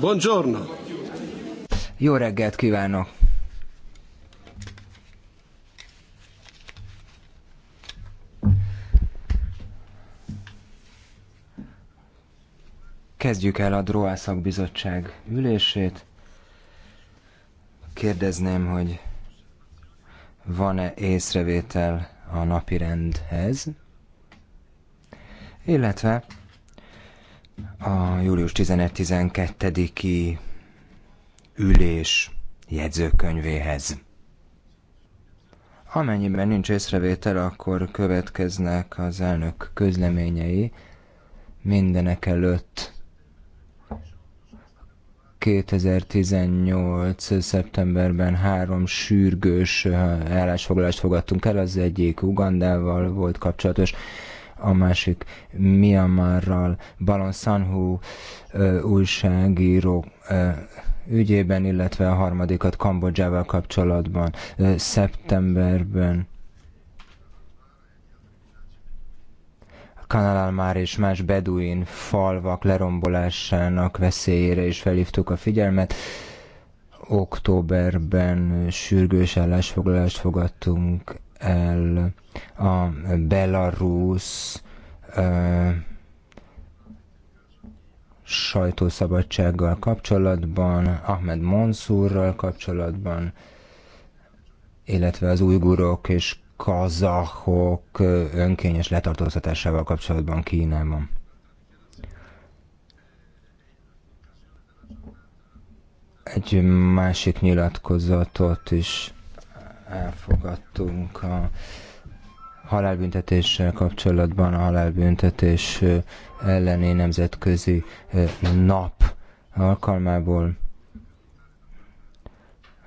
Buongiorno. Jó reggelt kívánok! Kezdjük el a DROA szakbizottság ülését. Kérdezném, hogy van-e észrevétel a napirendhez? illetve a július 11-12-i ülés jegyzőkönyvéhez. Amennyiben nincs észrevétel, akkor következnek az elnök közleményei mindenek előtt 2018. szeptemberben három sürgős eh, állásfoglalást fogadtunk el, az egyik Ugandával volt kapcsolatos, a másik Myanmarral, Balon Sanhu újságíró ügyében, illetve a harmadikat Kambodzsával kapcsolatban szeptemberben. Kanalál már és más beduin falvak lerombolásának veszélyére is felhívtuk a figyelmet. Októberben sürgős állásfoglalást fogadtunk el a Belarus sajtószabadsággal kapcsolatban, Ahmed Monsurral kapcsolatban, illetve az ujgurok és kazahok önkényes letartóztatásával kapcsolatban Kínában. Egy másik nyilatkozatot is elfogadtunk a halálbüntetéssel kapcsolatban a halálbüntetés elleni nemzetközi nap alkalmából.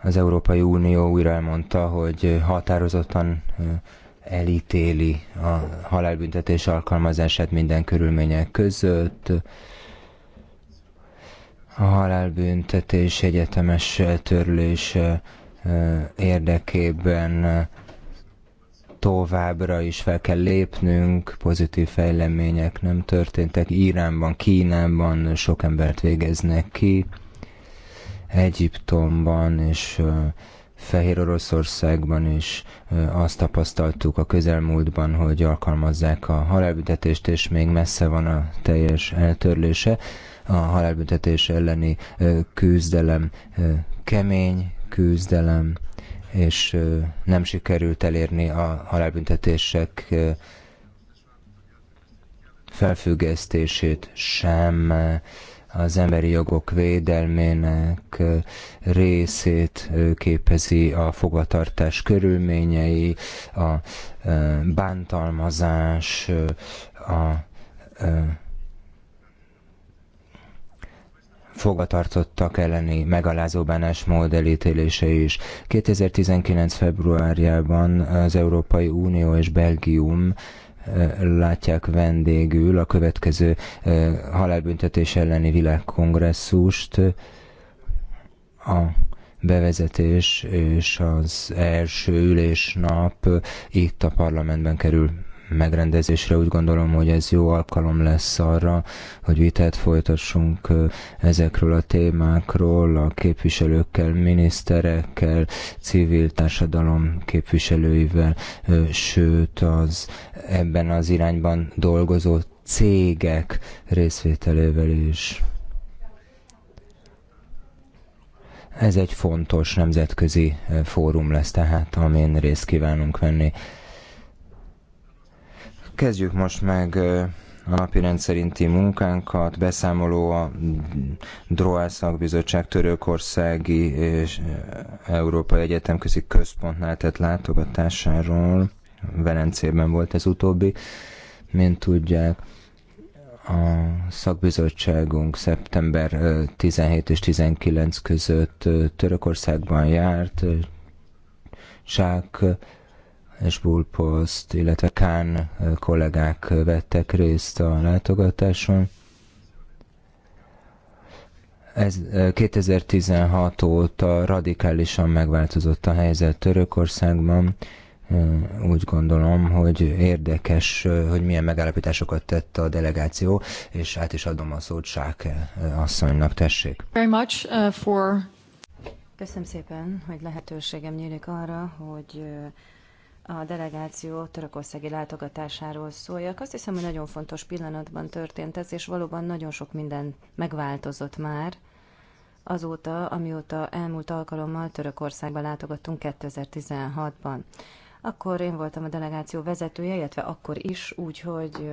Az Európai Unió újra elmondta, hogy határozottan elítéli a halálbüntetés alkalmazását minden körülmények között. A halálbüntetés egyetemes törlése érdekében továbbra is fel kell lépnünk, pozitív fejlemények nem történtek. Iránban, Kínában sok embert végeznek ki, Egyiptomban és Fehér Oroszországban is azt tapasztaltuk a közelmúltban, hogy alkalmazzák a halálbüntetést, és még messze van a teljes eltörlése. A halálbüntetés elleni küzdelem kemény küzdelem, és nem sikerült elérni a halálbüntetések felfüggesztését sem az emberi jogok védelmének részét képezi a fogatartás körülményei, a bántalmazás, a Fogatartottak elleni megalázó bánásmód elítélése is. 2019. februárjában az Európai Unió és Belgium látják vendégül a következő halálbüntetés elleni világkongresszust. A bevezetés és az első ülésnap itt a parlamentben kerül megrendezésre úgy gondolom, hogy ez jó alkalom lesz arra, hogy vitát folytassunk ezekről a témákról a képviselőkkel, miniszterekkel, civil társadalom képviselőivel, sőt az ebben az irányban dolgozó cégek részvételével is. Ez egy fontos nemzetközi fórum lesz tehát, amin részt kívánunk venni. Kezdjük most meg a napi rendszerinti munkánkat, beszámoló a Droá Szakbizottság Törökországi és Európai Egyetemközi Központnál tett látogatásáról. Velencében volt ez utóbbi, mint tudják a szakbizottságunk szeptember 17 és 19 között Törökországban járt, Csák és Bullpost, illetve Kán eh, kollégák eh, vettek részt a látogatáson. Ez 2016 eh, óta radikálisan megváltozott a helyzet Törökországban. Úgy gondolom, hogy érdekes, hogy milyen megállapításokat tett a delegáció, és át is adom a szót Sáke asszonynak, tessék. Very much for... Köszönöm szépen, hogy lehetőségem nyílik arra, hogy a delegáció törökországi látogatásáról szóljak. Azt hiszem, hogy nagyon fontos pillanatban történt ez, és valóban nagyon sok minden megváltozott már azóta, amióta elmúlt alkalommal Törökországba látogattunk 2016-ban. Akkor én voltam a delegáció vezetője, illetve akkor is, úgyhogy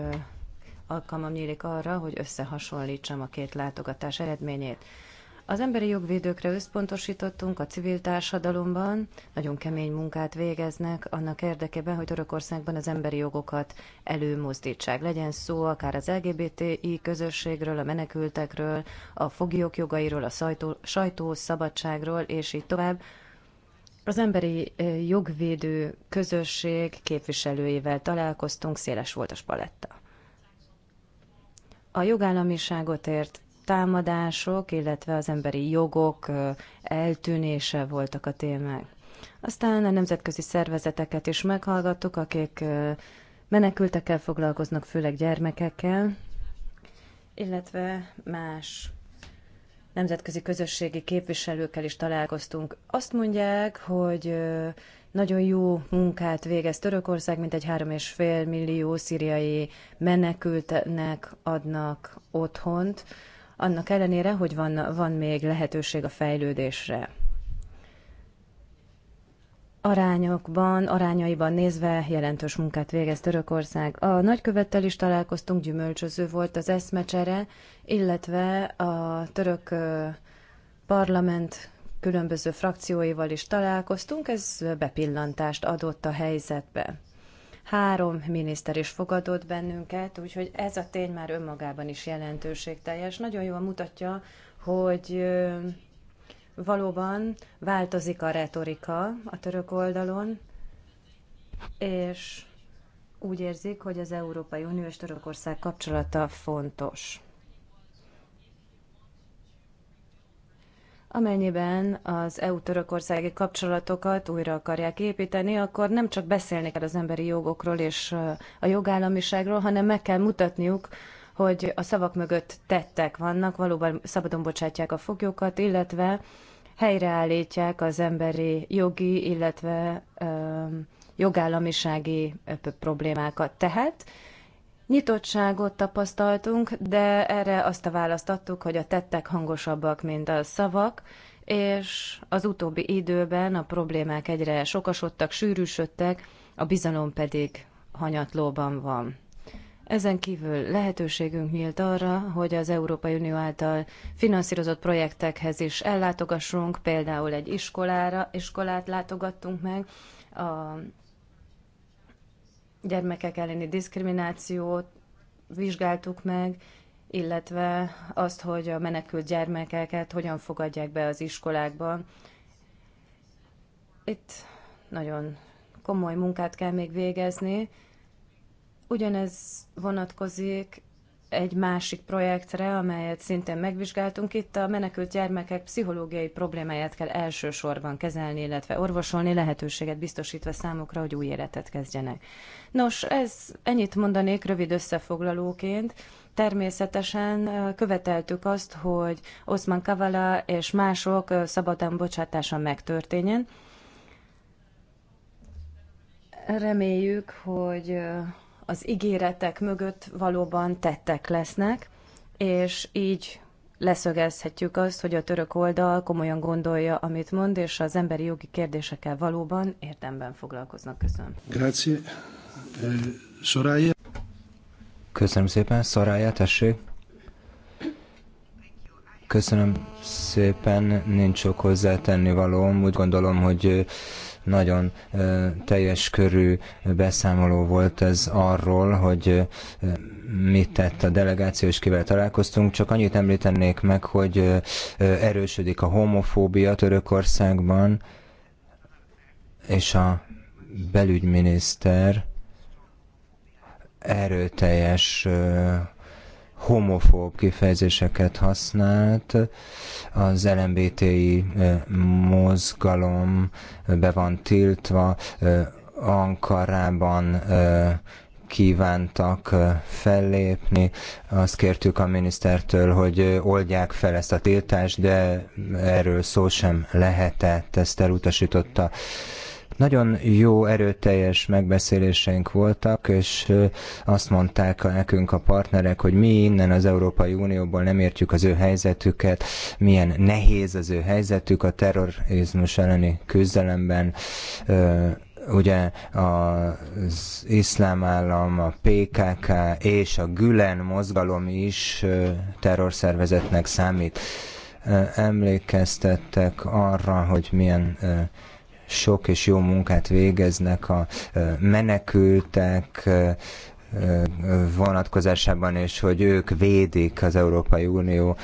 alkalmam nyílik arra, hogy összehasonlítsam a két látogatás eredményét. Az emberi jogvédőkre összpontosítottunk a civil társadalomban, nagyon kemény munkát végeznek annak érdekében, hogy Törökországban az emberi jogokat előmozdítsák. Legyen szó akár az LGBTI közösségről, a menekültekről, a foglyok jogairól, a sajtó, sajtó szabadságról, és így tovább. Az emberi eh, jogvédő közösség képviselőivel találkoztunk, széles volt a paletta. A jogállamiságot ért támadások, illetve az emberi jogok eltűnése voltak a témák. Aztán a nemzetközi szervezeteket is meghallgattuk, akik menekültekkel foglalkoznak, főleg gyermekekkel, illetve más nemzetközi közösségi képviselőkkel is találkoztunk. Azt mondják, hogy nagyon jó munkát végez Törökország, mint egy 3,5 millió szíriai menekültnek adnak otthont annak ellenére, hogy van, van még lehetőség a fejlődésre. Arányokban, arányaiban nézve jelentős munkát végez Törökország. A nagykövettel is találkoztunk, gyümölcsöző volt az eszmecsere, illetve a török parlament különböző frakcióival is találkoztunk, ez bepillantást adott a helyzetbe. Három miniszter is fogadott bennünket, úgyhogy ez a tény már önmagában is jelentőségteljes. Nagyon jól mutatja, hogy valóban változik a retorika a török oldalon, és úgy érzik, hogy az Európai Unió és Törökország kapcsolata fontos. Amennyiben az EU-törökországi kapcsolatokat újra akarják építeni, akkor nem csak beszélni kell az emberi jogokról és a jogállamiságról, hanem meg kell mutatniuk, hogy a szavak mögött tettek vannak, valóban szabadon bocsátják a foglyokat, illetve helyreállítják az emberi jogi, illetve ö, jogállamisági ö, problémákat. Tehát Nyitottságot tapasztaltunk, de erre azt a választ adtuk, hogy a tettek hangosabbak, mint a szavak, és az utóbbi időben a problémák egyre sokasodtak, sűrűsödtek, a bizalom pedig hanyatlóban van. Ezen kívül lehetőségünk nyílt arra, hogy az Európai Unió által finanszírozott projektekhez is ellátogassunk, például egy iskolára, iskolát látogattunk meg, a gyermekek elleni diszkriminációt vizsgáltuk meg, illetve azt, hogy a menekült gyermekeket hogyan fogadják be az iskolákban. Itt nagyon komoly munkát kell még végezni. Ugyanez vonatkozik egy másik projektre, amelyet szintén megvizsgáltunk. Itt a menekült gyermekek pszichológiai problémáját kell elsősorban kezelni, illetve orvosolni, lehetőséget biztosítva számukra, hogy új életet kezdjenek. Nos, ez ennyit mondanék rövid összefoglalóként. Természetesen követeltük azt, hogy Oszman Kavala és mások szabadon bocsátása megtörténjen. Reméljük, hogy az ígéretek mögött valóban tettek lesznek, és így leszögezhetjük azt, hogy a török oldal komolyan gondolja, amit mond, és az emberi jogi kérdésekkel valóban érdemben foglalkoznak. Köszönöm. Grazie. Eh, Soraya. Köszönöm szépen. Soraya, tessék. Köszönöm szépen, nincs sok hozzátenni valóm. Úgy gondolom, hogy eh, nagyon teljes körű beszámoló volt ez arról, hogy mit tett a delegáció, és kivel találkoztunk. Csak annyit említenék meg, hogy erősödik a homofóbia Törökországban, és a belügyminiszter erőteljes homofób kifejezéseket használt. Az LMBTI mozgalom be van tiltva, Ankarában kívántak fellépni. Azt kértük a minisztertől, hogy oldják fel ezt a tiltást, de erről szó sem lehetett, ezt elutasította. Nagyon jó, erőteljes megbeszéléseink voltak, és azt mondták nekünk a partnerek, hogy mi innen az Európai Unióból nem értjük az ő helyzetüket, milyen nehéz az ő helyzetük a terrorizmus elleni küzdelemben, ugye az iszlám állam, a PKK és a Gülen mozgalom is terrorszervezetnek számít. Emlékeztettek arra, hogy milyen sok és jó munkát végeznek a menekültek vonatkozásában, és hogy ők védik az Európai Unió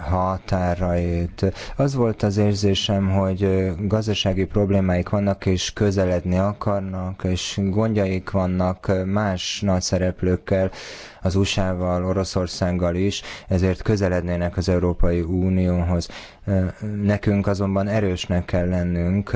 határait. Az volt az érzésem, hogy gazdasági problémáik vannak, és közeledni akarnak, és gondjaik vannak más nagy szereplőkkel, az USA-val, Oroszországgal is, ezért közelednének az Európai Unióhoz. Nekünk azonban erősnek kell lennünk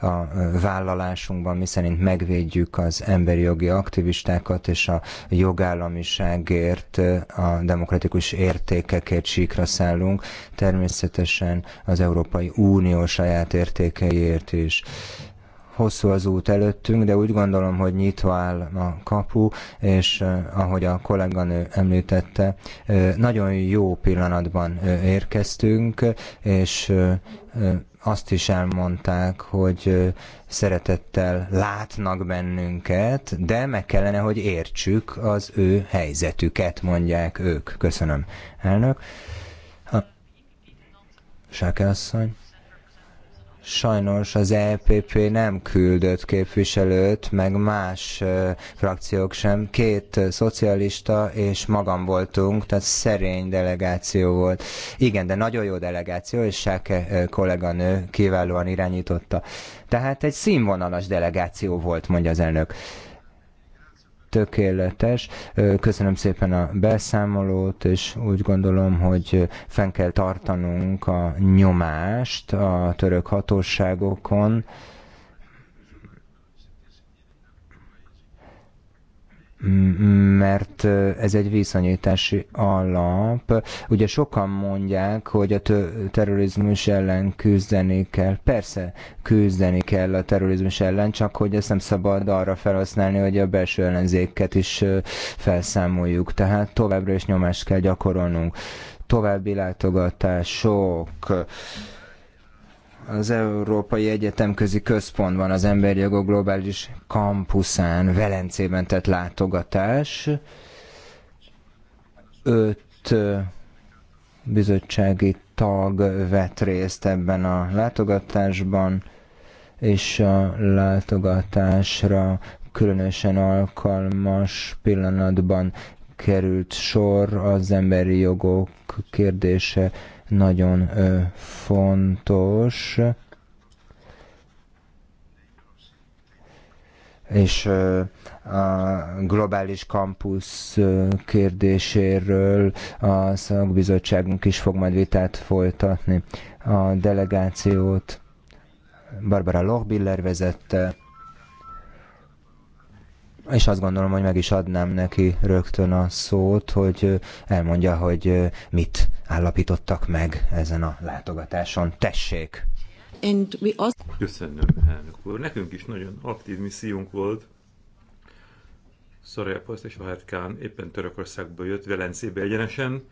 a vállalásunkban, miszerint megvédjük az emberi jogi aktivistákat és a jogállamiságért, a demokratikus értékekért síkra szállunk, természetesen az Európai Unió saját értékeiért is. Hosszú az út előttünk, de úgy gondolom, hogy nyitva áll a kapu, és ahogy a kolléganő említette, nagyon jó pillanatban érkeztünk, és azt is elmondták, hogy szeretettel látnak bennünket, de meg kellene, hogy értsük az ő helyzetüket, mondják ők. Köszönöm, elnök. Sáke asszony. Sajnos az EPP nem küldött képviselőt, meg más frakciók sem. Két szocialista és magam voltunk, tehát szerény delegáció volt. Igen, de nagyon jó delegáció, és Sáke kolléganő kiválóan irányította. Tehát egy színvonalas delegáció volt, mondja az elnök tökéletes. Köszönöm szépen a beszámolót, és úgy gondolom, hogy fenn kell tartanunk a nyomást a török hatóságokon, mert ez egy viszonyítási alap. Ugye sokan mondják, hogy a terrorizmus ellen küzdeni kell. Persze küzdeni kell a terrorizmus ellen, csak hogy ezt nem szabad arra felhasználni, hogy a belső ellenzéket is felszámoljuk. Tehát továbbra is nyomást kell gyakorolnunk. További látogatások, az Európai Egyetemközi Központban, az Emberi Jogok Globális Kampuszán, Velencében tett látogatás. Öt bizottsági tag vett részt ebben a látogatásban, és a látogatásra különösen alkalmas pillanatban került sor az emberi jogok kérdése nagyon fontos, és a globális kampusz kérdéséről a szakbizottságunk is fog majd vitát folytatni. A delegációt Barbara Lochbiller vezette, és azt gondolom, hogy meg is adnám neki rögtön a szót, hogy elmondja, hogy mit állapítottak meg ezen a látogatáson. Tessék! And we also... Köszönöm, elnök úr. Nekünk is nagyon aktív missziónk volt. Szarajapaszt és Vahetkán éppen Törökországból jött, Velencébe egyenesen,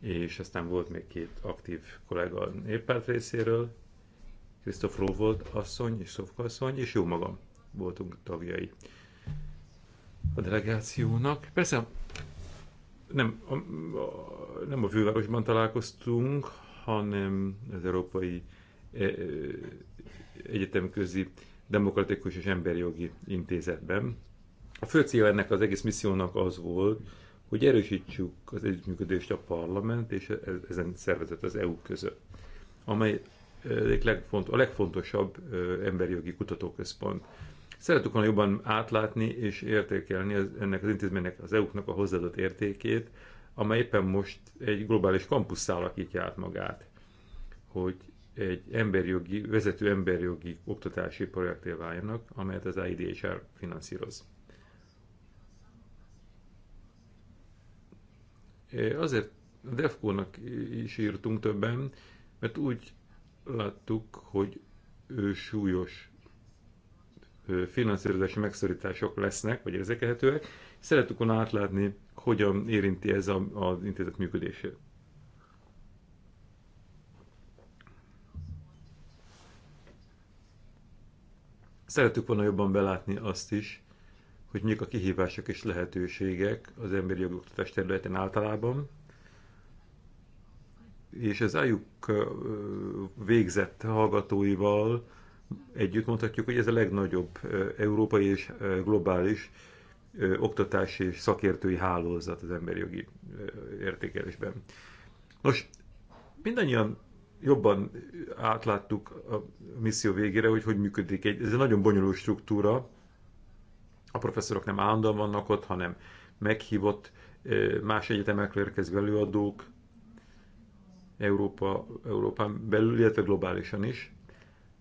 és aztán volt még két aktív kollega a néppárt részéről, Krisztof volt asszony és Szofka asszony, és jó magam voltunk tagjai a delegációnak. Persze nem a, a, nem a fővárosban találkoztunk, hanem az Európai e, e, Egyetemközi Demokratikus és Emberjogi Intézetben. A fő cél ennek az egész missziónak az volt, hogy erősítsük az együttműködést a parlament és e, ezen szervezet az EU között, amely a legfontosabb emberjogi kutatóközpont. Szeretük volna jobban átlátni és értékelni ennek az intézménynek, az EU-knak a hozzáadott értékét, amely éppen most egy globális kampusz alakítja át magát, hogy egy emberjogi, vezető emberjogi oktatási projekté váljanak, amelyet az IDHR finanszíroz. Azért a DEFCO-nak is írtunk többen, mert úgy láttuk, hogy ő súlyos finanszírozási megszorítások lesznek, vagy érzékelhetőek. Szerettük volna átlátni hogyan érinti ez az intézet működését. Szeretük volna jobban belátni azt is, hogy mik a kihívások és lehetőségek az emberi jogoktatás területen általában, és az ájuk végzett hallgatóival együtt mondhatjuk, hogy ez a legnagyobb európai és globális ö, oktatási és szakértői hálózat az emberi jogi ö, értékelésben. Nos, mindannyian jobban átláttuk a misszió végére, hogy hogy működik egy, ez egy nagyon bonyolult struktúra, a professzorok nem állandóan vannak ott, hanem meghívott más egyetemekről érkező előadók, Európa, Európán belül, illetve globálisan is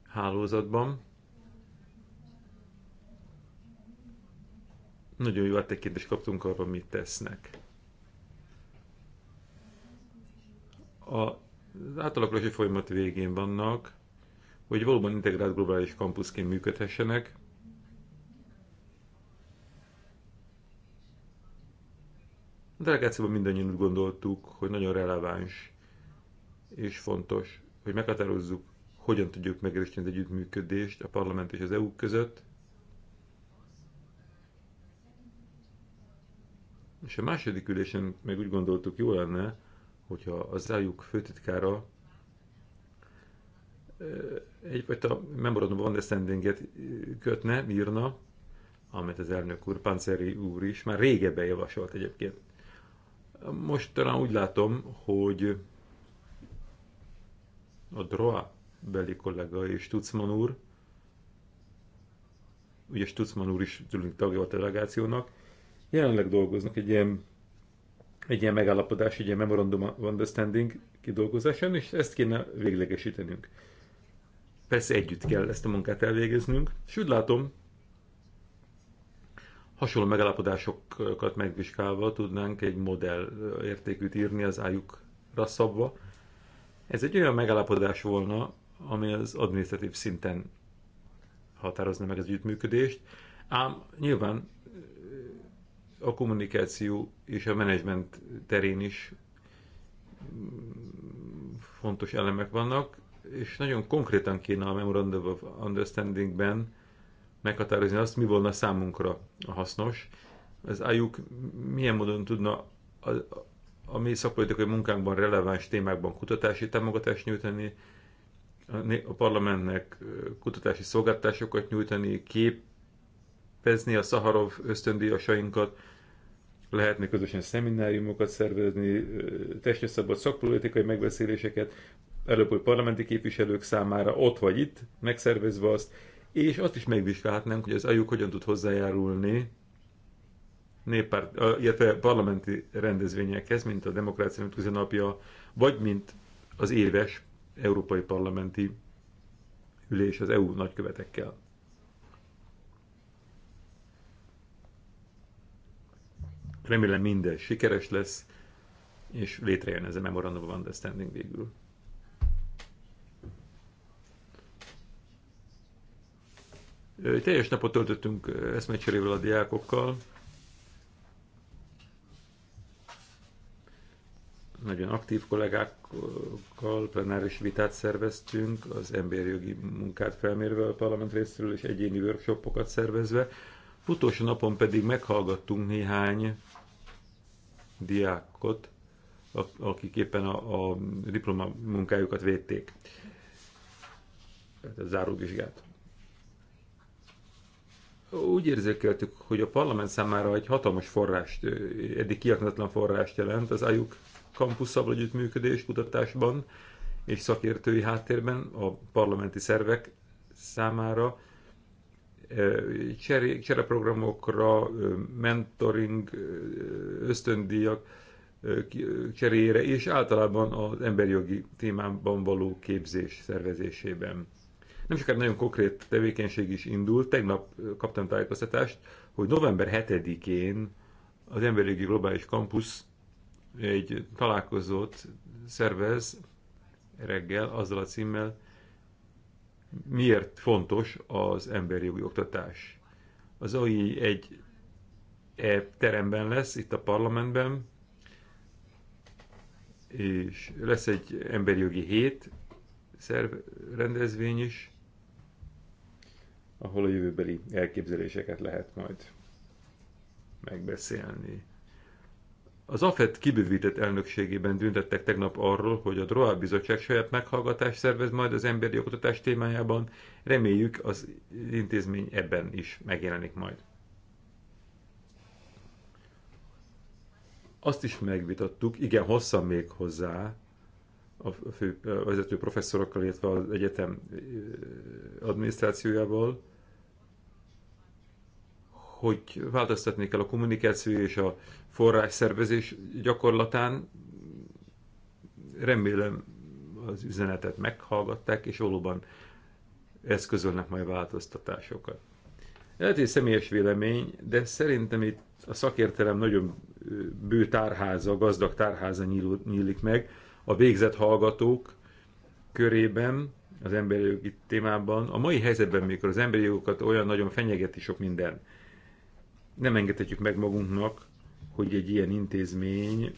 hálózatban. Nagyon jó áttekintést kaptunk arra, mit tesznek. A átalakulási folyamat végén vannak, hogy valóban integrált globális kampuszként működhessenek, A delegációban mindannyian úgy gondoltuk, hogy nagyon releváns és fontos, hogy meghatározzuk, hogyan tudjuk megerősíteni az együttműködést a parlament és az EU között, És a második ülésen meg úgy gondoltuk, jó lenne, hogyha az zájuk főtitkára egyfajta memorandum van standinget kötne, írna, amit az elnök úr, Panceri úr is már régebben javasolt egyébként. Most talán úgy látom, hogy a Droa beli kollega és Tucman úr, ugye Stutzman úr is tőlünk tagja a delegációnak, Jelenleg dolgoznak egy ilyen, egy ilyen megállapodás, egy ilyen Memorandum of Understanding kidolgozásán, és ezt kéne véglegesítenünk. Persze együtt kell ezt a munkát elvégeznünk, és úgy látom, hasonló megállapodásokat megvizsgálva tudnánk egy modell értékűt írni az ájukra szabva. Ez egy olyan megállapodás volna, ami az administratív szinten határozna meg az együttműködést, ám nyilván a kommunikáció és a menedzsment terén is fontos elemek vannak, és nagyon konkrétan kéne a Memorandum of Understandingben meghatározni azt, mi volna számunkra a hasznos. Az álljuk milyen módon tudna a, a mi szakpolitikai munkánkban releváns témákban kutatási támogatást nyújtani, a parlamentnek kutatási szolgáltatásokat nyújtani, képezni a Szaharov ösztöndíjasainkat, lehetne közösen szemináriumokat szervezni, testre szabad szakpolitikai megbeszéléseket, előbb, hogy parlamenti képviselők számára ott vagy itt, megszervezve azt, és azt is megvizsgálhatnánk, hogy az ajuk hogyan tud hozzájárulni néppárt, illetve parlamenti rendezvényekhez, mint a Demokrácia Nemzetközi Napja, vagy mint az éves Európai Parlamenti Ülés az EU nagykövetekkel. Remélem minden sikeres lesz, és létrejön ez a Memorandum of Understanding végül. Teljes napot töltöttünk eszmecserével a diákokkal. Nagyon aktív kollégákkal plenáris vitát szerveztünk, az emberi jogi munkát felmérve a parlament részéről, és egyéni workshopokat szervezve. Utolsó napon pedig meghallgattunk néhány diákot, akik éppen a, a diplomamunkájukat védték. A záróvizsgát. Úgy érzékeltük, hogy a parlament számára egy hatalmas forrást, eddig kiaknatlan forrást jelent az AJUK kampusszal együttműködés kutatásban és szakértői háttérben a parlamenti szervek számára csereprogramokra, mentoring, ösztöndíjak cseréjére, és általában az emberjogi témában való képzés szervezésében. Nem sokára nagyon konkrét tevékenység is indult. Tegnap kaptam tájékoztatást, hogy november 7-én az Emberjogi Globális Campus egy találkozót szervez reggel azzal a címmel, miért fontos az emberi jogi oktatás. Az OI egy e teremben lesz, itt a parlamentben, és lesz egy emberi jogi hét szerv rendezvény is, ahol a jövőbeli elképzeléseket lehet majd megbeszélni. Az AFET kibővített elnökségében düntettek tegnap arról, hogy a Droá bizottság saját meghallgatást szervez majd az emberi oktatás témájában, reméljük az intézmény ebben is megjelenik majd. Azt is megvitattuk, igen, hosszan még hozzá, a fő a vezető professzorokkal, illetve az egyetem adminisztrációjával, hogy változtatni kell a kommunikáció és a forrás szervezés gyakorlatán. Remélem az üzenetet meghallgatták, és valóban eszközölnek majd változtatásokat. Lehet, egy személyes vélemény, de szerintem itt a szakértelem nagyon bő tárháza, gazdag tárháza nyílik meg a végzett hallgatók körében, az emberi jogi témában. A mai helyzetben, mikor az emberi jogokat olyan nagyon fenyegeti sok minden, nem engedhetjük meg magunknak, hogy egy ilyen intézmény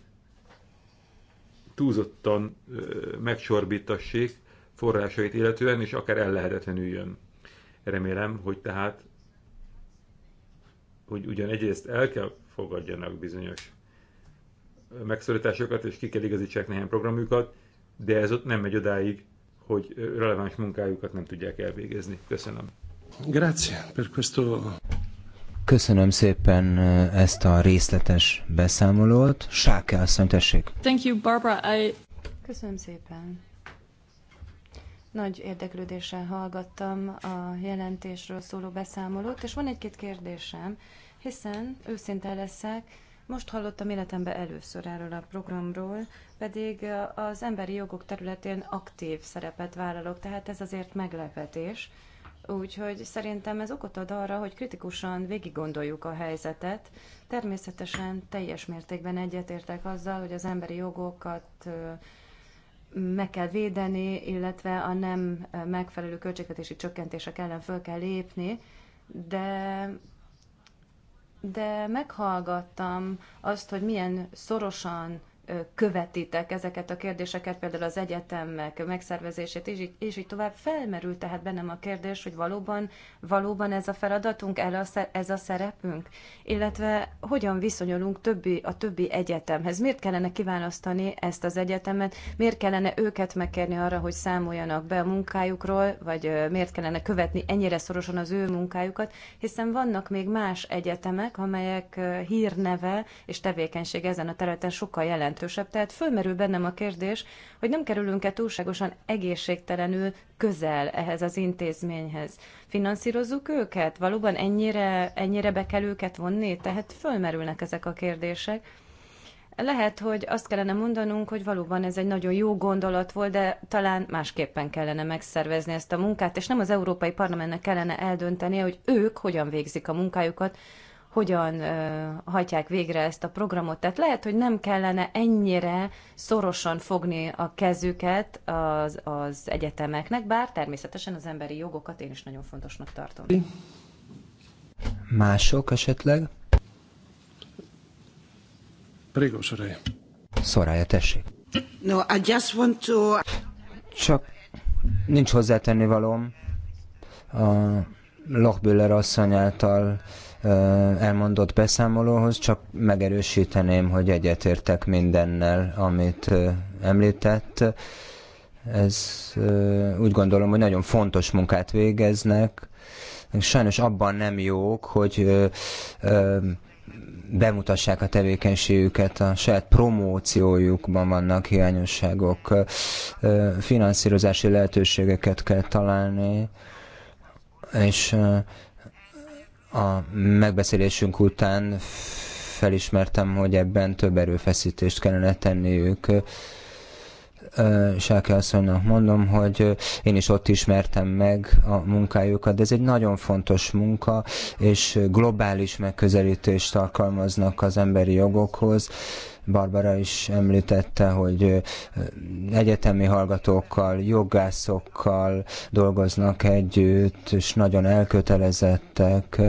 túlzottan megcsorbítassék forrásait illetően, és akár ellehetetlenüljön. Remélem, hogy tehát, hogy ugyan egyrészt el kell fogadjanak bizonyos megszorításokat, és ki kell igazítsák néhány programjukat, de ez ott nem megy odáig, hogy releváns munkájukat nem tudják elvégezni. Köszönöm. Grazie per questo. Köszönöm szépen eh, ezt a részletes beszámolót. Sáke, asszony, tessék. Thank you, Barbara. I... Köszönöm szépen. Nagy érdeklődéssel hallgattam a jelentésről szóló beszámolót, és van egy-két kérdésem, hiszen őszinte leszek, most hallottam életembe először erről a programról, pedig az emberi jogok területén aktív szerepet vállalok, tehát ez azért meglepetés. Úgyhogy szerintem ez okot ad arra, hogy kritikusan végiggondoljuk a helyzetet. Természetesen teljes mértékben egyetértek azzal, hogy az emberi jogokat meg kell védeni, illetve a nem megfelelő költségvetési csökkentések ellen föl kell lépni, de de meghallgattam azt, hogy milyen szorosan követitek ezeket a kérdéseket, például az egyetemek megszervezését, és így, és így tovább felmerült, tehát bennem a kérdés, hogy valóban, valóban ez a feladatunk, ez a szerepünk, illetve hogyan viszonyulunk többi, a többi egyetemhez. Miért kellene kiválasztani ezt az egyetemet, miért kellene őket megkérni arra, hogy számoljanak be a munkájukról, vagy miért kellene követni ennyire szorosan az ő munkájukat, hiszen vannak még más egyetemek, amelyek hírneve és tevékenység ezen a területen sokkal jelent jelentősebb. Tehát fölmerül bennem a kérdés, hogy nem kerülünk-e túlságosan egészségtelenül közel ehhez az intézményhez. Finanszírozzuk őket? Valóban ennyire, ennyire be kell őket vonni? Tehát fölmerülnek ezek a kérdések. Lehet, hogy azt kellene mondanunk, hogy valóban ez egy nagyon jó gondolat volt, de talán másképpen kellene megszervezni ezt a munkát, és nem az Európai Parlamentnek kellene eldöntenie, hogy ők hogyan végzik a munkájukat, hogyan hajtják végre ezt a programot. Tehát lehet, hogy nem kellene ennyire szorosan fogni a kezüket az, az egyetemeknek, bár természetesen az emberi jogokat én is nagyon fontosnak tartom. Mások esetleg? Prego, Soraya. Soraya, tessék. No, I just want to... Csak nincs hozzátenni valóm. A Lochbüller asszony által elmondott beszámolóhoz, csak megerősíteném, hogy egyetértek mindennel, amit említett. Ez úgy gondolom, hogy nagyon fontos munkát végeznek. Sajnos abban nem jók, hogy bemutassák a tevékenységüket, a saját promóciójukban vannak hiányosságok, finanszírozási lehetőségeket kell találni, és a megbeszélésünk után felismertem, hogy ebben több erőfeszítést kellene tenniük. Sáke asszonynak mondom, hogy én is ott ismertem meg a munkájukat, de ez egy nagyon fontos munka, és globális megközelítést alkalmaznak az emberi jogokhoz. Barbara is említette, hogy egyetemi hallgatókkal, jogászokkal dolgoznak együtt, és nagyon elkötelezettek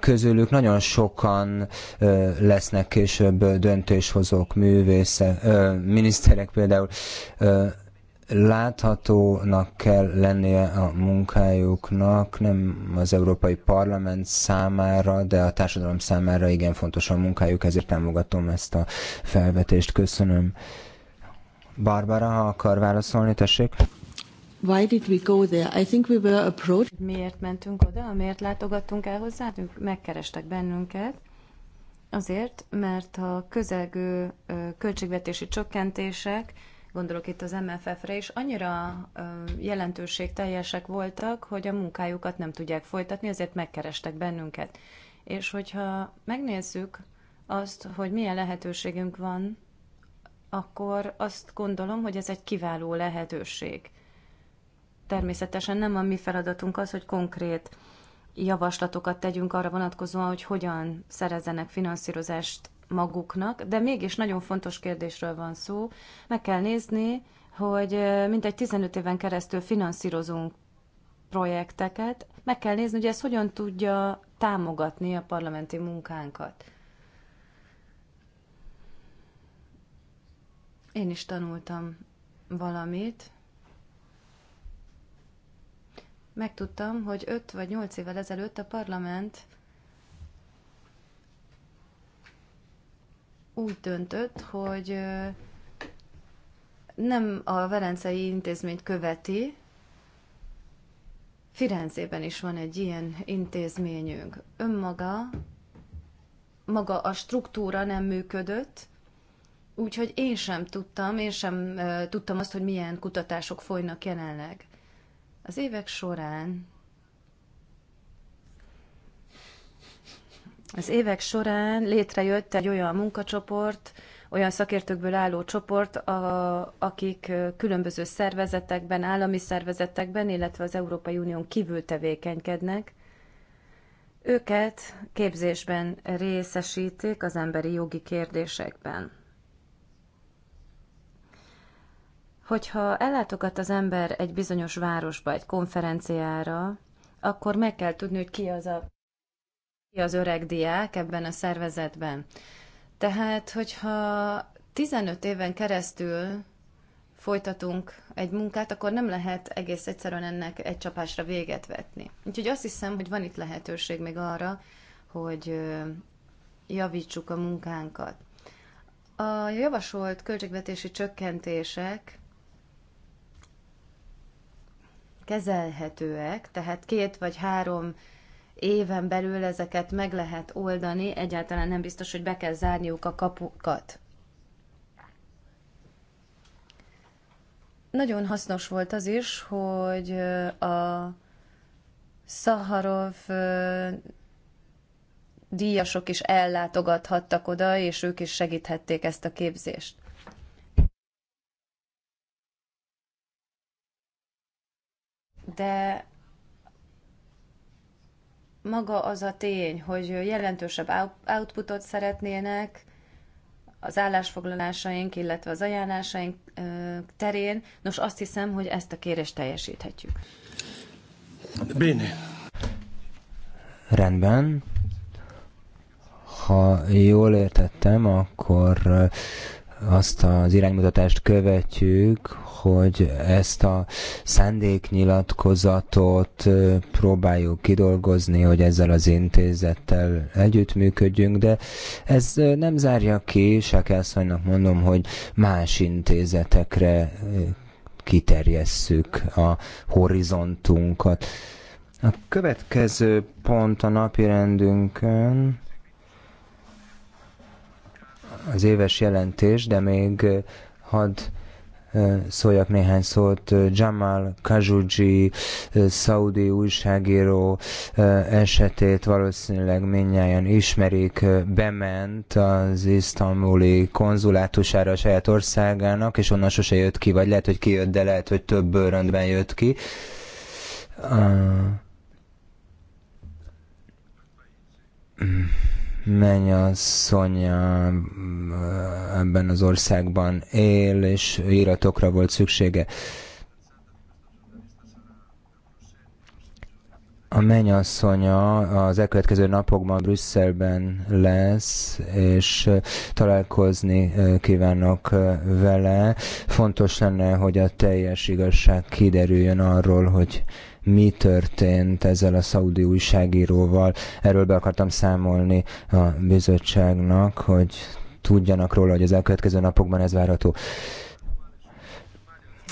közülük nagyon sokan ö, lesznek később döntéshozók, művészek, ö, miniszterek például. Ö, láthatónak kell lennie a munkájuknak, nem az Európai Parlament számára, de a társadalom számára igen fontos a munkájuk, ezért támogatom ezt a felvetést. Köszönöm. Barbara, ha akar válaszolni, tessék. Why did we go there? I think we were approached. Miért mentünk oda? Miért látogattunk el hozzá? Megkerestek bennünket. Azért, mert a közelgő költségvetési csökkentések gondolok itt az MFF-re, és annyira teljesek voltak, hogy a munkájukat nem tudják folytatni, ezért megkerestek bennünket. És hogyha megnézzük azt, hogy milyen lehetőségünk van, akkor azt gondolom, hogy ez egy kiváló lehetőség. Természetesen nem a mi feladatunk az, hogy konkrét javaslatokat tegyünk arra vonatkozóan, hogy hogyan szerezzenek finanszírozást maguknak, de mégis nagyon fontos kérdésről van szó. Meg kell nézni, hogy mintegy 15 éven keresztül finanszírozunk projekteket, meg kell nézni, hogy ez hogyan tudja támogatni a parlamenti munkánkat. Én is tanultam valamit. Megtudtam, hogy 5 vagy 8 évvel ezelőtt a parlament úgy döntött, hogy nem a Velencei intézményt követi, Firenzében is van egy ilyen intézményünk. Önmaga, maga a struktúra nem működött, úgyhogy én sem tudtam, én sem tudtam azt, hogy milyen kutatások folynak jelenleg. Az évek során Az évek során létrejött egy olyan munkacsoport, olyan szakértőkből álló csoport, a, akik különböző szervezetekben, állami szervezetekben, illetve az Európai Unión kívül tevékenykednek. Őket képzésben részesítik az emberi jogi kérdésekben. Hogyha ellátogat az ember egy bizonyos városba, egy konferenciára, akkor meg kell tudni, hogy ki az a az öreg diák ebben a szervezetben. Tehát, hogyha 15 éven keresztül folytatunk egy munkát, akkor nem lehet egész egyszerűen ennek egy csapásra véget vetni. Úgyhogy azt hiszem, hogy van itt lehetőség még arra, hogy javítsuk a munkánkat. A javasolt költségvetési csökkentések kezelhetőek, tehát két vagy három éven belül ezeket meg lehet oldani, egyáltalán nem biztos, hogy be kell zárniuk a kapukat. Nagyon hasznos volt az is, hogy a Szaharov díjasok is ellátogathattak oda, és ők is segíthették ezt a képzést. De maga az a tény, hogy jelentősebb outputot szeretnének az állásfoglalásaink, illetve az ajánlásaink terén, nos azt hiszem, hogy ezt a kérést teljesíthetjük. Béni. Rendben. Ha jól értettem, akkor azt az iránymutatást követjük, hogy ezt a szándéknyilatkozatot próbáljuk kidolgozni, hogy ezzel az intézettel együttműködjünk, de ez nem zárja ki, Sákászonynak mondom, hogy más intézetekre kiterjesszük a horizontunkat. A következő pont a napi rendünkön az éves jelentés, de még hadd szóljak néhány szót. Jamal Khashoggi, szaudi újságíró esetét valószínűleg minnyáján ismerik, bement az isztambuli konzulátusára a saját országának, és onnan sose jött ki, vagy lehet, hogy kijött, de lehet, hogy több bőröndben jött ki. Uh mennyasszonya ebben az országban él, és íratokra volt szüksége. A mennyasszonya az elkövetkező napokban Brüsszelben lesz, és találkozni kívánok vele. Fontos lenne, hogy a teljes igazság kiderüljön arról, hogy mi történt ezzel a szaudi újságíróval. Erről be akartam számolni a bizottságnak, hogy tudjanak róla, hogy az elkövetkező napokban ez várható.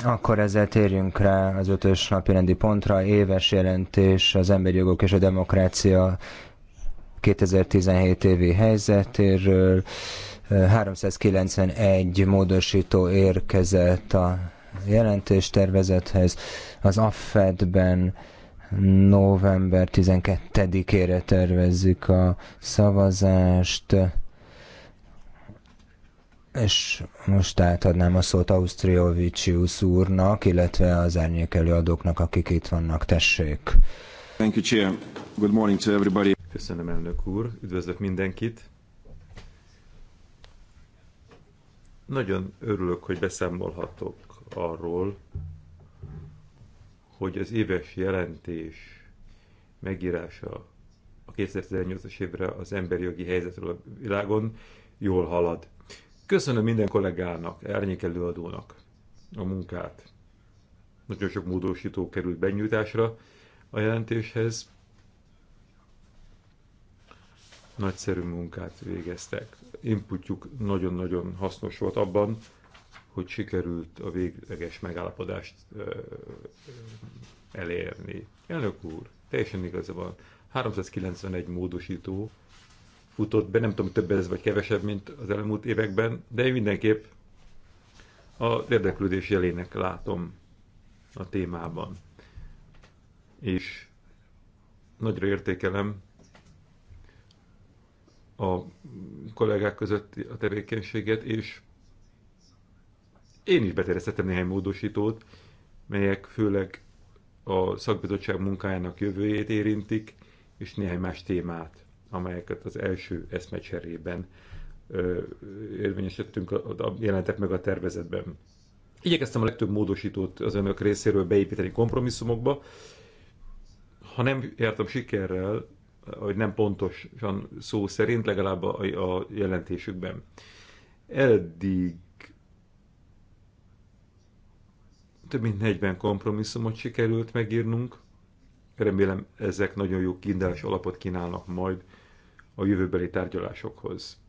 Akkor ezzel térjünk rá az ötös napi rendi pontra. Éves jelentés az emberi jogok és a demokrácia 2017 évi helyzetéről. 391 módosító érkezett a jelentéstervezethez. Az AFED-ben november 12-ére tervezzük a szavazást, és most átadnám a szót Ausztriovicius úrnak, illetve az árnyékelő adóknak, akik itt vannak. Tessék! Thank you, Chair. Good morning to everybody. Köszönöm, elnök úr. Üdvözlök mindenkit. Nagyon örülök, hogy beszámolhatok arról, hogy az éves jelentés megírása a 2018-as évre az emberi jogi helyzetről a világon jól halad. Köszönöm minden kollégának, árnyékelőadónak a munkát. Nagyon sok módosító került benyújtásra a jelentéshez. Nagyszerű munkát végeztek. Inputjuk nagyon-nagyon hasznos volt abban, hogy sikerült a végleges megállapodást elérni. Elnök úr, teljesen igaza van. 391 módosító futott be, nem tudom, több ez vagy kevesebb, mint az elmúlt években, de én mindenképp az érdeklődés jelének látom a témában. És nagyra értékelem a kollégák között a tevékenységet, és én is beteresztettem néhány módosítót, melyek főleg a szakbizottság munkájának jövőjét érintik, és néhány más témát, amelyeket az első eszmecserében érvényesítettünk, jelentek meg a tervezetben. Igyekeztem a legtöbb módosítót az önök részéről beépíteni kompromisszumokba. Ha nem jártam sikerrel, hogy nem pontosan szó szerint, legalább a, a jelentésükben. Eddig Több mint 40 kompromisszumot sikerült megírnunk. Remélem ezek nagyon jó kiindulás alapot kínálnak majd a jövőbeli tárgyalásokhoz.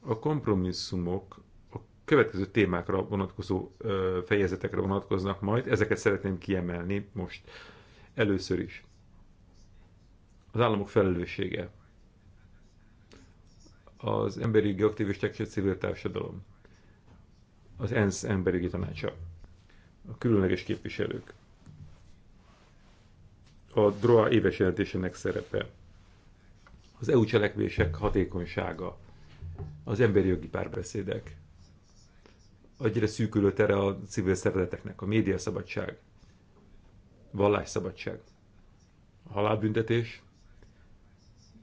A kompromisszumok a következő témákra vonatkozó fejezetekre vonatkoznak majd, ezeket szeretném kiemelni most először is. Az államok felelőssége az emberi aktivisták és a civil társadalom, az ENSZ emberi tanácsa, a különleges képviselők. A DROA éves jelentésének szerepe, az EU cselekvések hatékonysága, az emberi jogi párbeszédek, egyre szűkülő tere a civil szervezeteknek, a médiaszabadság, vallásszabadság, a halálbüntetés,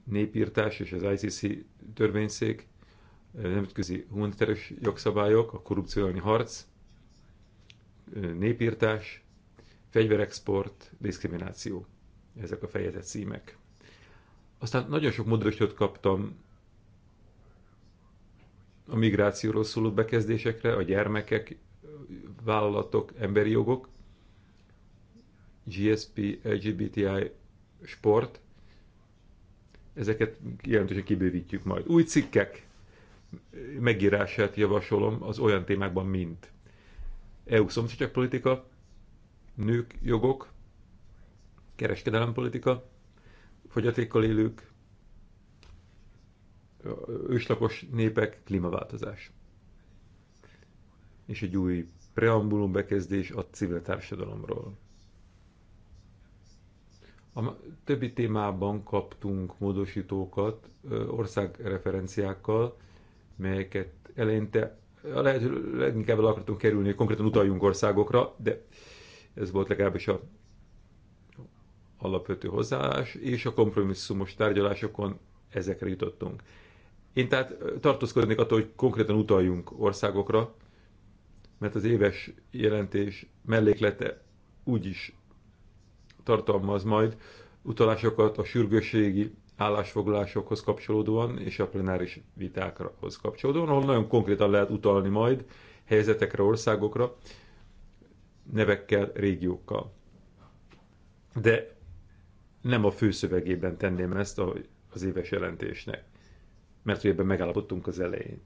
népírtás és az ICC törvényszék, nemzetközi humanitárius jogszabályok, a korrupcióni harc, népírtás, fegyverexport, diszkrimináció. Ezek a fejezet címek. Aztán nagyon sok modrostot kaptam a migrációról szóló bekezdésekre, a gyermekek, vállalatok, emberi jogok, GSP, LGBTI, sport, ezeket jelentősen kibővítjük majd. Új cikkek megírását javasolom az olyan témákban, mint EU politika, nők jogok, politika, fogyatékkal élők, őslakos népek, klímaváltozás. És egy új preambulum bekezdés a civil társadalomról. A többi témában kaptunk módosítókat országreferenciákkal, melyeket eleinte a lehető leginkább el akartunk kerülni, hogy konkrétan utaljunk országokra, de ez volt legalábbis a alapvető hozzáállás, és a kompromisszumos tárgyalásokon ezekre jutottunk. Én tehát tartózkodnék attól, hogy konkrétan utaljunk országokra, mert az éves jelentés melléklete úgyis tartalmaz majd utalásokat a sürgősségi állásfoglalásokhoz kapcsolódóan és a plenáris vitákhoz kapcsolódóan, ahol nagyon konkrétan lehet utalni majd helyzetekre, országokra, nevekkel, régiókkal. De nem a főszövegében tenném ezt az éves jelentésnek, mert ebben megállapodtunk az elején.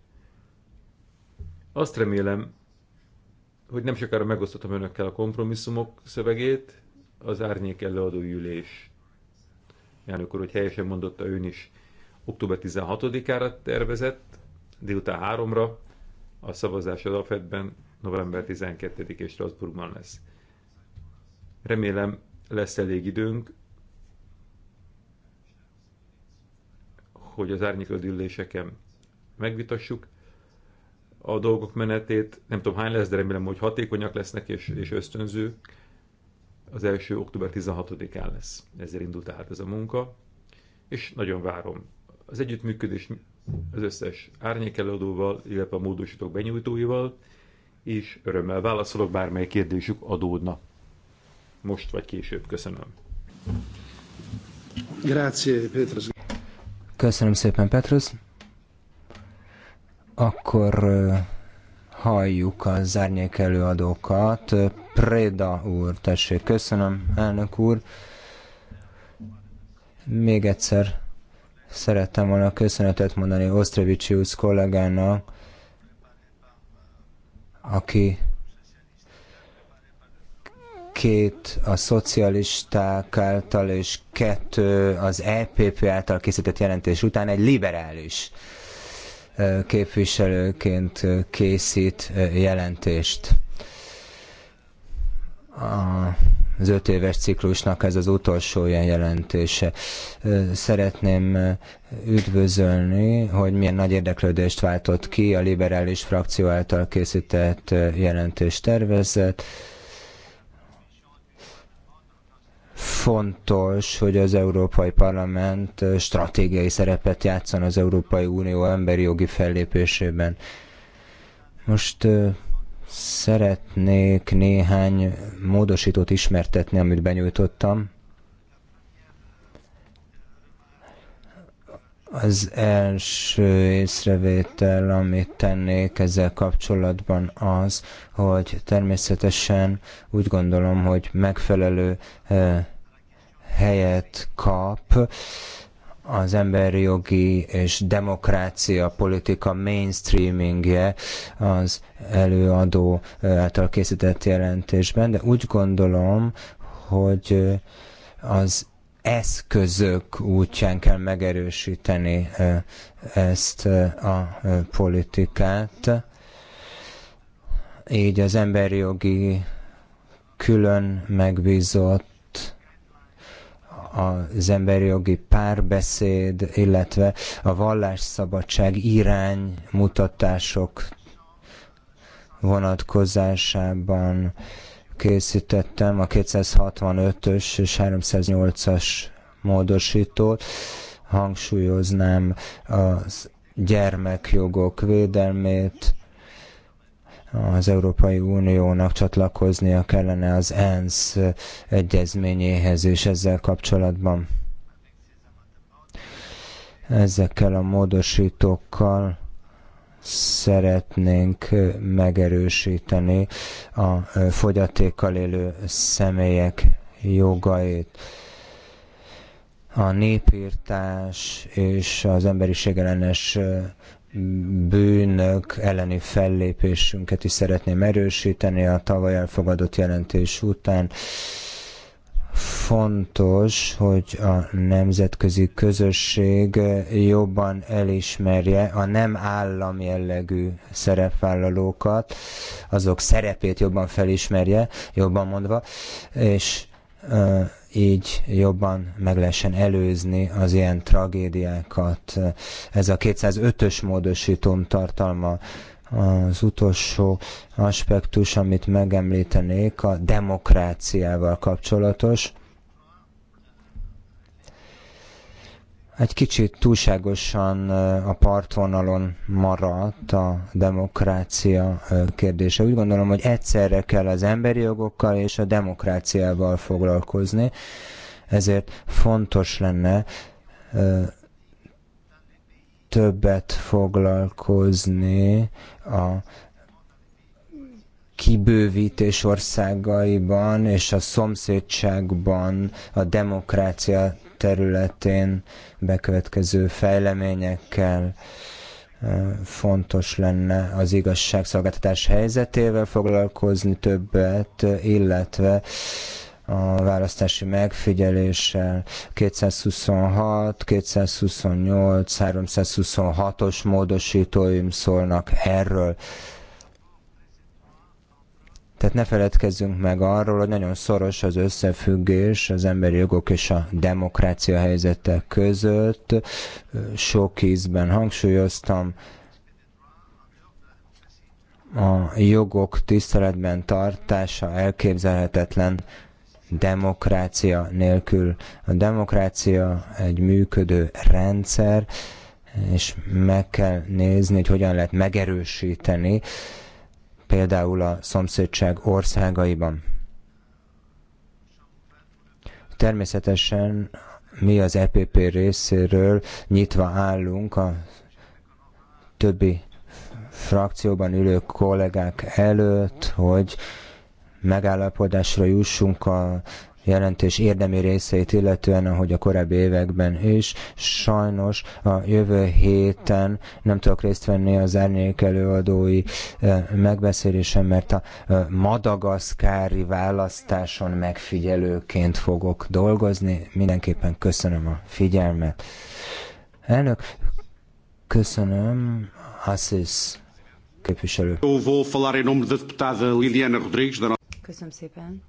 Azt remélem, hogy nem sokára megosztottam önökkel a kompromisszumok szövegét, az árnyék előadói ülés. Elnök úr, hogy helyesen mondotta ő is, október 16-ára tervezett, délután 3-ra, a szavazás az AFED-ben november 12-én Strasbourgban lesz. Remélem lesz elég időnk, hogy az árnyékod üléseken megvitassuk a dolgok menetét. Nem tudom hány lesz, de remélem, hogy hatékonyak lesznek és, és ösztönzők az első október 16-án lesz. Ezért indult tehát ez a munka, és nagyon várom. Az együttműködés az összes árnyékelőadóval, illetve a módosítók benyújtóival, és örömmel válaszolok, bármely kérdésük adódna. Most vagy később. Köszönöm. Grazie, Petrus. Köszönöm szépen, Petrus. Akkor halljuk az árnyék előadókat. Preda úr, tessék, köszönöm, elnök úr. Még egyszer szerettem volna köszönetet mondani Osztrevicius kollégának, aki két a szocialisták által és kettő az EPP által készített jelentés után egy liberális képviselőként készít jelentést. Az öt éves ciklusnak ez az utolsó ilyen jelentése. Szeretném üdvözölni, hogy milyen nagy érdeklődést váltott ki a liberális frakció által készített jelentéstervezet. tervezet fontos, hogy az Európai Parlament stratégiai szerepet játszon az Európai Unió emberi jogi fellépésében. Most szeretnék néhány módosítót ismertetni, amit benyújtottam. Az első észrevétel, amit tennék ezzel kapcsolatban az, hogy természetesen úgy gondolom, hogy megfelelő helyet kap az emberi jogi és demokrácia politika mainstreamingje az előadó által készített jelentésben, de úgy gondolom, hogy az eszközök útján kell megerősíteni ezt a politikát. Így az emberi jogi külön megbízott az emberi jogi párbeszéd, illetve a vallásszabadság iránymutatások vonatkozásában készítettem a 265-ös és 308-as módosítót. Hangsúlyoznám az gyermekjogok védelmét, az Európai Uniónak csatlakoznia kellene az ENSZ egyezményéhez és ezzel kapcsolatban. Ezekkel a módosítókkal szeretnénk megerősíteni a fogyatékkal élő személyek jogait. A népírtás és az emberiség ellenes bűnök elleni fellépésünket is szeretném erősíteni a tavaly elfogadott jelentés után. Fontos, hogy a nemzetközi közösség jobban elismerje a nem állam jellegű szerepvállalókat, azok szerepét jobban felismerje, jobban mondva, és így jobban meg lehessen előzni az ilyen tragédiákat. Ez a 205-ös módosítóm tartalma az utolsó aspektus, amit megemlítenék, a demokráciával kapcsolatos egy kicsit túlságosan a partvonalon maradt a demokrácia kérdése. Úgy gondolom, hogy egyszerre kell az emberi jogokkal és a demokráciával foglalkozni, ezért fontos lenne többet foglalkozni a kibővítés országaiban és a szomszédságban a demokrácia területén bekövetkező fejleményekkel, fontos lenne az igazságszolgáltatás helyzetével foglalkozni többet, illetve a választási megfigyeléssel 226, 228, 326-os módosítóim szólnak erről. Tehát ne feledkezzünk meg arról, hogy nagyon szoros az összefüggés az emberi jogok és a demokrácia helyzete között. Sok ízben hangsúlyoztam, a jogok tiszteletben tartása elképzelhetetlen demokrácia nélkül. A demokrácia egy működő rendszer, és meg kell nézni, hogy hogyan lehet megerősíteni például a szomszédság országaiban. Természetesen mi az EPP részéről nyitva állunk a többi frakcióban ülő kollégák előtt, hogy megállapodásra jussunk a jelentés érdemi részeit illetően, ahogy a korábbi években is. Sajnos a jövő héten nem tudok részt venni az árnyék előadói megbeszélésen, mert a madagaszkári választáson megfigyelőként fogok dolgozni. Mindenképpen köszönöm a figyelmet. Elnök, köszönöm. Assis képviselő. Köszönöm szépen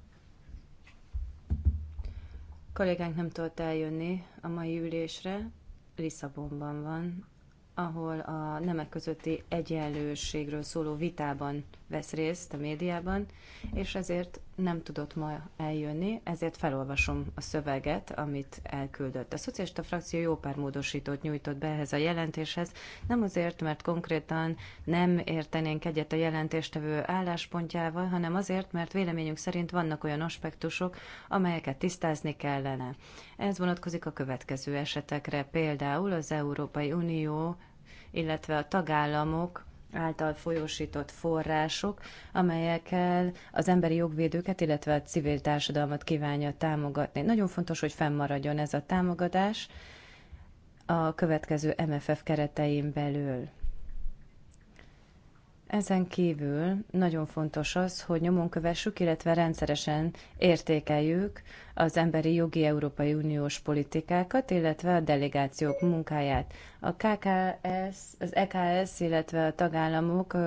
kollégánk nem tudott eljönni a mai ülésre, Lisszabonban van, ahol a nemek közötti egyenlőségről szóló vitában vesz részt a médiában, és ezért nem tudott ma eljönni, ezért felolvasom a szöveget, amit elküldött. A szocialista frakció jó pár módosítót nyújtott be ehhez a jelentéshez, nem azért, mert konkrétan nem értenénk egyet a jelentéstevő álláspontjával, hanem azért, mert véleményünk szerint vannak olyan aspektusok, amelyeket tisztázni kellene. Ez vonatkozik a következő esetekre, például az Európai Unió, illetve a tagállamok által folyósított források, amelyekkel az emberi jogvédőket, illetve a civil társadalmat kívánja támogatni. Nagyon fontos, hogy fennmaradjon ez a támogatás a következő MFF keretein belül. Ezen kívül nagyon fontos az, hogy nyomon kövessük, illetve rendszeresen értékeljük az emberi jogi Európai Uniós politikákat, illetve a delegációk munkáját. A KKS, az EKS, illetve a tagállamok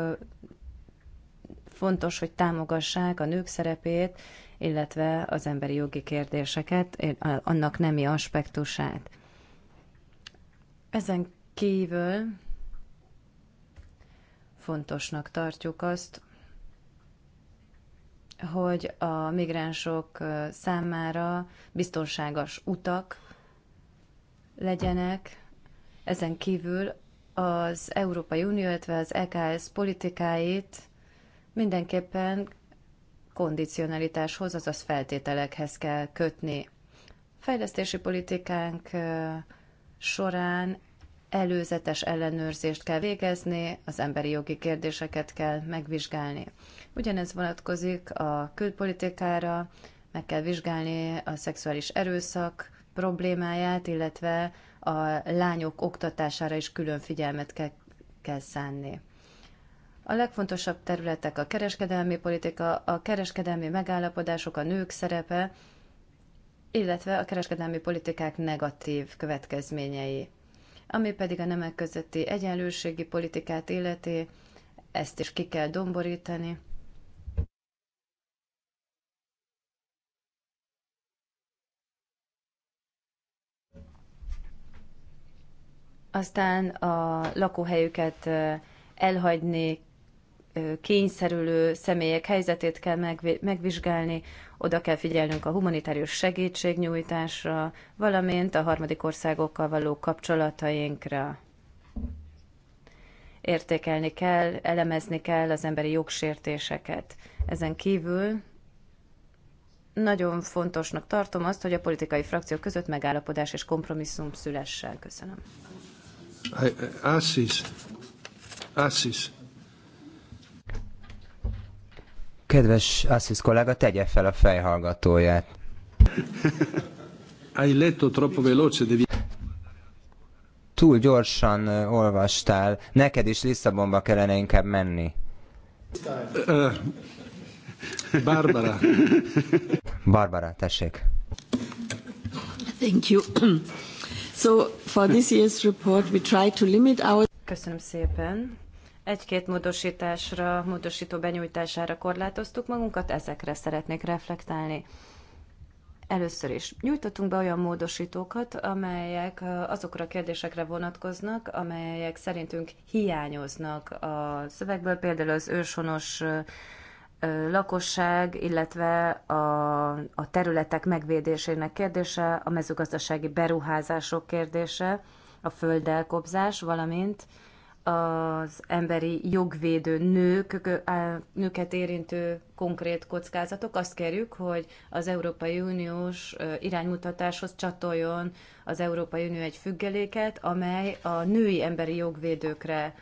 fontos, hogy támogassák a nők szerepét, illetve az emberi jogi kérdéseket, annak nemi aspektusát. Ezen kívül fontosnak tartjuk azt, hogy a migránsok számára biztonságos utak legyenek. Ezen kívül az Európai Unió, illetve az EKS politikáit mindenképpen kondicionalitáshoz, azaz feltételekhez kell kötni. Fejlesztési politikánk során előzetes ellenőrzést kell végezni, az emberi jogi kérdéseket kell megvizsgálni. Ugyanez vonatkozik a külpolitikára, meg kell vizsgálni a szexuális erőszak problémáját, illetve a lányok oktatására is külön figyelmet kell, kell szánni. A legfontosabb területek a kereskedelmi politika, a kereskedelmi megállapodások, a nők szerepe, illetve a kereskedelmi politikák negatív következményei ami pedig a nemek közötti egyenlőségi politikát illeti, ezt is ki kell domborítani. Aztán a lakóhelyüket elhagyni kényszerülő személyek helyzetét kell megvizsgálni, oda kell figyelnünk a humanitárius segítségnyújtásra, valamint a harmadik országokkal való kapcsolatainkra. Értékelni kell, elemezni kell az emberi jogsértéseket. Ezen kívül nagyon fontosnak tartom azt, hogy a politikai frakciók között megállapodás és kompromisszum szülessen. Köszönöm. Assis. Assis. Kedves Assis kollega, tegye fel a fejhallgatóját. Hai letto troppo veloce, devi... Túl gyorsan olvastál. Neked is Lisszabonba kellene inkább menni. Barbara. Barbara, tessék. Thank you. So for this year's report we try to limit our Köszönöm szépen. Egy-két módosításra, módosító benyújtására korlátoztuk magunkat, ezekre szeretnék reflektálni. Először is nyújtottunk be olyan módosítókat, amelyek azokra a kérdésekre vonatkoznak, amelyek szerintünk hiányoznak a szövegből, például az őshonos lakosság, illetve a, a területek megvédésének kérdése, a mezőgazdasági beruházások kérdése, a földelkobzás, valamint az emberi jogvédő nők, nőket érintő konkrét kockázatok. Azt kérjük, hogy az Európai Uniós iránymutatáshoz csatoljon az Európai Unió egy függeléket, amely a női emberi jogvédőkre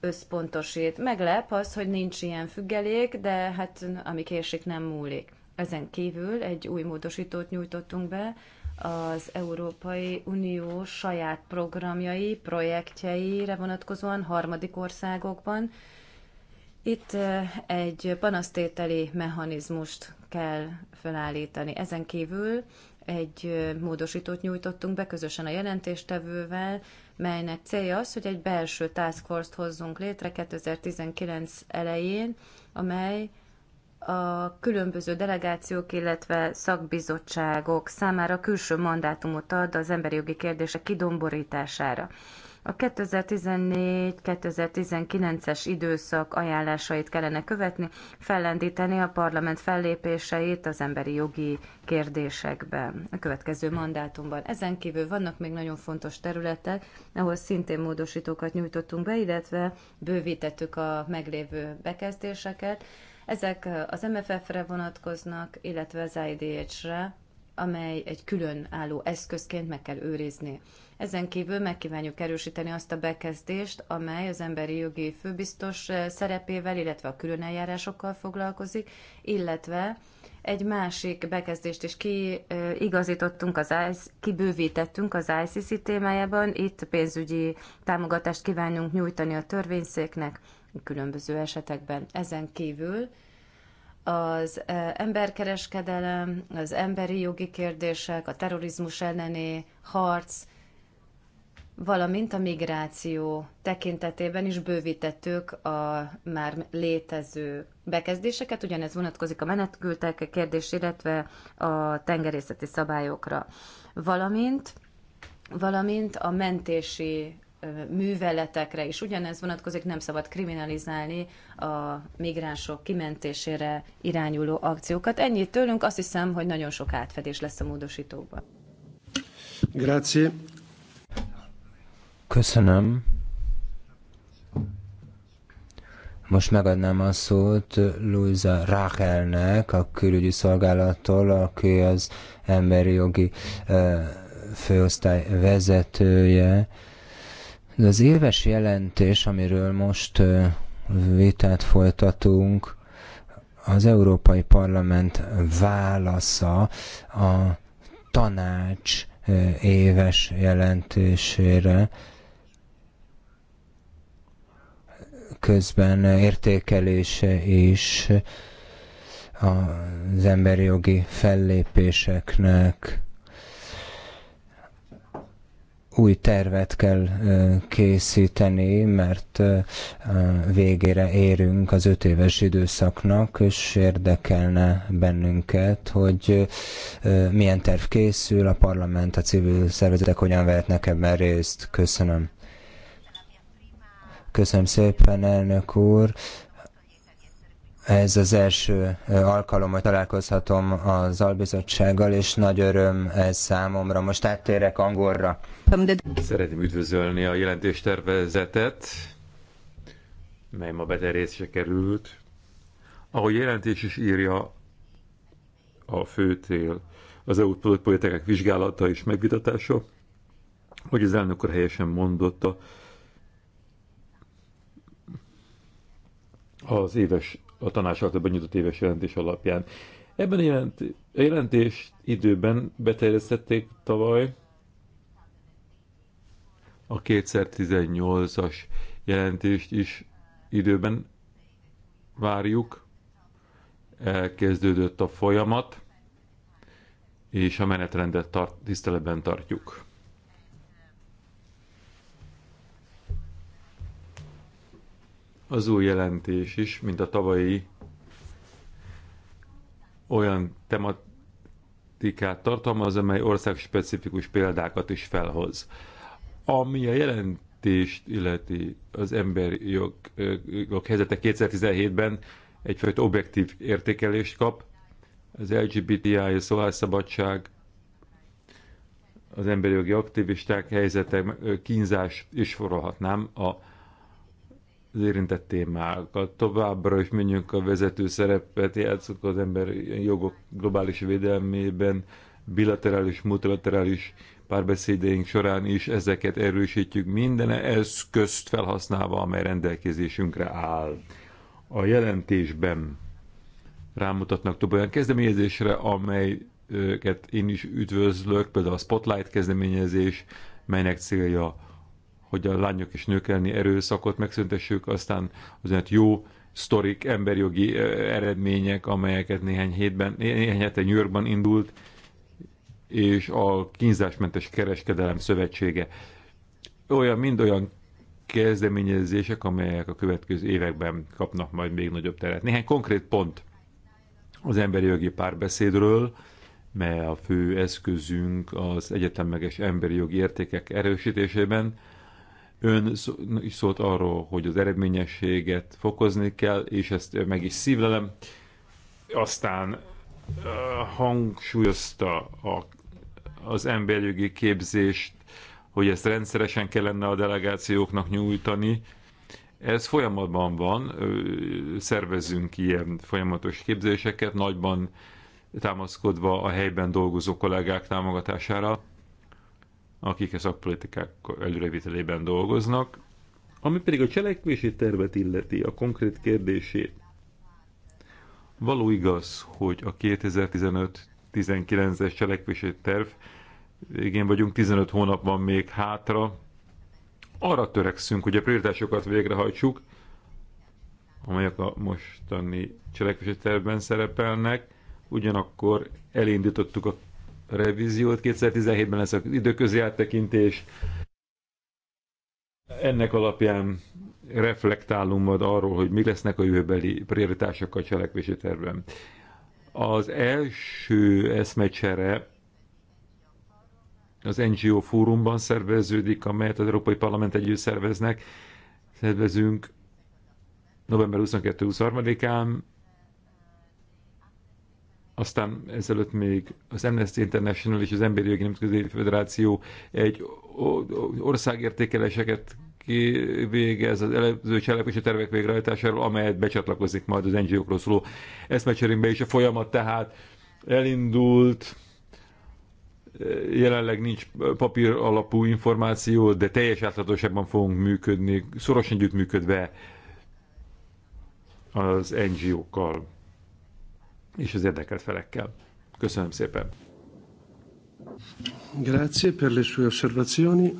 összpontosít. Meglep az, hogy nincs ilyen függelék, de hát ami késik nem múlik. Ezen kívül egy új módosítót nyújtottunk be, az Európai Unió saját programjai, projektjeire vonatkozóan harmadik országokban. Itt egy panasztételi mechanizmust kell felállítani. Ezen kívül egy módosítót nyújtottunk be közösen a jelentéstevővel, melynek célja az, hogy egy belső task force-t hozzunk létre 2019 elején, amely a különböző delegációk, illetve szakbizottságok számára külső mandátumot ad az emberi jogi kérdések kidomborítására. A 2014-2019-es időszak ajánlásait kellene követni, fellendíteni a parlament fellépéseit az emberi jogi kérdésekben a következő mandátumban. Ezen kívül vannak még nagyon fontos területek, ahol szintén módosítókat nyújtottunk be, illetve bővítettük a meglévő bekezdéseket. Ezek az MFF-re vonatkoznak, illetve az IDH-re, amely egy külön álló eszközként meg kell őrizni. Ezen kívül megkívánjuk erősíteni azt a bekezdést, amely az emberi jogi főbiztos szerepével, illetve a külön eljárásokkal foglalkozik, illetve egy másik bekezdést is kiigazítottunk, az ICE, kibővítettünk az ICC témájában. Itt pénzügyi támogatást kívánunk nyújtani a törvényszéknek, különböző esetekben. Ezen kívül az e, emberkereskedelem, az emberi jogi kérdések, a terrorizmus elleni harc, valamint a migráció tekintetében is bővítettük a már létező bekezdéseket, ugyanez vonatkozik a menetkültek kérdés, illetve a tengerészeti szabályokra, valamint, valamint a mentési műveletekre is ugyanez vonatkozik, nem szabad kriminalizálni a migránsok kimentésére irányuló akciókat. Ennyit tőlünk, azt hiszem, hogy nagyon sok átfedés lesz a módosítókban. Grazie. Köszönöm. Most megadnám a szót Luisa Rachelnek, a külügyi szolgálattól, aki az emberi jogi főosztály vezetője az éves jelentés, amiről most vitát folytatunk, az Európai Parlament válasza a tanács éves jelentésére. Közben értékelése is az emberi jogi fellépéseknek új tervet kell készíteni, mert végére érünk az öt éves időszaknak, és érdekelne bennünket, hogy milyen terv készül, a parlament, a civil szervezetek hogyan vehetnek ebben részt. Köszönöm. Köszönöm szépen, elnök úr. Ez az első alkalom, hogy találkozhatom az albizottsággal, és nagy öröm ez számomra. Most áttérek angolra. Szeretném üdvözölni a jelentéstervezetet, mely ma beterjesztésre került. Ahogy jelentés is írja, a főtél az EU politikák vizsgálata és megvitatása, hogy az elnök úr helyesen mondotta, az éves a tanács által benyújtott éves jelentés alapján. Ebben a, jelent, a jelentés időben beterjesztették tavaly a 2018-as jelentést is időben várjuk. Elkezdődött a folyamat, és a menetrendet tart, tiszteletben tartjuk. Az új jelentés is, mint a tavalyi olyan tematikát tartalmaz, amely országspecifikus példákat is felhoz. Ami a jelentést illeti az emberi jog, jog helyzete 2017-ben egyfajta objektív értékelést kap, az LGBTI, a szólásszabadság, az emberi jogi aktivisták helyzete, kínzás is forolhatnám a az érintett témákat. Továbbra is menjünk a vezető szerepet, játszunk az emberi jogok globális védelmében, bilaterális, multilaterális párbeszédeink során is ezeket erősítjük minden eszközt felhasználva, amely rendelkezésünkre áll. A jelentésben rámutatnak több olyan kezdeményezésre, amelyeket én is üdvözlök, például a Spotlight kezdeményezés, melynek célja hogy a lányok és nők elleni erőszakot megszüntessük, aztán azért jó sztorik, emberjogi eredmények, amelyeket néhány hétben, néhány hete New Yorkban indult, és a kínzásmentes kereskedelem szövetsége. Olyan, mind olyan kezdeményezések, amelyek a következő években kapnak majd még nagyobb teret. Néhány konkrét pont az emberi jogi párbeszédről, mely a fő eszközünk az egyetemleges emberi jogi értékek erősítésében, Ön is szólt arról, hogy az eredményességet fokozni kell, és ezt meg is szívlelem. Aztán hangsúlyozta a, az emberjogi képzést, hogy ezt rendszeresen kellene a delegációknak nyújtani. Ez folyamatban van, szervezünk ilyen folyamatos képzéseket, nagyban támaszkodva a helyben dolgozó kollégák támogatására akik a szakpolitikák előrevitelében dolgoznak. Ami pedig a cselekvési tervet illeti, a konkrét kérdését. Való igaz, hogy a 2015-19-es cselekvési terv, igen vagyunk, 15 hónap van még hátra, arra törekszünk, hogy a prioritásokat végrehajtsuk, amelyek a mostani cselekvési tervben szerepelnek, ugyanakkor elindítottuk a revíziót, 2017-ben lesz az időközi áttekintés. Ennek alapján reflektálunk majd arról, hogy mi lesznek a jövőbeli prioritások a cselekvési tervben. Az első eszmecsere az NGO fórumban szerveződik, amelyet az Európai Parlament együtt szerveznek. Szervezünk november 22-23-án aztán ezelőtt még az Amnesty International és az Emberi Jogi Nemzetközi Federáció egy országértékeléseket végez az előző cselekvési tervek végrehajtásáról, amelyet becsatlakozik majd az NGO-król szóló eszmecserénkbe is. A folyamat tehát elindult, jelenleg nincs papír alapú információ, de teljes átláthatóságban fogunk működni, szorosan együttműködve az NGO-kkal és az érdekelt felekkel. Köszönöm szépen! Grazie per le sue osservazioni.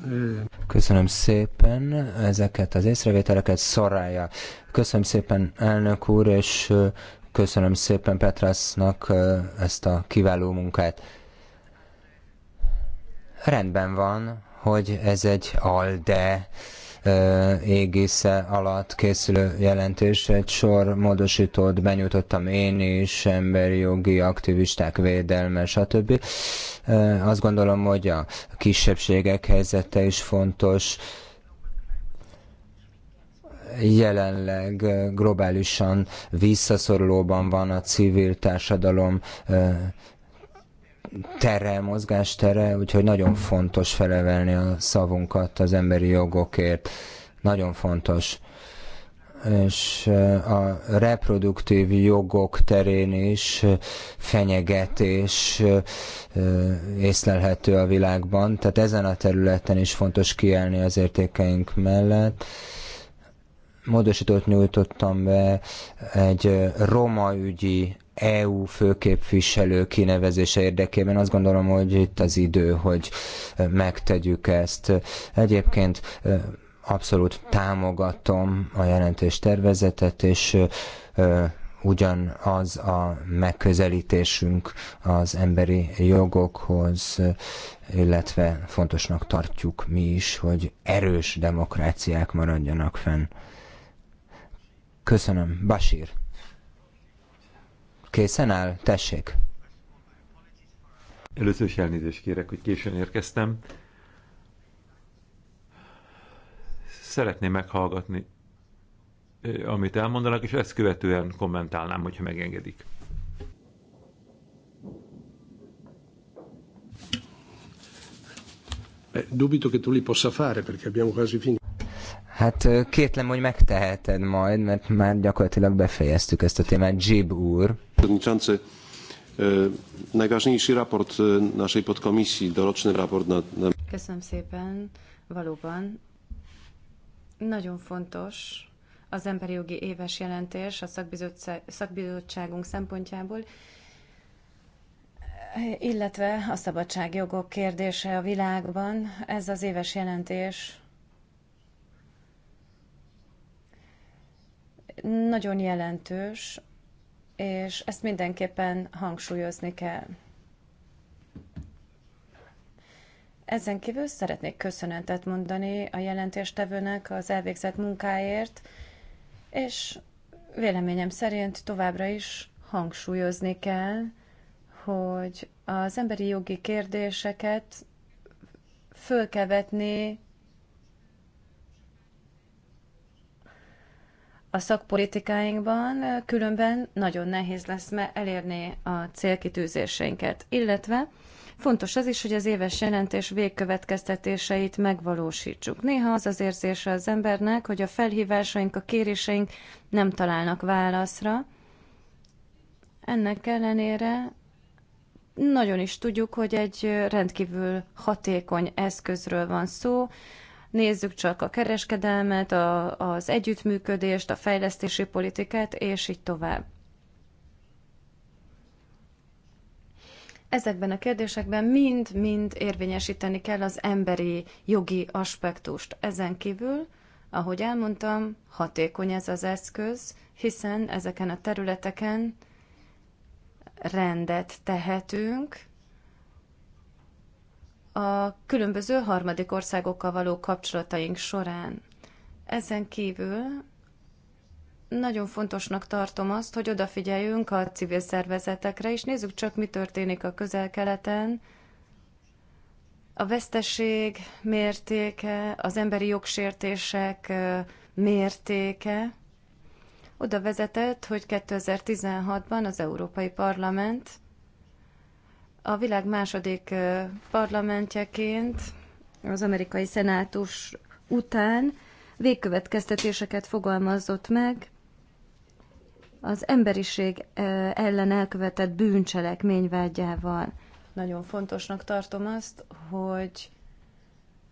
Köszönöm szépen ezeket az észrevételeket, Szorája. Köszönöm szépen elnök úr, és köszönöm szépen Petrasznak ezt a kiváló munkát. Rendben van, hogy ez egy ALDE égisze alatt készülő jelentés. Egy sor módosítót benyújtottam én is, emberi jogi aktivisták védelme, stb. Azt gondolom, hogy a kisebbségek helyzete is fontos jelenleg globálisan visszaszorulóban van a civil társadalom terrel, mozgástere, úgyhogy nagyon fontos felevelni a szavunkat az emberi jogokért. Nagyon fontos. És eh, a reproduktív jogok terén is eh, fenyegetés eh, észlelhető a világban, tehát ezen a területen is fontos kiállni az értékeink mellett módosítót nyújtottam be egy roma ügyi EU főképviselő kinevezése érdekében. Azt gondolom, hogy itt az idő, hogy megtegyük ezt. Egyébként abszolút támogatom a jelentés tervezetet, és ugyanaz a megközelítésünk az emberi jogokhoz, illetve fontosnak tartjuk mi is, hogy erős demokráciák maradjanak fenn. Köszönöm. Basír. Készen áll? Tessék. Először is elnézést kérek, hogy későn érkeztem. Szeretném meghallgatni, amit elmondanak, és ezt követően kommentálnám, hogyha megengedik. Dubito che tu li possa fare perché abbiamo quasi finito. Hát kétlem, hogy megteheted majd, mert már gyakorlatilag befejeztük ezt a témát. Jib úr. Przewodniczący, e, najważniejszy raport e, naszej podkomisji, doroczny raport na... Köszönöm szépen, valóban. Nagyon fontos az emberi jogi éves jelentés a szakbizottságunk szempontjából, illetve a szabadságjogok kérdése a világban. Ez az éves jelentés nagyon jelentős, és ezt mindenképpen hangsúlyozni kell. Ezen kívül szeretnék köszönetet mondani a jelentéstevőnek az elvégzett munkáért, és véleményem szerint továbbra is hangsúlyozni kell, hogy az emberi jogi kérdéseket föl kell vetni a szakpolitikáinkban, különben nagyon nehéz lesz me elérni a célkitűzéseinket, illetve Fontos az is, hogy az éves jelentés végkövetkeztetéseit megvalósítsuk. Néha az az érzése az embernek, hogy a felhívásaink, a kéréseink nem találnak válaszra. Ennek ellenére nagyon is tudjuk, hogy egy rendkívül hatékony eszközről van szó, Nézzük csak a kereskedelmet, a, az együttműködést, a fejlesztési politikát, és így tovább. Ezekben a kérdésekben mind-mind érvényesíteni kell az emberi jogi aspektust. Ezen kívül, ahogy elmondtam, hatékony ez az eszköz, hiszen ezeken a területeken rendet tehetünk, a különböző harmadik országokkal való kapcsolataink során. Ezen kívül nagyon fontosnak tartom azt, hogy odafigyeljünk a civil szervezetekre, és nézzük csak, mi történik a közel-keleten. A veszteség mértéke, az emberi jogsértések mértéke oda vezetett, hogy 2016-ban az Európai Parlament a világ második parlamentjeként az amerikai szenátus után végkövetkeztetéseket fogalmazott meg az emberiség ellen elkövetett bűncselekmény vágyával. Nagyon fontosnak tartom azt, hogy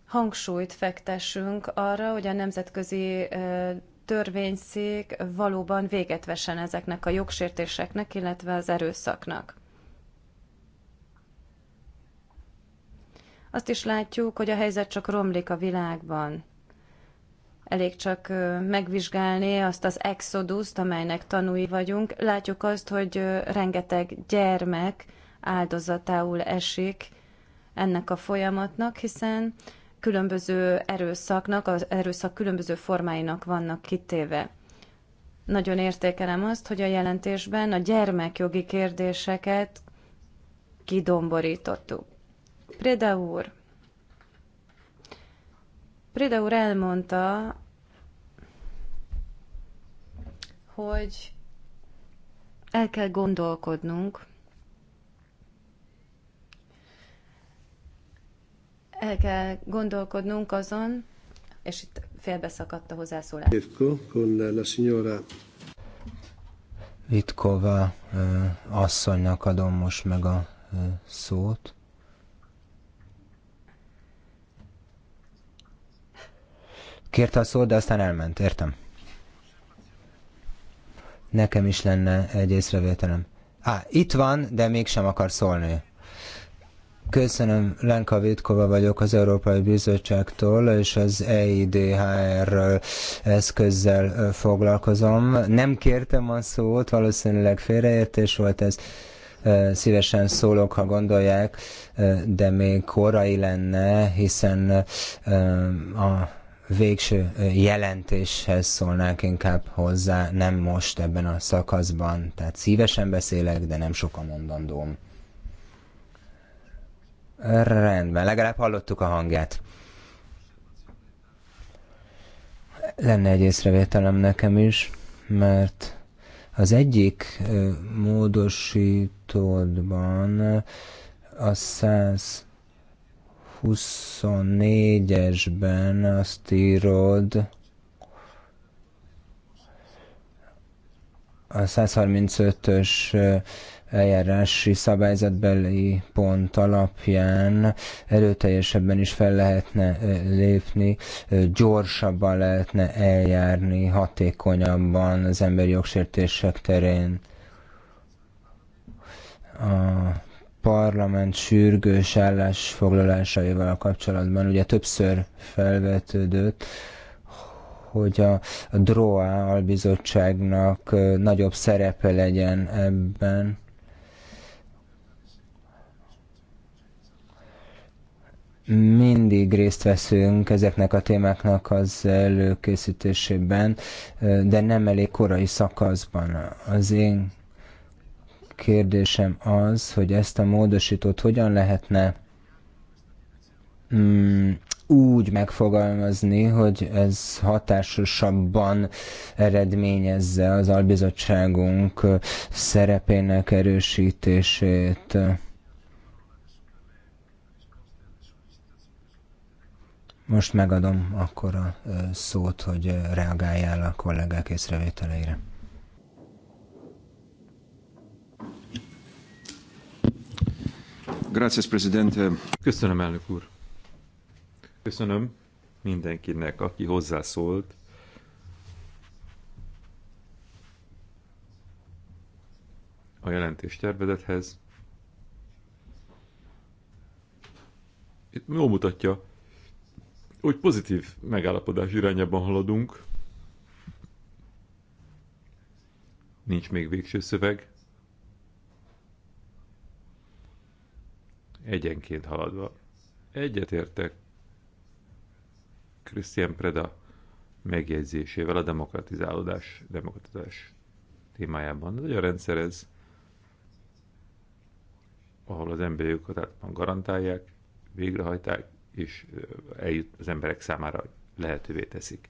hangsúlyt fektessünk arra, hogy a nemzetközi törvényszék valóban véget vessen ezeknek a jogsértéseknek, illetve az erőszaknak. Azt is látjuk, hogy a helyzet csak romlik a világban. Elég csak megvizsgálni azt az exoduszt, amelynek tanúi vagyunk. Látjuk azt, hogy rengeteg gyermek áldozatául esik ennek a folyamatnak, hiszen különböző erőszaknak, az erőszak különböző formáinak vannak kitéve. Nagyon értékelem azt, hogy a jelentésben a gyermekjogi kérdéseket kidomborítottuk. Preda úr, Preda úr elmondta, hogy el kell gondolkodnunk, el kell gondolkodnunk azon, és itt félbeszakadt a hozzászólás. Con la signora Vitkova asszonynak adom most meg a szót. Kérte a szót, de aztán elment, értem. Nekem is lenne egy észrevételem. Á, itt van, de mégsem akar szólni. Köszönöm, Lenka Vitkova vagyok az Európai Bizottságtól, és az EIDHR eszközzel foglalkozom. Nem kértem a szót, valószínűleg félreértés volt ez. Szívesen szólok, ha gondolják, de még korai lenne, hiszen a végső jelentéshez szólnák inkább hozzá, nem most ebben a szakaszban, tehát szívesen beszélek, de nem sok a mondandóm. Rendben, legalább hallottuk a hangját. Lenne egy észrevételem nekem is, mert az egyik módosítódban a 100 24-esben azt írod, a 135-ös eljárási szabályzatbeli pont alapján erőteljesebben is fel lehetne lépni, gyorsabban lehetne eljárni, hatékonyabban az emberi jogsértések terén. A parlament sürgős állásfoglalásaival kapcsolatban ugye többször felvetődött, hogy a DROA albizottságnak nagyobb szerepe legyen ebben. mindig részt veszünk ezeknek a témáknak az előkészítésében, de nem elég korai szakaszban. Az én kérdésem az, hogy ezt a módosítót hogyan lehetne mm, úgy megfogalmazni, hogy ez hatásosabban eredményezze az albizottságunk szerepének erősítését. Most megadom akkor a szót, hogy reagáljál a kollégák észrevételeire. Presidente. Köszönöm, elnök úr. Köszönöm mindenkinek, aki hozzászólt. a jelentés tervezethez. Itt jól mutatja, hogy pozitív megállapodás irányában haladunk. Nincs még végső szöveg, egyenként haladva. Egyetértek Christian Preda megjegyzésével a demokratizálódás, demokratizálás témájában. Ez a rendszer ez, ahol az emberi jogokat garantálják, végrehajták, és eljut az emberek számára lehetővé teszik.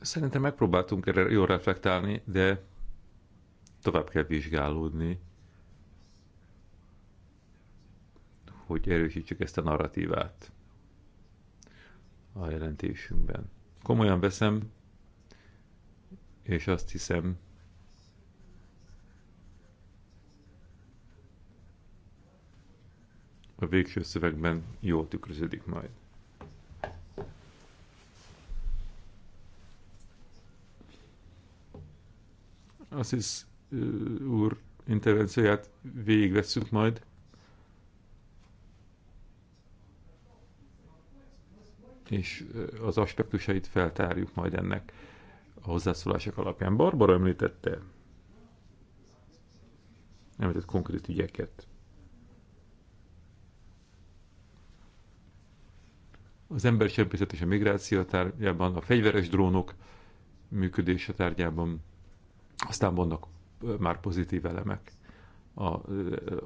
Szerintem megpróbáltunk erre jól reflektálni, de tovább kell vizsgálódni, hogy erősítsük ezt a narratívát a jelentésünkben. Komolyan veszem, és azt hiszem, a végső szövegben jól tükröződik majd. Azt hisz, úr intervencióját végigvesszük majd. És az aspektusait feltárjuk majd ennek a hozzászólások alapján. Barbara említette említett konkrét ügyeket. Az embercsempészet és a migráció tárgyában, a fegyveres drónok működése tárgyában, aztán vannak már pozitív elemek a,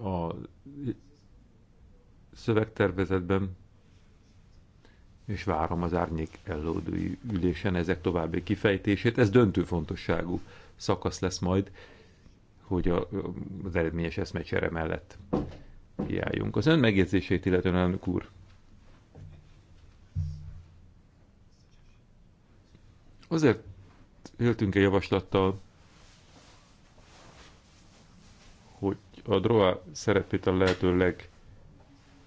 a szövegtervezetben, és várom az árnyék ellódói ülésen ezek további kifejtését. Ez döntő fontosságú szakasz lesz majd, hogy a, az eredményes eszmecsere mellett kiálljunk. Az ön megjegyzését illetően elnök úr. Azért éltünk egy javaslattal, a DROA szerepét a lehető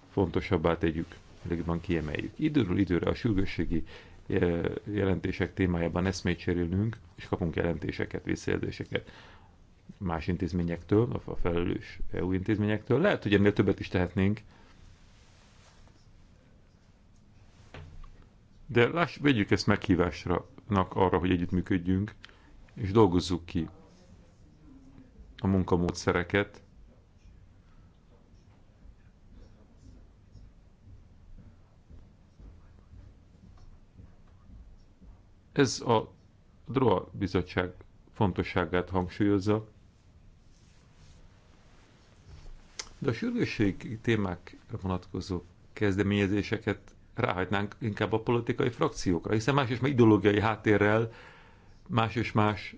legfontosabbá tegyük, legjobban kiemeljük. Időről időre a sürgősségi eh, jelentések témájában eszmét cserélünk, és kapunk jelentéseket, visszajelzéseket más intézményektől, a felelős EU intézményektől. Lehet, hogy ennél többet is tehetnénk, de láss, vegyük ezt meghívásra arra, hogy együttműködjünk, és dolgozzuk ki a munkamódszereket, Ez a DROA bizottság fontosságát hangsúlyozza, de a sürgősségi témák vonatkozó kezdeményezéseket ráhagynánk inkább a politikai frakciókra, hiszen más és más ideológiai háttérrel, más és más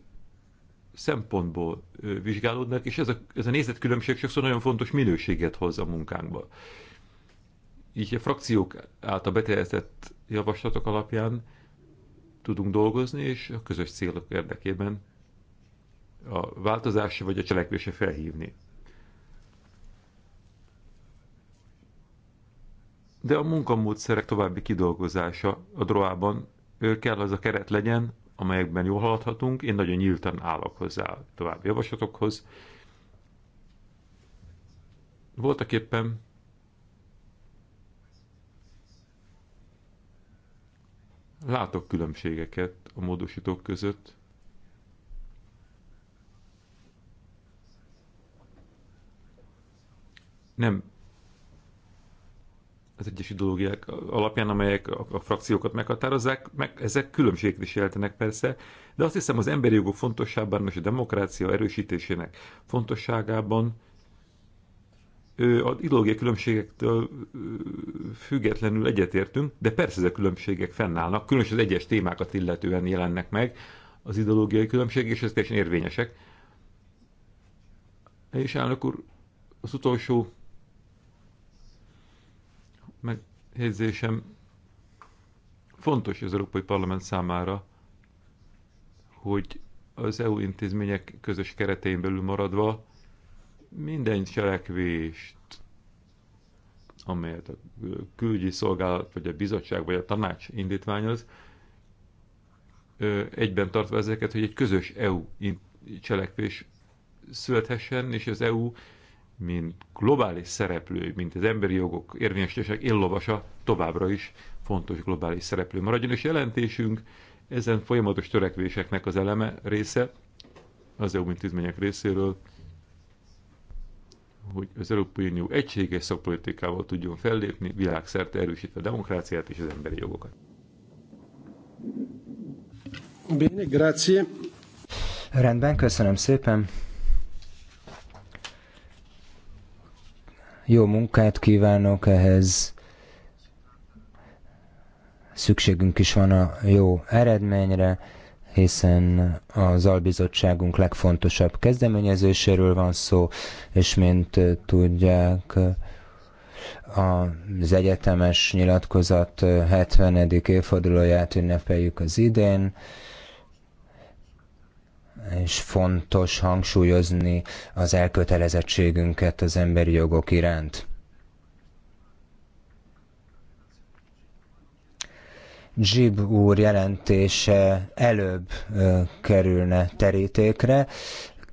szempontból vizsgálódnak, és ez a, ez a nézetkülönbség sokszor nagyon fontos minőséget hoz a munkánkba. Így a frakciók által beterjesztett javaslatok alapján tudunk dolgozni, és a közös célok érdekében a változásra vagy a cselekvése felhívni. De a munkamódszerek további kidolgozása a droában ő kell az a keret legyen, amelyekben jól haladhatunk. Én nagyon nyíltan állok hozzá további javaslatokhoz. Voltak éppen Látok különbségeket a módosítók között. Nem az egyes ideológiák alapján, amelyek a frakciókat meghatározzák, meg, ezek különbséget is jelentenek persze, de azt hiszem az emberi jogok fontosságában és a demokrácia erősítésének fontosságában ö, az ideológiai különbségektől ö, függetlenül egyetértünk, de persze ezek különbségek fennállnak, különösen az egyes témákat illetően jelennek meg az ideológiai különbségek, és ezek teljesen érvényesek. És elnök úr, az utolsó megjegyzésem fontos az Európai Parlament számára, hogy az EU intézmények közös keretein belül maradva minden cselekvést, amelyet a külügyi szolgálat, vagy a bizottság, vagy a tanács indítványoz, egyben tartva ezeket, hogy egy közös EU cselekvés születhessen, és az EU, mint globális szereplő, mint az emberi jogok érvényesítések illovasa továbbra is fontos globális szereplő maradjon, és jelentésünk ezen folyamatos törekvéseknek az eleme része, az EU intézmények részéről, hogy az Európai Unió egységes szakpolitikával tudjon fellépni, világszerte erősítve a demokráciát és az emberi jogokat. Bene, grazie. Rendben, köszönöm szépen. Jó munkát kívánok ehhez. Szükségünk is van a jó eredményre hiszen az albizottságunk legfontosabb kezdeményezéséről van szó, és mint eh, tudják, az egyetemes nyilatkozat 70. Eh, évfordulóját ünnepeljük az idén, és fontos hangsúlyozni az elkötelezettségünket az emberi jogok iránt. Zsib úr jelentése előbb kerülne terítékre.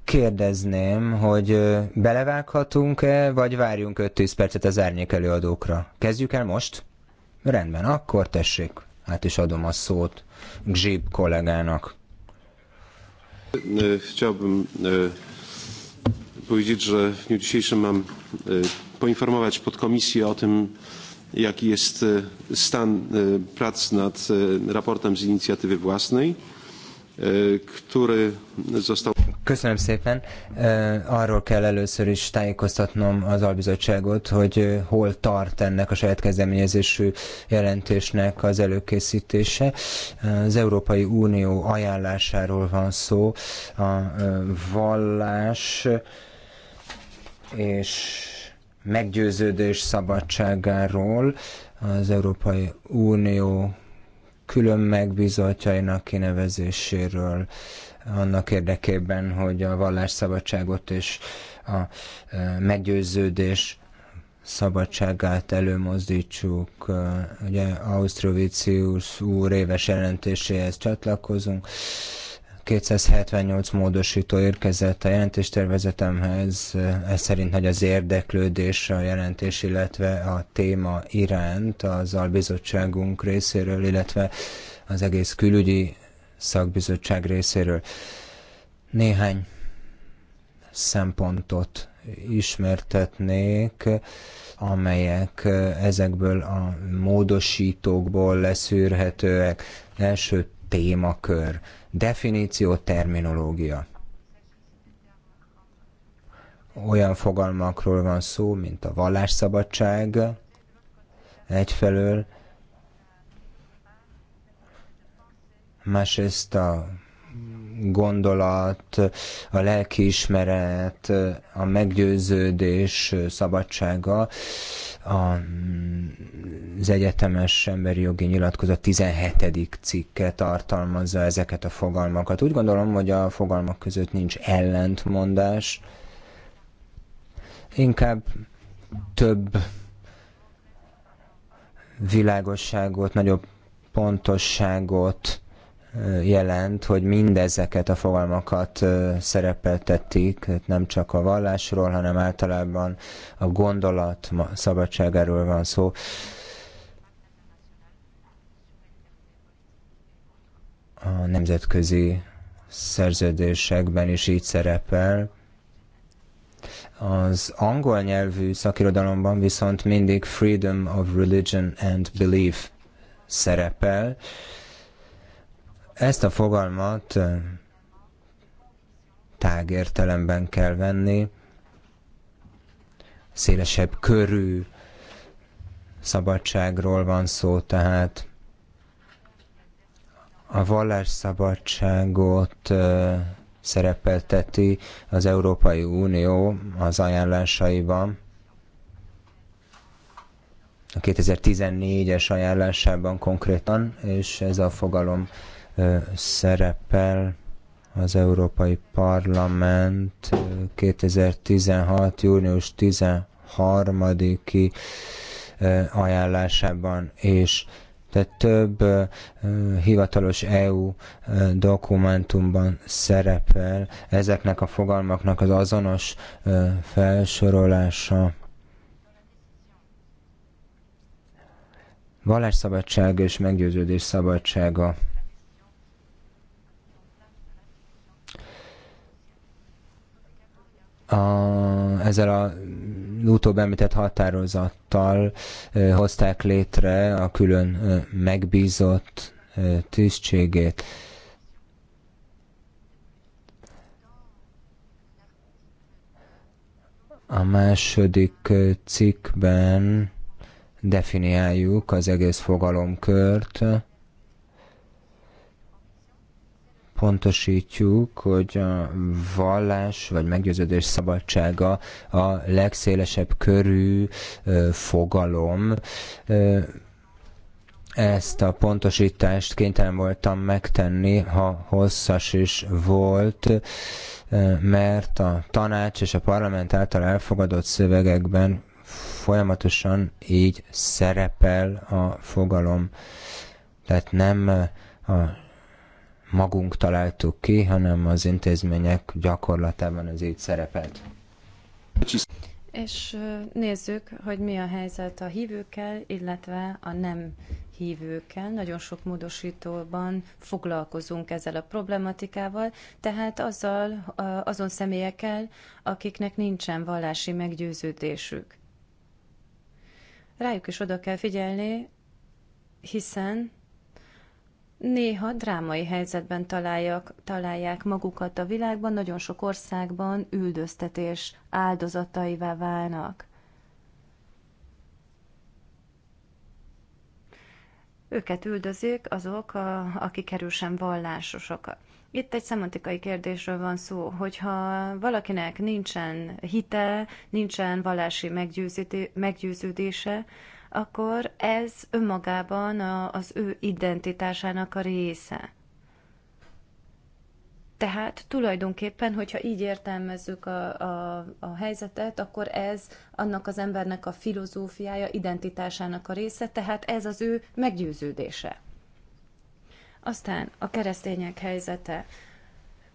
Kérdezném, hogy belevághatunk-e, vagy várjunk 5-10 percet az árnyék előadókra? Kezdjük el most? Rendben, akkor tessék, hát is adom a szót Gzsib kollégának. Chciałbym e, powiedzieć, że w dniu dzisiejszym mam e, poinformować podkomisję o tym, jaki jest e, stan e, prac nad e, raportem z inicjatywy własnej, który został... Köszönöm szépen. Arról kell először is tájékoztatnom az albizottságot, hogy hol tart ennek a saját kezdeményezésű jelentésnek az előkészítése. Az Európai Unió ajánlásáról van szó. A vallás és meggyőződés szabadságáról az Európai Unió külön megbizotjainak kinevezéséről annak érdekében, hogy a vallásszabadságot és a e, meggyőződés szabadságát előmozdítsuk. E, ugye Ausztrovicius úr éves jelentéséhez csatlakozunk. 278 módosító érkezett a jelentéstervezetemhez, ez szerint nagy az érdeklődés a jelentés, illetve a téma iránt az albizottságunk részéről, illetve az egész külügyi szakbizottság részéről. Néhány szempontot ismertetnék, amelyek ezekből a módosítókból leszűrhetőek. Első témakör, definíció, terminológia. Olyan fogalmakról van szó, mint a vallásszabadság egyfelől, másrészt a gondolat, a lelkiismeret, a meggyőződés szabadsága, az egyetemes emberi jogi nyilatkozat 17. cikke tartalmazza ezeket a fogalmakat. Úgy gondolom, hogy a fogalmak között nincs ellentmondás, inkább több világosságot, nagyobb pontosságot jelent, hogy mindezeket a fogalmakat szerepeltetik, nem csak a vallásról, hanem általában a gondolat szabadságáról van szó. A nemzetközi szerződésekben is így szerepel. Az angol nyelvű szakirodalomban viszont mindig Freedom of Religion and Belief szerepel ezt a fogalmat tágértelemben kell venni, szélesebb körű szabadságról van szó, tehát a vallásszabadságot szerepelteti az Európai Unió az ajánlásaiban. A 2014-es ajánlásában konkrétan, és ez a fogalom szerepel az Európai Parlament 2016. június 13-i ajánlásában, és de több hivatalos EU dokumentumban szerepel ezeknek a fogalmaknak az azonos felsorolása. Vallásszabadság és meggyőződés szabadsága a, ezzel a utóbb említett határozattal ö, hozták létre a külön ö, megbízott ö, tisztségét. A második cikkben definiáljuk az egész fogalomkört, pontosítjuk, hogy a vallás vagy meggyőződés szabadsága a legszélesebb körű fogalom. Ezt a pontosítást kénytelen voltam megtenni, ha hosszas is volt, mert a tanács és a parlament által elfogadott szövegekben folyamatosan így szerepel a fogalom. Tehát nem a magunk találtuk ki, hanem az intézmények gyakorlatában ez így szerepelt. És nézzük, hogy mi a helyzet a hívőkkel, illetve a nem hívőkkel. Nagyon sok módosítóban foglalkozunk ezzel a problematikával, tehát azzal, azon személyekkel, akiknek nincsen vallási meggyőződésük. Rájuk is oda kell figyelni, hiszen néha drámai helyzetben találják, találják magukat a világban, nagyon sok országban üldöztetés áldozataivá válnak. Őket üldözik azok, a, akik erősen vallásosok. Itt egy szemantikai kérdésről van szó, hogyha valakinek nincsen hite, nincsen vallási meggyőződése, akkor ez önmagában a, az ő identitásának a része. Tehát tulajdonképpen, hogyha így értelmezzük a, a, a helyzetet, akkor ez annak az embernek a filozófiája, identitásának a része, tehát ez az ő meggyőződése. Aztán a keresztények helyzete.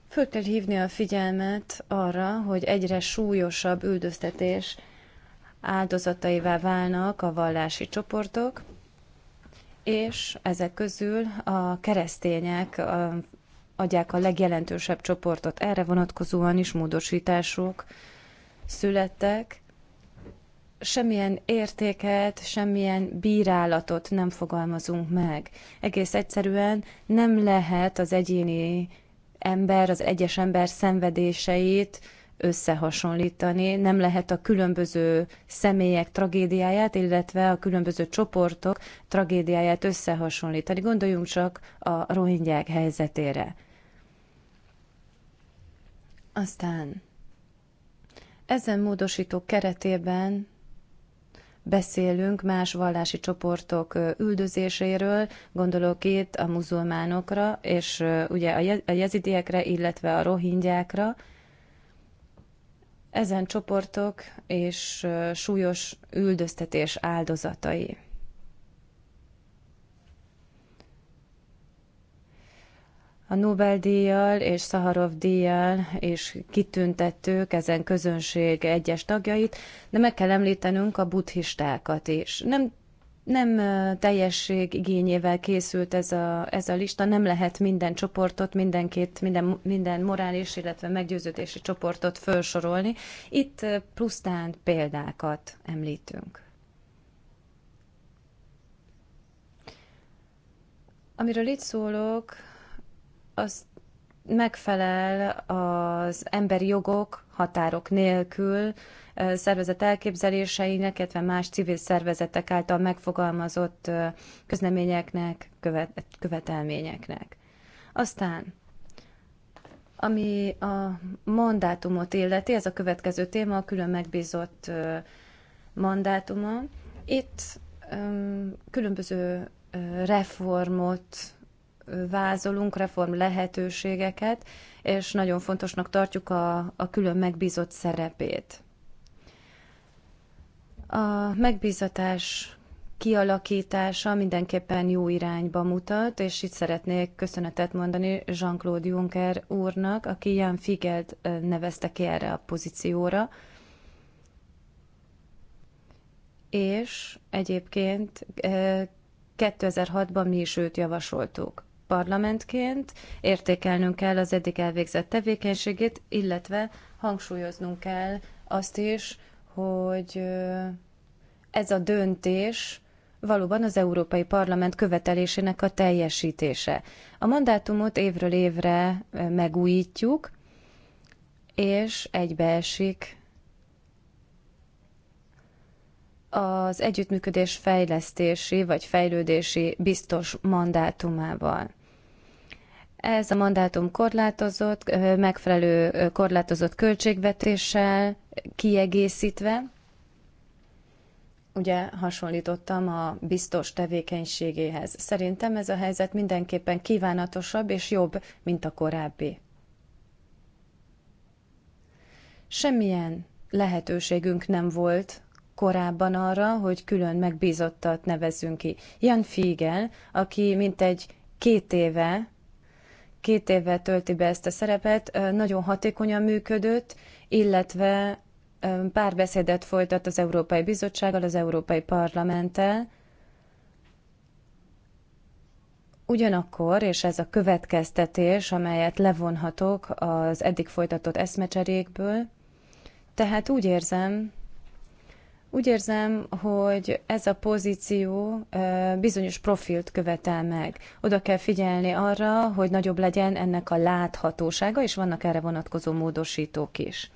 Föl kell hívni a figyelmet arra, hogy egyre súlyosabb üldöztetés áldozataivá válnak a vallási csoportok, és ezek közül a keresztények adják a legjelentősebb csoportot. Erre vonatkozóan is módosítások születtek. Semmilyen értéket, semmilyen bírálatot nem fogalmazunk meg. Egész egyszerűen nem lehet az egyéni ember, az egyes ember szenvedéseit összehasonlítani, nem lehet a különböző személyek tragédiáját, illetve a különböző csoportok tragédiáját összehasonlítani. Gondoljunk csak a rohingyák helyzetére. Aztán ezen módosító keretében beszélünk más vallási csoportok üldözéséről, gondolok itt a muzulmánokra, és ugye a jezidiekre, illetve a rohingyákra, ezen csoportok és súlyos üldöztetés áldozatai. A Nobel-díjjal és Szaharov-díjjal és kitüntettük ezen közönség egyes tagjait, de meg kell említenünk a buddhistákat is. Nem nem teljesség igényével készült ez a, ez a lista, nem lehet minden csoportot, mindenkit, minden, minden morális, illetve meggyőződési csoportot felsorolni. Itt plusztán példákat említünk. Amiről itt szólok, azt megfelel az emberi jogok határok nélkül szervezet elképzeléseinek, illetve más civil szervezetek által megfogalmazott közleményeknek, követ, követelményeknek. Aztán, ami a mandátumot illeti, ez a következő téma, a külön megbízott mandátuma. Itt különböző reformot vázolunk, reform lehetőségeket, és nagyon fontosnak tartjuk a, a külön megbízott szerepét. A megbízatás kialakítása mindenképpen jó irányba mutat, és itt szeretnék köszönetet mondani Jean-Claude Juncker úrnak, aki Jan Figelt nevezte ki erre a pozícióra. És egyébként 2006-ban mi is őt javasoltuk parlamentként értékelnünk kell az eddig elvégzett tevékenységét, illetve hangsúlyoznunk kell azt is, hogy ez a döntés valóban az Európai Parlament követelésének a teljesítése. A mandátumot évről évre megújítjuk, és egybeesik az együttműködés fejlesztési vagy fejlődési biztos mandátumával. Ez a mandátum korlátozott, megfelelő korlátozott költségvetéssel kiegészítve. Ugye hasonlítottam a biztos tevékenységéhez. Szerintem ez a helyzet mindenképpen kívánatosabb és jobb, mint a korábbi. Semmilyen lehetőségünk nem volt korábban arra, hogy külön megbízottat nevezünk ki. Jan Fiegel, aki mintegy két éve két éve tölti be ezt a szerepet, nagyon hatékonyan működött, illetve párbeszédet folytat az Európai Bizottsággal, az Európai Parlamenttel. Ugyanakkor, és ez a következtetés, amelyet levonhatok az eddig folytatott eszmecserékből, tehát úgy érzem, úgy érzem, hogy ez a pozíció bizonyos profilt követel meg. Oda kell figyelni arra, hogy nagyobb legyen ennek a láthatósága, és vannak erre vonatkozó módosítók is.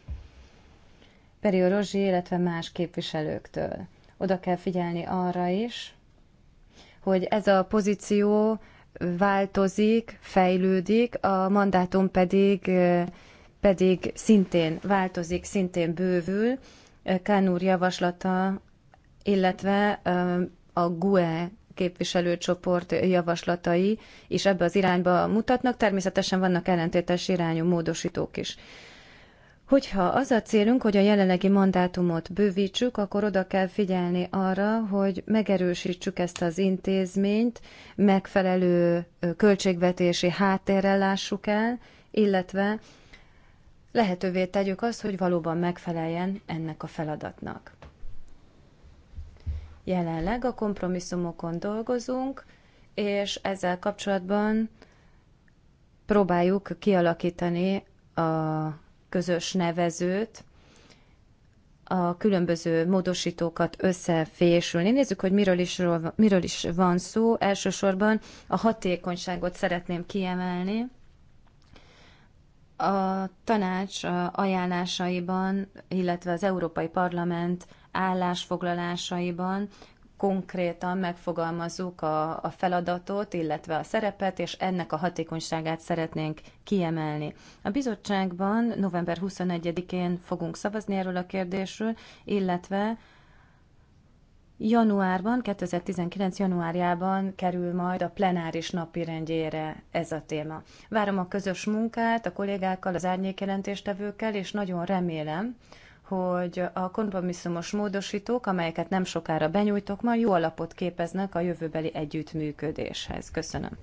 Perió Rozsi, illetve más képviselőktől. Oda kell figyelni arra is, hogy ez a pozíció változik, fejlődik, a mandátum pedig, pedig szintén változik, szintén bővül, Kán úr javaslata, illetve a GUE képviselőcsoport javaslatai is ebbe az irányba mutatnak, természetesen vannak ellentétes irányú módosítók is. Hogyha az a célunk, hogy a jelenlegi mandátumot bővítsük, akkor oda kell figyelni arra, hogy megerősítsük ezt az intézményt, megfelelő költségvetési háttérrel lássuk el, illetve lehetővé tegyük azt, hogy valóban megfeleljen ennek a feladatnak. Jelenleg a kompromisszumokon dolgozunk, és ezzel kapcsolatban próbáljuk kialakítani a közös nevezőt, a különböző módosítókat összefésülni. Nézzük, hogy miről is, miről is van szó. Elsősorban a hatékonyságot szeretném kiemelni. A tanács ajánlásaiban, illetve az Európai Parlament állásfoglalásaiban konkrétan megfogalmazzuk a, a feladatot, illetve a szerepet, és ennek a hatékonyságát szeretnénk kiemelni. A bizottságban november 21-én fogunk szavazni erről a kérdésről, illetve Januárban, 2019. januárjában kerül majd a plenáris napi rendjére ez a téma. Várom a közös munkát a kollégákkal, az árnyékjelentéstevőkkel, és nagyon remélem, hogy a kompromisszumos módosítók, amelyeket nem sokára benyújtok, majd jó alapot képeznek a jövőbeli együttműködéshez. Köszönöm.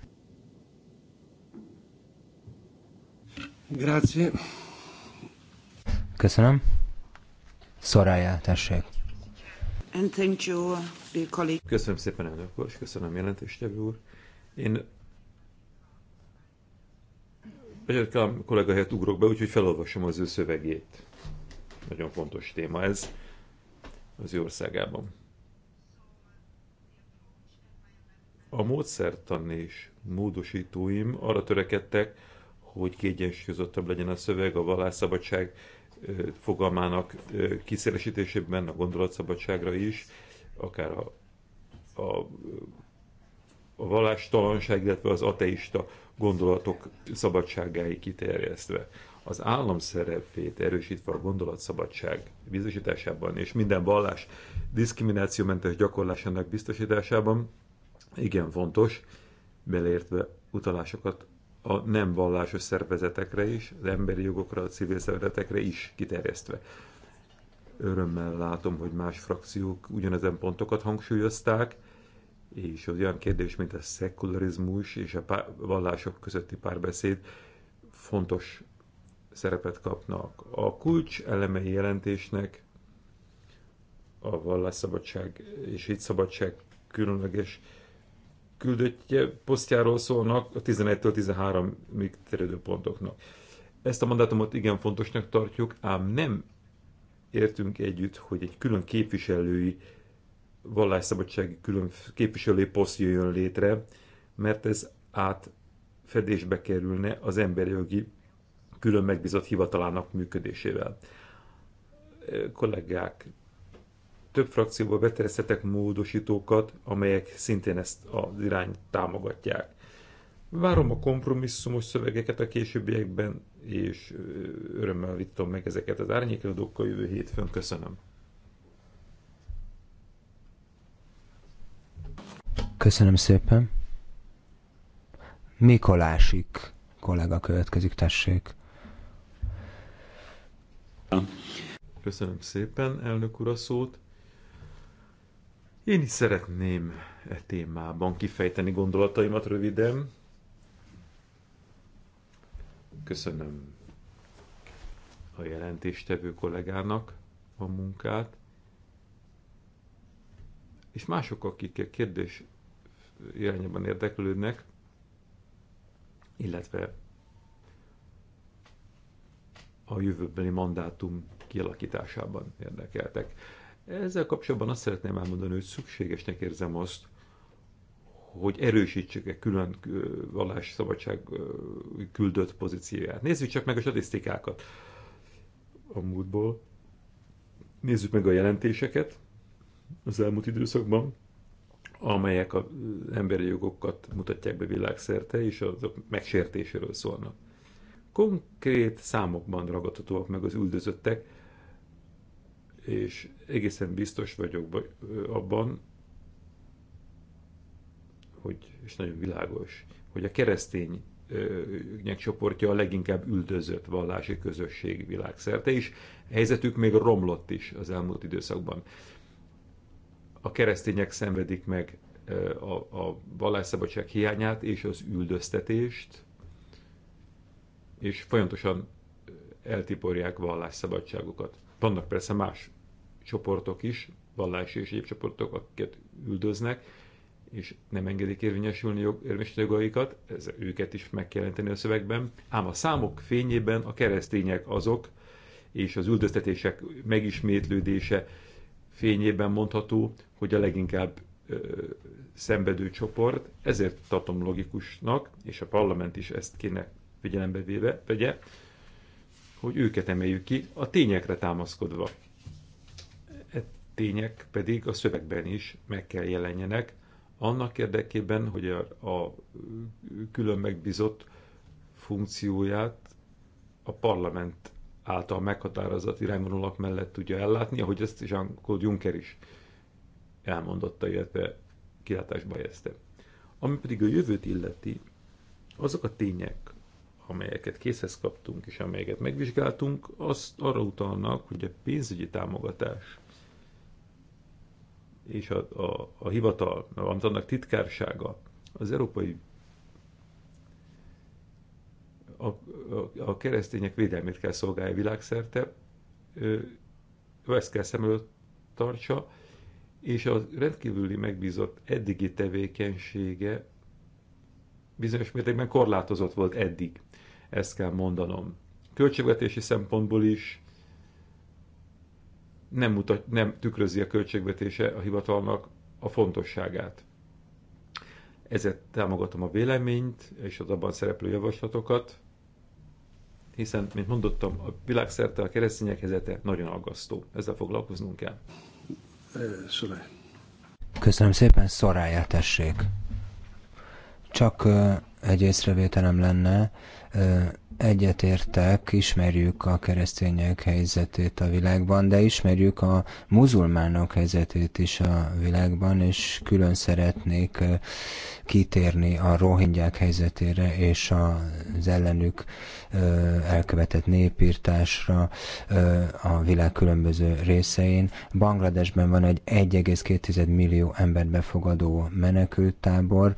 Grazie. Köszönöm. Szorája, tessék. And thank you, dear colleague. Köszönöm szépen, elnök úr, és köszönöm jelentéstevő úr. Én Egyetlen kollega helyett ugrok be, úgyhogy felolvasom az ő szövegét. Nagyon fontos téma ez az ő országában. A módszertan és módosítóim arra törekedtek, hogy kiegyensúlyozottabb legyen a szöveg, a vallásszabadság fogalmának kiszélesítésében, a gondolatszabadságra is, akár a, a, a vallástalanság, illetve az ateista gondolatok szabadságáig kiterjesztve. Az állam szerepét erősítve a gondolatszabadság biztosításában és minden vallás diszkriminációmentes gyakorlásának biztosításában igen fontos, beleértve utalásokat a nem vallásos szervezetekre is, az emberi jogokra, a civil szervezetekre is kiterjesztve. Örömmel látom, hogy más frakciók ugyanezen pontokat hangsúlyozták, és az olyan kérdés, mint a szekularizmus és a pár, vallások közötti párbeszéd fontos szerepet kapnak. A kulcs elemei jelentésnek a vallásszabadság és hitszabadság különleges küldöttje posztjáról szólnak a 11-től 13-ig terjedő pontoknak. Ezt a mandátumot igen fontosnak tartjuk, ám nem értünk együtt, hogy egy külön képviselői vallásszabadsági külön képviselői poszt jöjjön létre, mert ez átfedésbe kerülne az emberi jogi külön megbízott hivatalának működésével. Kollégák, több frakcióba beterjesztettek módosítókat, amelyek szintén ezt az irányt támogatják. Várom a kompromisszumos szövegeket a későbbiekben, és örömmel vittem meg ezeket az árnyékadókkal jövő hétfőn. Köszönöm. Köszönöm szépen. Mikolásik kollega következik, tessék. Köszönöm szépen, elnök úr, a szót. Én is szeretném e témában kifejteni gondolataimat röviden. Köszönöm a jelentéstevő kollégának a munkát, és mások, akik a kérdés irányában érdeklődnek, illetve a jövőbeni mandátum kialakításában érdekeltek. Ezzel kapcsolatban azt szeretném elmondani, hogy szükségesnek érzem azt, hogy erősítsük-e külön vallási szabadság küldött pozícióját. Nézzük csak meg a statisztikákat a múltból. Nézzük meg a jelentéseket az elmúlt időszakban, amelyek az emberi jogokat mutatják be világszerte, és azok megsértéséről szólnak. Konkrét számokban ragadhatóak meg az üldözöttek, és egészen biztos vagyok abban, hogy, és nagyon világos, hogy a keresztény csoportja a leginkább üldözött vallási közösség világszerte, és helyzetük még romlott is az elmúlt időszakban. A keresztények szenvedik meg a, a vallásszabadság hiányát és az üldöztetést, és folyamatosan eltiporják vallásszabadságukat. Vannak persze más csoportok is, vallási és egyéb csoportok, akiket üldöznek, és nem engedik érvényesülni jog, érvényesülni jogaikat, ez, őket is meg kell jelenteni a szövegben, ám a számok fényében a keresztények azok, és az üldöztetések megismétlődése fényében mondható, hogy a leginkább ö, szenvedő csoport, ezért tartom logikusnak, és a parlament is ezt kéne figyelembe véve, vegye, hogy őket emeljük ki a tényekre támaszkodva tények pedig a szövegben is meg kell jelenjenek, annak érdekében, hogy a, a külön megbízott funkcióját a parlament által meghatározott irányvonalak mellett tudja ellátni, ahogy ezt Jean-Claude Juncker is elmondotta, illetve kilátásba helyezte. Ami pedig a jövőt illeti, azok a tények, amelyeket készhez kaptunk és amelyeket megvizsgáltunk, azt arra utalnak, hogy a pénzügyi támogatás és a, a, a hivatal, amit annak titkársága, az európai a, a, a keresztények védelmét kell szolgálja világszerte, ő, ezt kell szem előtt tartsa, és a rendkívüli megbízott eddigi tevékenysége bizonyos mértékben korlátozott volt eddig. Ezt kell mondanom. Költségvetési szempontból is, nem, mutat, nem tükrözi a költségvetése a hivatalnak a fontosságát. Ezért támogatom a véleményt és az abban szereplő javaslatokat, hiszen, mint mondottam, a világszerte a keresztények helyzete nagyon aggasztó. Ezzel foglalkoznunk kell. Köszönöm szépen, Szorája, tessék. Csak egy észrevételem lenne, egyetértek, ismerjük a keresztények helyzetét a világban, de ismerjük a muzulmánok helyzetét is a világban, és külön szeretnék kitérni a rohingyák helyzetére és az ellenük elkövetett népírtásra a világ különböző részein. Bangladesben van egy 1,2 millió ember befogadó menekülttábor,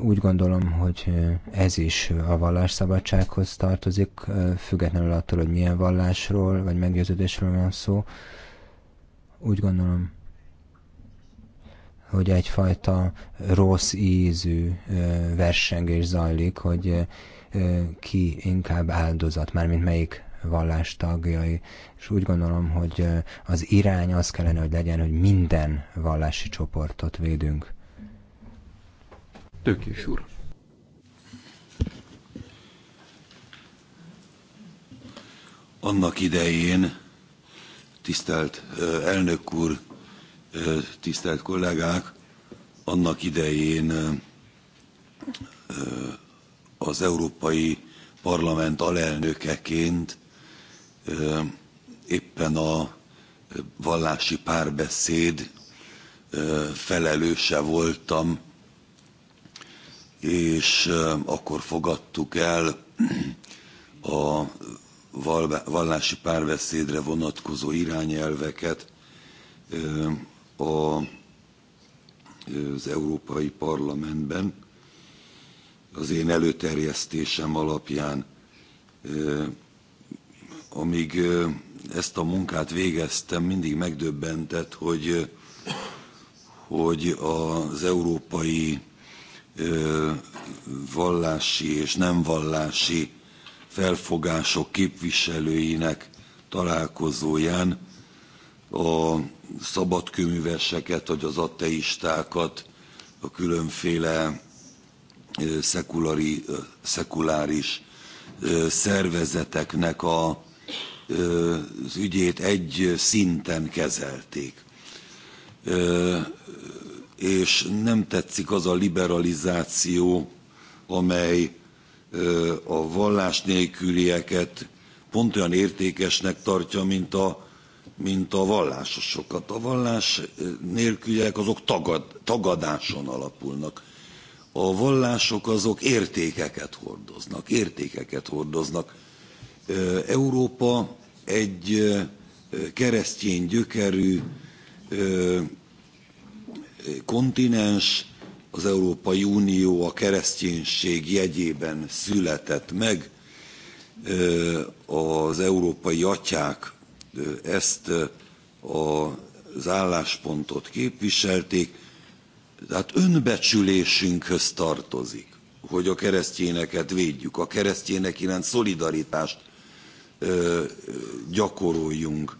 úgy gondolom, hogy ez is a vallásszabadsághoz tartozik, függetlenül attól, hogy milyen vallásról vagy meggyőződésről van szó. Úgy gondolom, hogy egyfajta rossz ízű versengés zajlik, hogy ki inkább áldozat, mármint melyik vallás tagjai, és úgy gondolom, hogy az irány az kellene, hogy legyen, hogy minden vallási csoportot védünk. Tőkés úr. Annak idején, tisztelt elnök úr, tisztelt kollégák, annak idején az Európai Parlament alelnökeként éppen a vallási párbeszéd felelőse voltam és akkor fogadtuk el a vallási párbeszédre vonatkozó irányelveket az Európai Parlamentben. Az én előterjesztésem alapján, amíg ezt a munkát végeztem, mindig megdöbbentett, hogy, hogy az európai vallási és nem vallási felfogások képviselőinek találkozóján a szabadkőműveseket vagy az ateistákat a különféle szekulari, szekuláris szervezeteknek a, az ügyét egy szinten kezelték és nem tetszik az a liberalizáció, amely a vallás nélkülieket pont olyan értékesnek tartja, mint a, mint a vallásosokat. A vallás nélküliek azok tagad, tagadáson alapulnak. A vallások azok értékeket hordoznak, értékeket hordoznak. Európa egy keresztény gyökerű, kontinens, az Európai Unió a kereszténység jegyében született meg, az európai atyák ezt az álláspontot képviselték, tehát önbecsülésünkhöz tartozik, hogy a keresztényeket védjük, a keresztények iránt szolidaritást gyakoroljunk.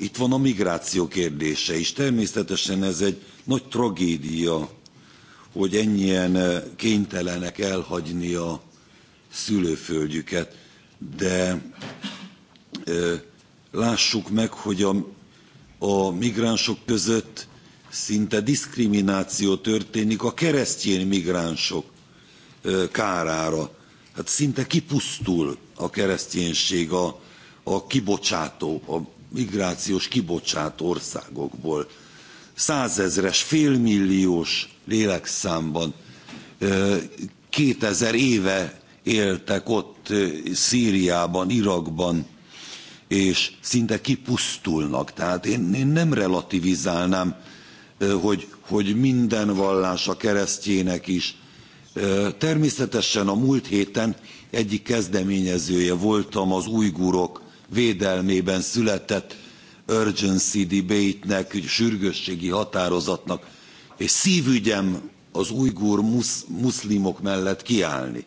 Itt van a migráció kérdése is. Természetesen ez egy nagy tragédia, hogy ennyien eh, kénytelenek elhagyni a szülőföldjüket, de eh, lássuk meg, hogy a, a migránsok között szinte diszkrimináció történik a keresztény migránsok eh, kárára. Hát szinte kipusztul a kereszténység, a, a kibocsátó, a migrációs kibocsát országokból százezres, félmilliós lélekszámban 2000 éve éltek ott Szíriában, Irakban, és szinte kipusztulnak. Tehát én, én nem relativizálnám, hogy, hogy minden vallás a keresztjének is. Természetesen a múlt héten egyik kezdeményezője voltam az ujgurok védelmében született urgency debate-nek, sürgősségi határozatnak, és szívügyem az ujgur musz, muszlimok mellett kiállni.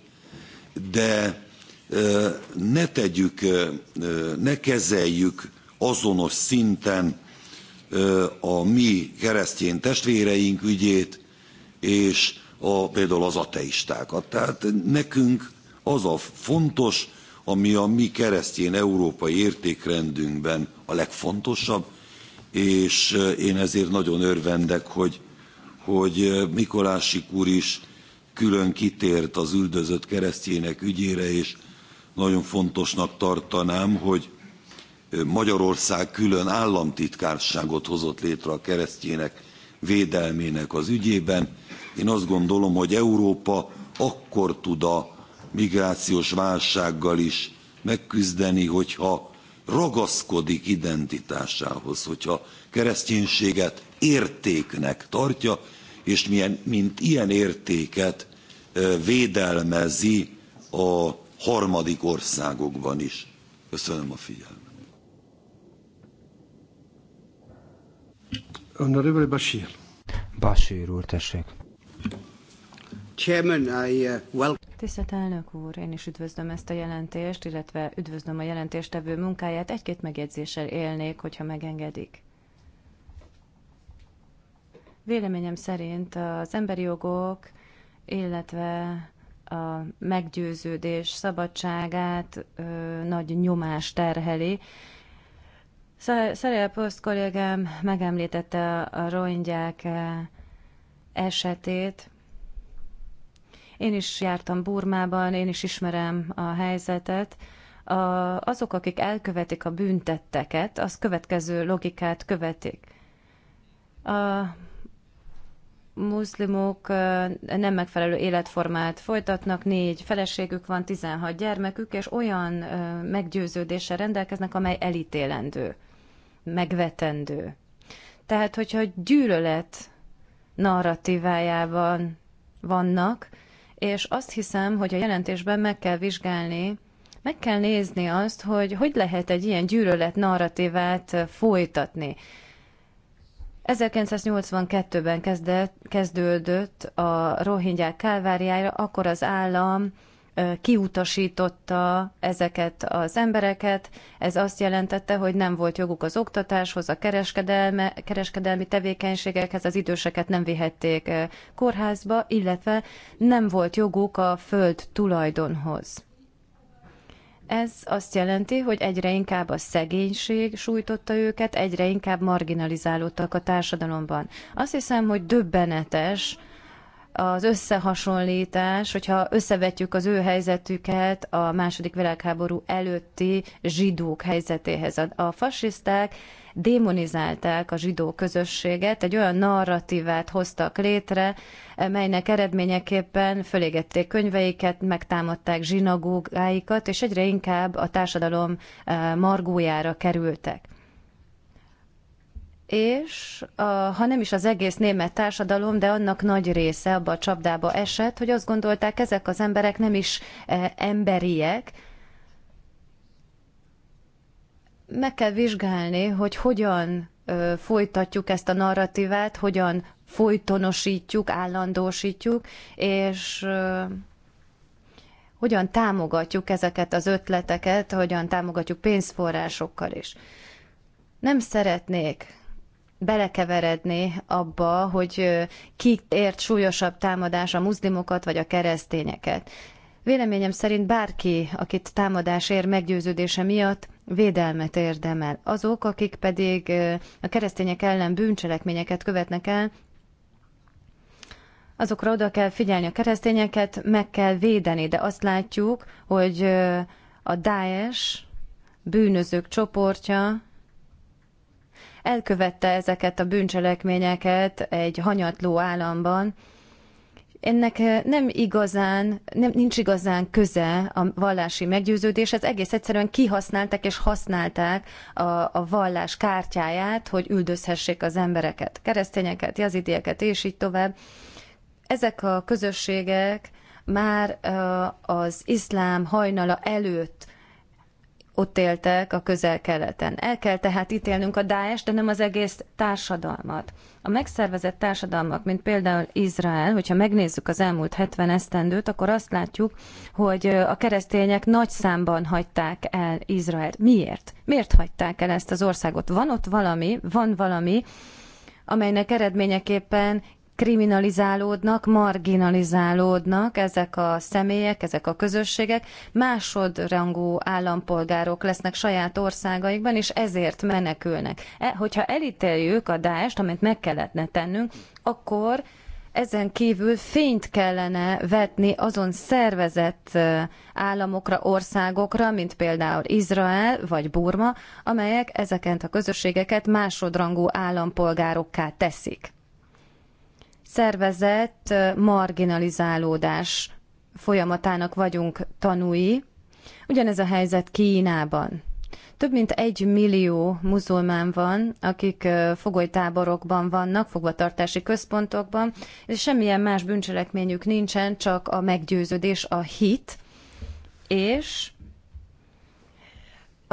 De ne tegyük, ne kezeljük azonos szinten a mi keresztény testvéreink ügyét, és a, például az ateistákat. Tehát nekünk az a fontos, ami a mi keresztény európai értékrendünkben a legfontosabb, és eh, én ezért nagyon örvendek, hogy, hogy eh, Mikolásik úr is külön kitért az üldözött keresztjének ügyére, és nagyon fontosnak tartanám, hogy eh, Magyarország külön államtitkárságot hozott létre a keresztjének védelmének az ügyében. Én azt gondolom, hogy Európa akkor tud a migrációs válsággal is megküzdeni, hogyha ragaszkodik identitásához, hogyha kereszténységet értéknek tartja, és milyen, mint ilyen értéket védelmezi a harmadik országokban is. Köszönöm a figyelmet. Honorable Bashir. Bashir úr, tessék. Uh, Tisztelt elnök úr, én is üdvözlöm ezt a jelentést, illetve üdvözlöm a jelentéstevő munkáját. Egy-két megjegyzéssel élnék, hogyha megengedik. Véleményem szerint az emberi jogok, illetve a meggyőződés szabadságát ö, nagy nyomás terheli. Szerel Poszt kollégám megemlítette a rongyák esetét, én is jártam Burmában, én is ismerem a helyzetet. A, azok, akik elkövetik a büntetteket, az következő logikát követik. A muszlimok nem megfelelő életformát folytatnak, négy feleségük van, 16 gyermekük, és olyan meggyőződéssel rendelkeznek, amely elítélendő, megvetendő. Tehát, hogyha gyűlölet narratívájában vannak, és azt hiszem, hogy a jelentésben meg kell vizsgálni, meg kell nézni azt, hogy hogy lehet egy ilyen gyűlölet narratívát folytatni. 1982-ben kezdődött a rohingyák kálváriája, akkor az állam kiutasította ezeket az embereket. Ez azt jelentette, hogy nem volt joguk az oktatáshoz, a kereskedelme, kereskedelmi tevékenységekhez, az időseket nem vihették kórházba, illetve nem volt joguk a föld tulajdonhoz. Ez azt jelenti, hogy egyre inkább a szegénység sújtotta őket, egyre inkább marginalizálódtak a társadalomban. Azt hiszem, hogy döbbenetes, az összehasonlítás, hogyha összevetjük az ő helyzetüket a második világháború előtti zsidók helyzetéhez. A fasiszták démonizálták a zsidó közösséget, egy olyan narratívát hoztak létre, melynek eredményeképpen fölégették könyveiket, megtámadták zsinagógáikat, és egyre inkább a társadalom eh, margójára kerültek és a, ha nem is az egész német társadalom, de annak nagy része abba a csapdába esett, hogy azt gondolták, ezek az emberek nem is e, emberiek. Meg kell vizsgálni, hogy hogyan e, folytatjuk ezt a narratívát, hogyan folytonosítjuk, állandósítjuk, és e, hogyan támogatjuk ezeket az ötleteket, hogyan támogatjuk pénzforrásokkal is. Nem szeretnék belekeveredni abba, hogy ki ért súlyosabb támadás a muszlimokat vagy a keresztényeket. Véleményem szerint bárki, akit támadás ér meggyőződése miatt, védelmet érdemel. Azok, akik pedig a keresztények ellen bűncselekményeket követnek el, azokra oda kell figyelni a keresztényeket, meg kell védeni, de azt látjuk, hogy a Daesh bűnözők csoportja elkövette ezeket a bűncselekményeket egy hanyatló államban, ennek eh, nem igazán, nem, nincs igazán köze a vallási Ez egész egyszerűen kihasználták és használták a, a vallás kártyáját, hogy üldözhessék az embereket, keresztényeket, jazidieket és így tovább. Ezek a közösségek már eh, az iszlám hajnala előtt ott éltek a közel-keleten. El kell tehát ítélnünk a Daesh, de nem az egész társadalmat. A megszervezett társadalmak, mint például Izrael, hogyha megnézzük az elmúlt 70 esztendőt, akkor azt látjuk, hogy a keresztények nagy számban hagyták el Izraelt. Miért? Miért hagyták el ezt az országot? Van ott valami, van valami, amelynek eredményeképpen kriminalizálódnak, marginalizálódnak ezek a személyek, ezek a közösségek, másodrangú állampolgárok lesznek saját országaikban, és ezért menekülnek. E, hogyha elítéljük a dást, amit meg kellettne tennünk, akkor ezen kívül fényt kellene vetni azon szervezett államokra, országokra, mint például Izrael vagy Burma, amelyek ezeket a közösségeket másodrangú állampolgárokká teszik szervezett marginalizálódás folyamatának vagyunk tanúi. Ugyanez a helyzet Kínában. Több mint egy millió muzulmán van, akik fogolytáborokban vannak, fogvatartási központokban, és semmilyen más bűncselekményük nincsen, csak a meggyőződés, a hit, és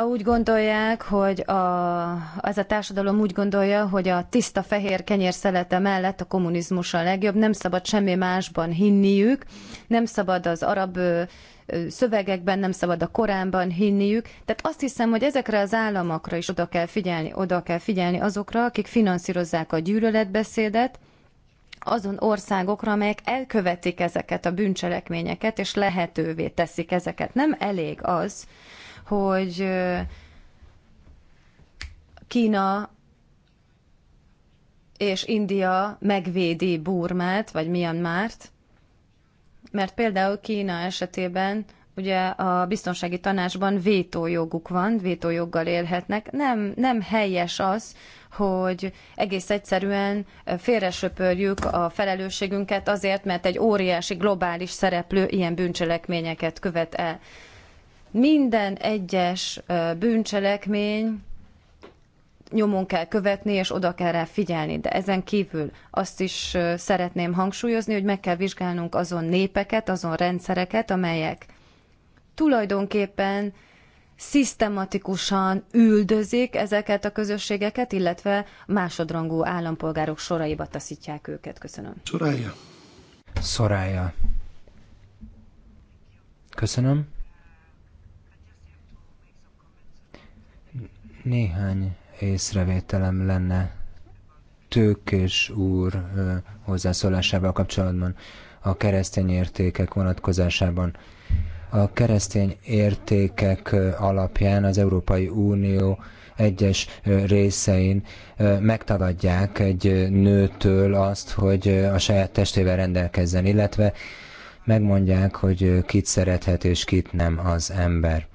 úgy gondolják, hogy a, az a társadalom úgy gondolja, hogy a tiszta fehér kenyér szelete mellett a kommunizmus a legjobb, nem szabad semmi másban hinniük, nem szabad az arab szövegekben, nem szabad a Koránban hinniük. Tehát azt hiszem, hogy ezekre az államokra is oda kell figyelni, oda kell figyelni azokra, akik finanszírozzák a gyűlöletbeszédet, azon országokra, amelyek elkövetik ezeket a bűncselekményeket, és lehetővé teszik ezeket. Nem elég az, hogy Kína és India megvédi Burmát, vagy Myanmárt, mert például Kína esetében ugye a biztonsági tanácsban vétójoguk van, vétójoggal élhetnek. Nem, nem helyes az, hogy egész egyszerűen félresöpörjük a felelősségünket azért, mert egy óriási globális szereplő ilyen bűncselekményeket követ el. Minden egyes bűncselekmény nyomon kell követni, és oda kell rá figyelni. De ezen kívül azt is szeretném hangsúlyozni, hogy meg kell vizsgálnunk azon népeket, azon rendszereket, amelyek tulajdonképpen szisztematikusan üldözik ezeket a közösségeket, illetve másodrangú állampolgárok soraiba taszítják őket. Köszönöm. Szorája. Szorája. Köszönöm. Néhány észrevételem lenne Tőkés úr hozzászólásával kapcsolatban a keresztény értékek vonatkozásában. A keresztény értékek alapján az Európai Unió egyes részein megtagadják egy nőtől azt, hogy a saját testével rendelkezzen, illetve megmondják, hogy kit szerethet és kit nem az ember.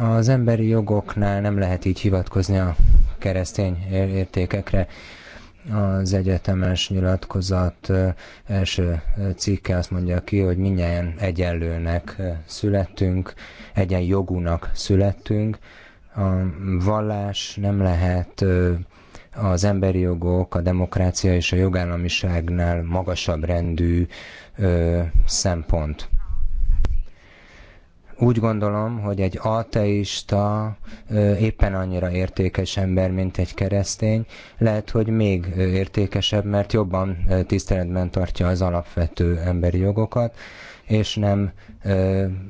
Az emberi jogoknál nem lehet így hivatkozni a keresztény értékekre. Az egyetemes nyilatkozat első cikke azt mondja ki, hogy minnyáján egyenlőnek születtünk, egyen jogúnak születtünk. A vallás nem lehet az emberi jogok, a demokrácia és a jogállamiságnál magasabb rendű ö, szempont. Úgy gondolom, hogy egy ateista éppen annyira értékes ember, mint egy keresztény, lehet, hogy még értékesebb, mert jobban tiszteletben tartja az alapvető emberi jogokat, és nem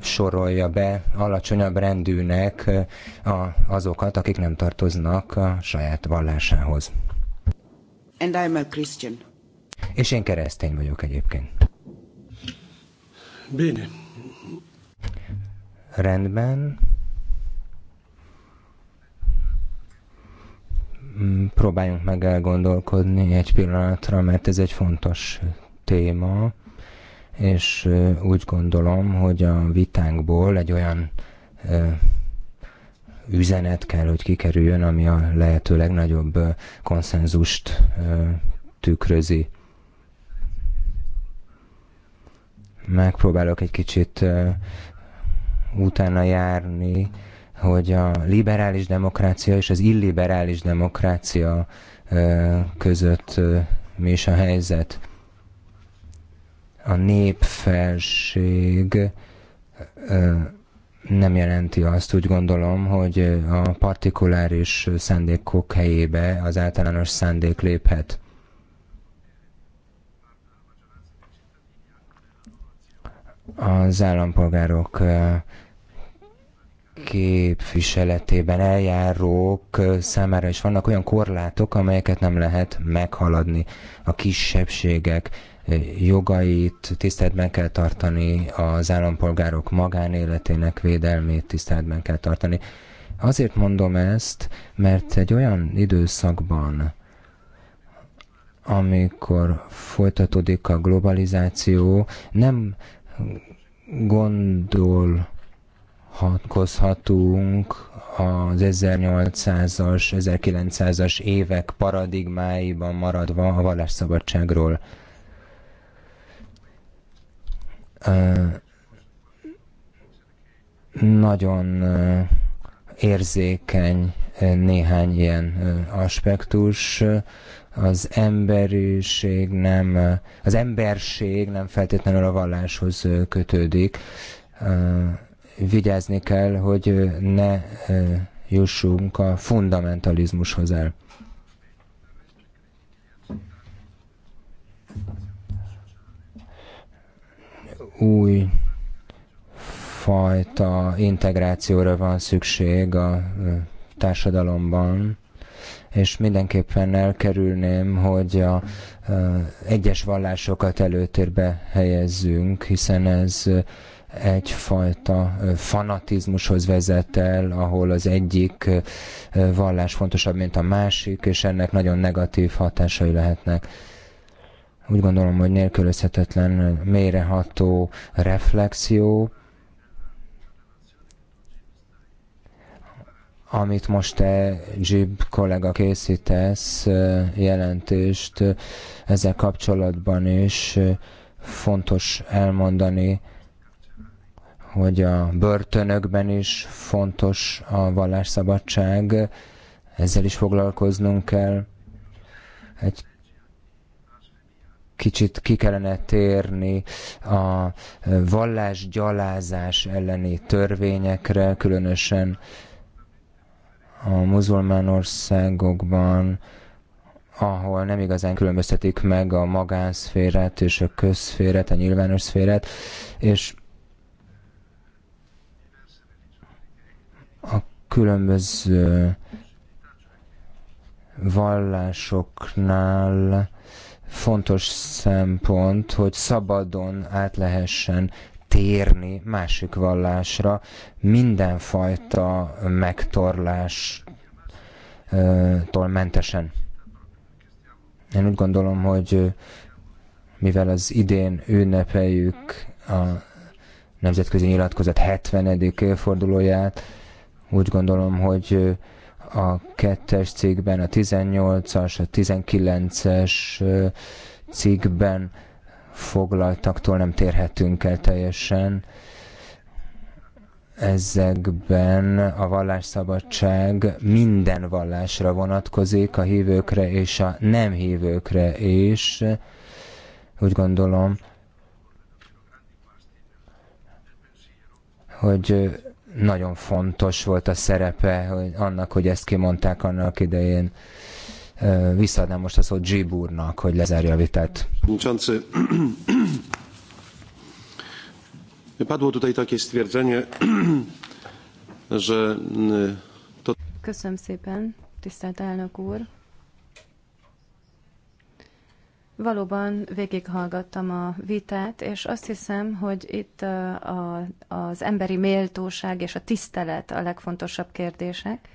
sorolja be alacsonyabb rendűnek azokat, akik nem tartoznak a saját vallásához. And I'm a Christian. És én keresztény vagyok egyébként. Bene. Rendben. Mm, próbáljunk meg elgondolkodni egy pillanatra, mert ez egy fontos téma, és úgy gondolom, hogy a vitánkból egy olyan üzenet kell, hogy kikerüljön, ami a lehető legnagyobb konszenzust tükrözi. Megpróbálok egy kicsit utána járni, hogy a liberális demokrácia és az illiberális demokrácia között mi is a helyzet. A népfelség nem jelenti azt, úgy gondolom, hogy a partikuláris szándékok helyébe az általános szándék léphet. Az állampolgárok képviseletében eljárók számára is vannak olyan korlátok, amelyeket nem lehet meghaladni. A kisebbségek jogait tiszteletben kell tartani, az állampolgárok magánéletének védelmét tiszteletben kell tartani. Azért mondom ezt, mert egy olyan időszakban, amikor folytatódik a globalizáció, nem gondol hatkozhatunk az 1800-as, 1900-as évek paradigmáiban maradva a vallásszabadságról. Nagyon érzékeny néhány ilyen aspektus. Az emberiség nem, az emberség nem feltétlenül a valláshoz kötődik vigyázni kell, hogy ne jussunk a fundamentalizmushoz el. Új fajta integrációra van szükség a társadalomban, és mindenképpen elkerülném, hogy a, a egyes vallásokat előtérbe helyezzünk, hiszen ez egyfajta fanatizmushoz vezet el, ahol az egyik vallás fontosabb, mint a másik, és ennek nagyon negatív hatásai lehetnek. Úgy gondolom, hogy nélkülözhetetlen mélyreható reflexió, amit most te, Zsib kollega készítesz, jelentést ezzel kapcsolatban is fontos elmondani, hogy a börtönökben is fontos a vallásszabadság, ezzel is foglalkoznunk kell. Egy kicsit ki kellene térni a vallásgyalázás elleni törvényekre, különösen a muzulmán országokban, ahol nem igazán különböztetik meg a magánszférát és a közszférát, a nyilvános szférát, és különböző vallásoknál fontos szempont, hogy szabadon át lehessen térni másik vallásra mindenfajta megtorlástól mentesen. Én úgy gondolom, hogy mivel az idén ünnepeljük a nemzetközi nyilatkozat 70. évfordulóját, úgy gondolom, hogy a kettes cikkben, a 18-as, a 19-es cikkben foglaltaktól nem térhetünk el teljesen. Ezekben a vallásszabadság minden vallásra vonatkozik, a hívőkre és a nem hívőkre is. Úgy gondolom, hogy nagyon fontos volt a szerepe hogy annak, hogy ezt kimondták annak idején. Visszaadnám most a szót Zsibúrnak, hogy lezárja a vitát. Köszönöm szépen, tisztelt elnök úr. Valóban végighallgattam a vitát, és azt hiszem, hogy itt a, a, az emberi méltóság és a tisztelet a legfontosabb kérdések.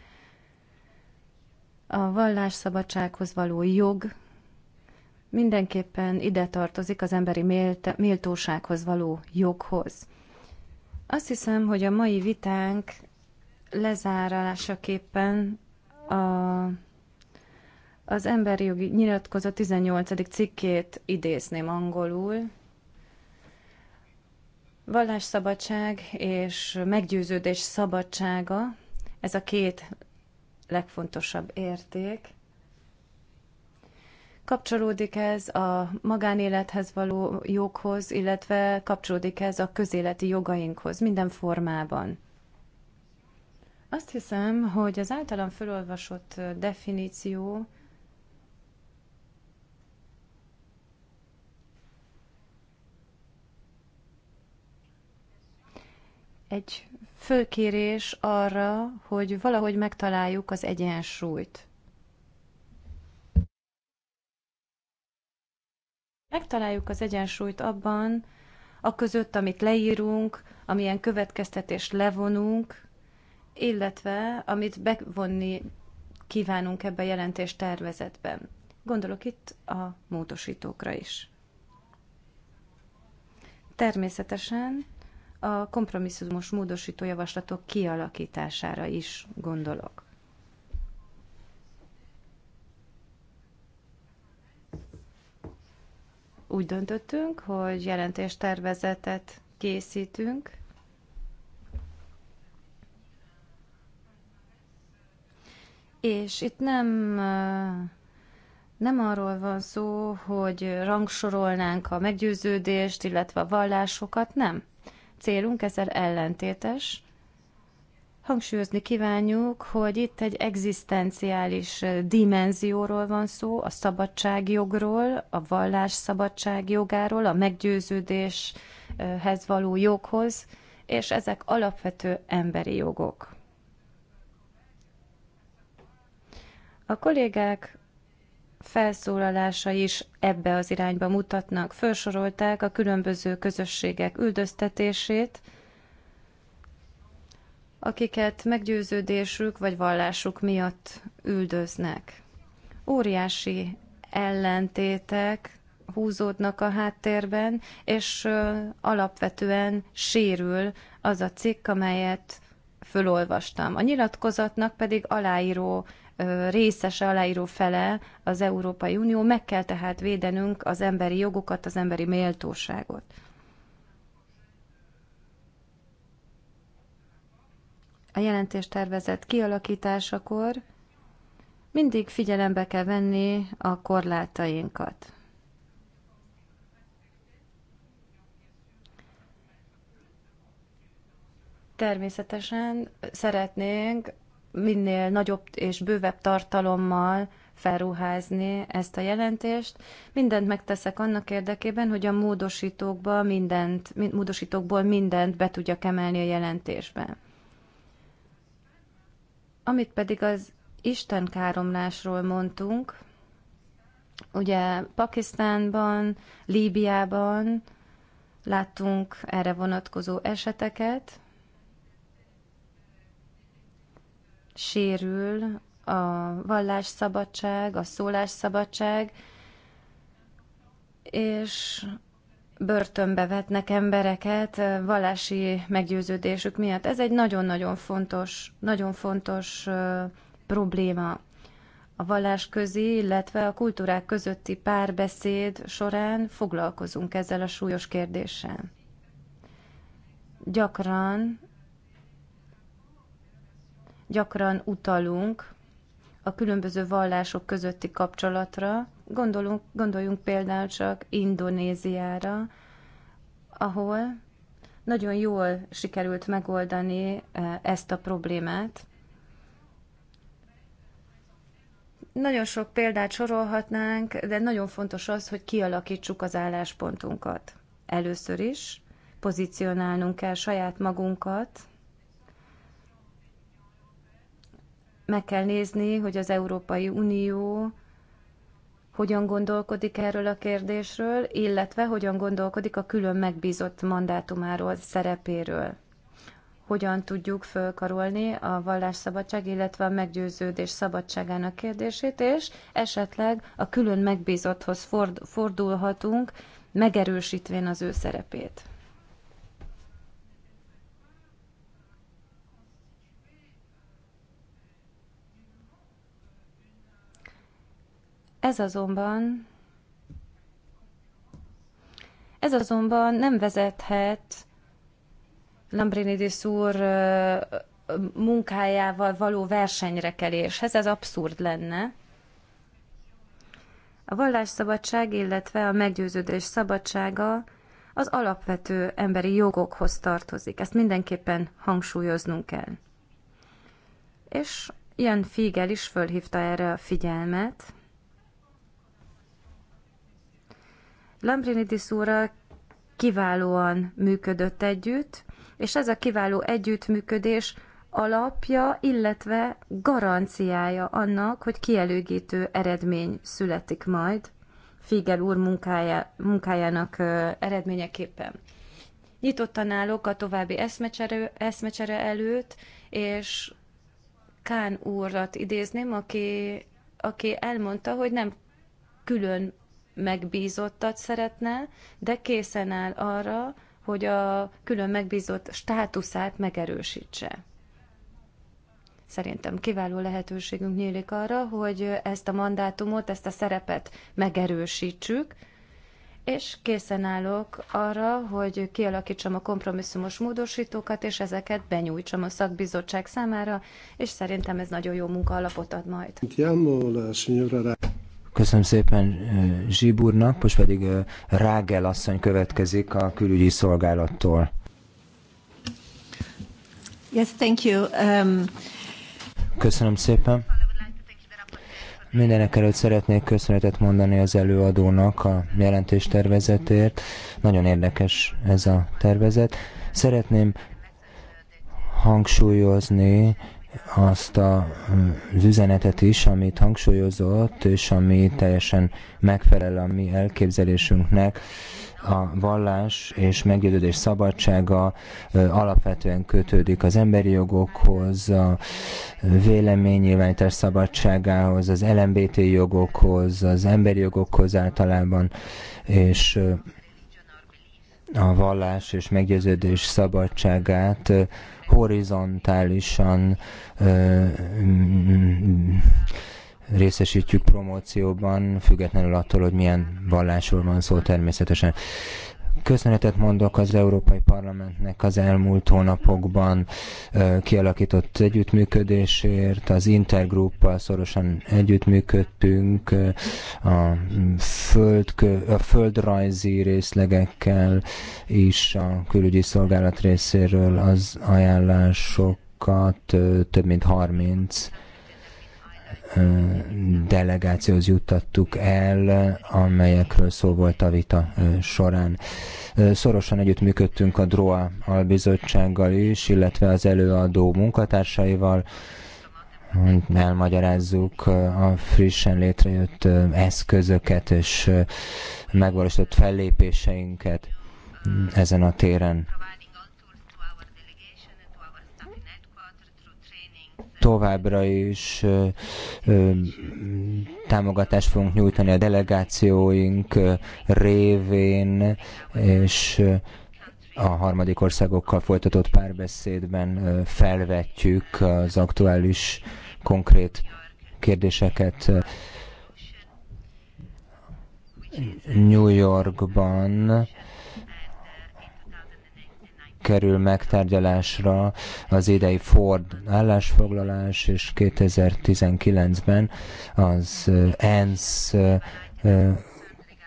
A vallásszabadsághoz való jog mindenképpen ide tartozik az emberi mélt, méltósághoz való joghoz. Azt hiszem, hogy a mai vitánk lezárásaképpen a az emberi jogi nyilatkozat 18. cikkét idézném angolul. Vallásszabadság és meggyőződés szabadsága, ez a két legfontosabb érték. Kapcsolódik ez a magánélethez való joghoz, illetve kapcsolódik ez a közéleti jogainkhoz minden formában. Azt hiszem, hogy az általam felolvasott definíció egy fölkérés arra, hogy valahogy megtaláljuk az egyensúlyt. Megtaláljuk az egyensúlyt abban, a között, amit leírunk, amilyen következtetést levonunk, illetve amit bevonni kívánunk ebbe a jelentés tervezetben. Gondolok itt a módosítókra is. Természetesen a kompromisszumos módosító javaslatok kialakítására is gondolok. Úgy döntöttünk, hogy jelentéstervezetet készítünk, és itt nem nem arról van szó, hogy rangsorolnánk a meggyőződést, illetve a vallásokat, nem célunk ezzel ellentétes. Hangsúlyozni kívánjuk, hogy itt egy egzisztenciális dimenzióról van szó, a szabadságjogról, a vallás szabadságjogáról, a meggyőződéshez való joghoz, és ezek alapvető emberi jogok. A kollégák felszólalása is ebbe az irányba mutatnak. Felsorolták a különböző közösségek üldöztetését, akiket meggyőződésük vagy vallásuk miatt üldöznek. Óriási ellentétek húzódnak a háttérben, és alapvetően sérül az a cikk, amelyet fölolvastam. A nyilatkozatnak pedig aláíró részese, aláíró fele az Európai Unió, meg kell tehát védenünk az emberi jogokat, az emberi méltóságot. A tervezett kialakításakor mindig figyelembe kell venni a korlátainkat. Természetesen szeretnénk minél nagyobb és bővebb tartalommal felruházni ezt a jelentést. Mindent megteszek annak érdekében, hogy a módosítókba mindent, módosítókból mindent be tudjak emelni a jelentésbe. Amit pedig az Isten káromlásról mondtunk, ugye Pakisztánban, Líbiában láttunk erre vonatkozó eseteket, sérül a vallásszabadság, a szólásszabadság, és börtönbe vetnek embereket vallási meggyőződésük miatt. Ez egy nagyon-nagyon fontos, nagyon fontos probléma. A közi, illetve a kultúrák közötti párbeszéd során foglalkozunk ezzel a súlyos kérdéssel. Gyakran gyakran utalunk a különböző vallások közötti kapcsolatra. Gondolunk, gondoljunk például csak Indonéziára, ahol nagyon jól sikerült megoldani e, ezt a problémát. Nagyon sok példát sorolhatnánk, de nagyon fontos az, hogy kialakítsuk az álláspontunkat. Először is pozícionálnunk kell saját magunkat Meg kell nézni, hogy az Európai Unió hogyan gondolkodik erről a kérdésről, illetve hogyan gondolkodik a külön megbízott mandátumáról, szerepéről. Hogyan tudjuk fölkarolni a vallásszabadság, illetve a meggyőződés szabadságának kérdését, és esetleg a külön megbízotthoz fordulhatunk, megerősítvén az ő szerepét. Ez azonban ez azonban nem vezethet de úr munkájával való versenyrekeléshez, ez abszurd lenne. A vallásszabadság, illetve a meggyőződés szabadsága az alapvető emberi jogokhoz tartozik. Ezt mindenképpen hangsúlyoznunk kell. És Jan Fiegel is fölhívta erre a figyelmet, Lambrinidis úrral kiválóan működött együtt, és ez a kiváló együttműködés alapja, illetve garanciája annak, hogy kielőgítő eredmény születik majd Figel úr munkája, munkájának ö, eredményeképpen. Nyitottan állok a további eszmecsere, eszmecsere előtt, és Kán úrat idézném, aki, aki elmondta, hogy nem külön megbízottat szeretne, de készen áll arra, hogy a külön megbízott státuszát megerősítse. Szerintem kiváló lehetőségünk nyílik arra, hogy ezt a mandátumot, ezt a szerepet megerősítsük, és készen állok arra, hogy kialakítsam a kompromisszumos módosítókat, és ezeket benyújtsam a szakbizottság számára, és szerintem ez nagyon jó munkaalapot ad majd. Köszönöm szépen Zsíburnak, most pedig Rágel asszony következik a külügyi szolgálattól. Yes, thank you. Um... Köszönöm szépen. Mindenek előtt szeretnék köszönetet mondani az előadónak a jelentés tervezetért. Nagyon érdekes ez a tervezet. Szeretném hangsúlyozni, azt a, mm, az üzenetet is, amit hangsúlyozott, és ami teljesen megfelel a mi elképzelésünknek, a vallás és meggyőződés szabadsága alapvetően kötődik az emberi jogokhoz, a véleménynyilvánítás szabadságához, az LMBT jogokhoz, az emberi jogokhoz általában, és a vallás és meggyőződés szabadságát horizontálisan részesítjük promócióban, függetlenül attól, hogy milyen vallásról van szó természetesen. Köszönetet mondok az Európai Parlamentnek az elmúlt hónapokban kialakított együttműködésért, az Intergruppal szorosan együttműködtünk, a, föld, a földrajzi részlegekkel is a külügyi szolgálat részéről az ajánlásokat több mint 30 delegációhoz juttattuk el, amelyekről szó volt a vita során. Szorosan együttműködtünk a DROA albizottsággal is, illetve az előadó munkatársaival, elmagyarázzuk a frissen létrejött eszközöket és megvalósított fellépéseinket ezen a téren. továbbra is ö, ö, támogatást fogunk nyújtani a delegációink ö, révén, és a harmadik országokkal folytatott párbeszédben felvetjük az aktuális konkrét kérdéseket. New Yorkban kerül megtárgyalásra az idei Ford állásfoglalás, és 2019-ben az ENSZ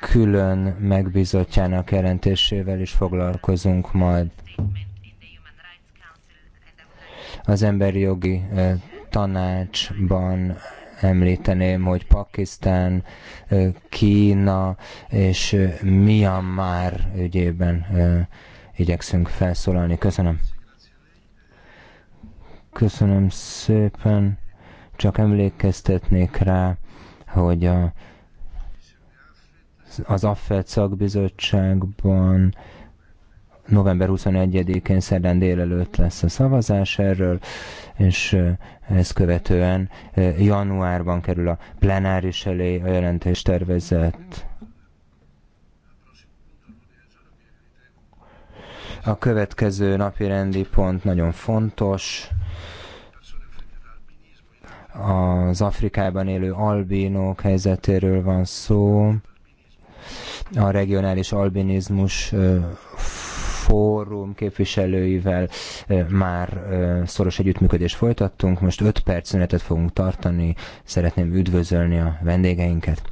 külön megbizotjának jelentésével is foglalkozunk majd. Az emberi jogi tanácsban említeném, hogy Pakisztán, Kína és Myanmar ügyében igyekszünk felszólalni. Köszönöm. Köszönöm szépen. Csak emlékeztetnék rá, hogy a, az AFED szakbizottságban november 21-én szerdán délelőtt lesz a szavazás erről, és ezt követően januárban kerül a plenáris elé a jelentés tervezett. A következő napi rendi pont nagyon fontos. Az Afrikában élő albínók helyzetéről van szó. A regionális albinizmus fórum képviselőivel már szoros együttműködést folytattunk. Most 5 perc szünetet fogunk tartani. Szeretném üdvözölni a vendégeinket.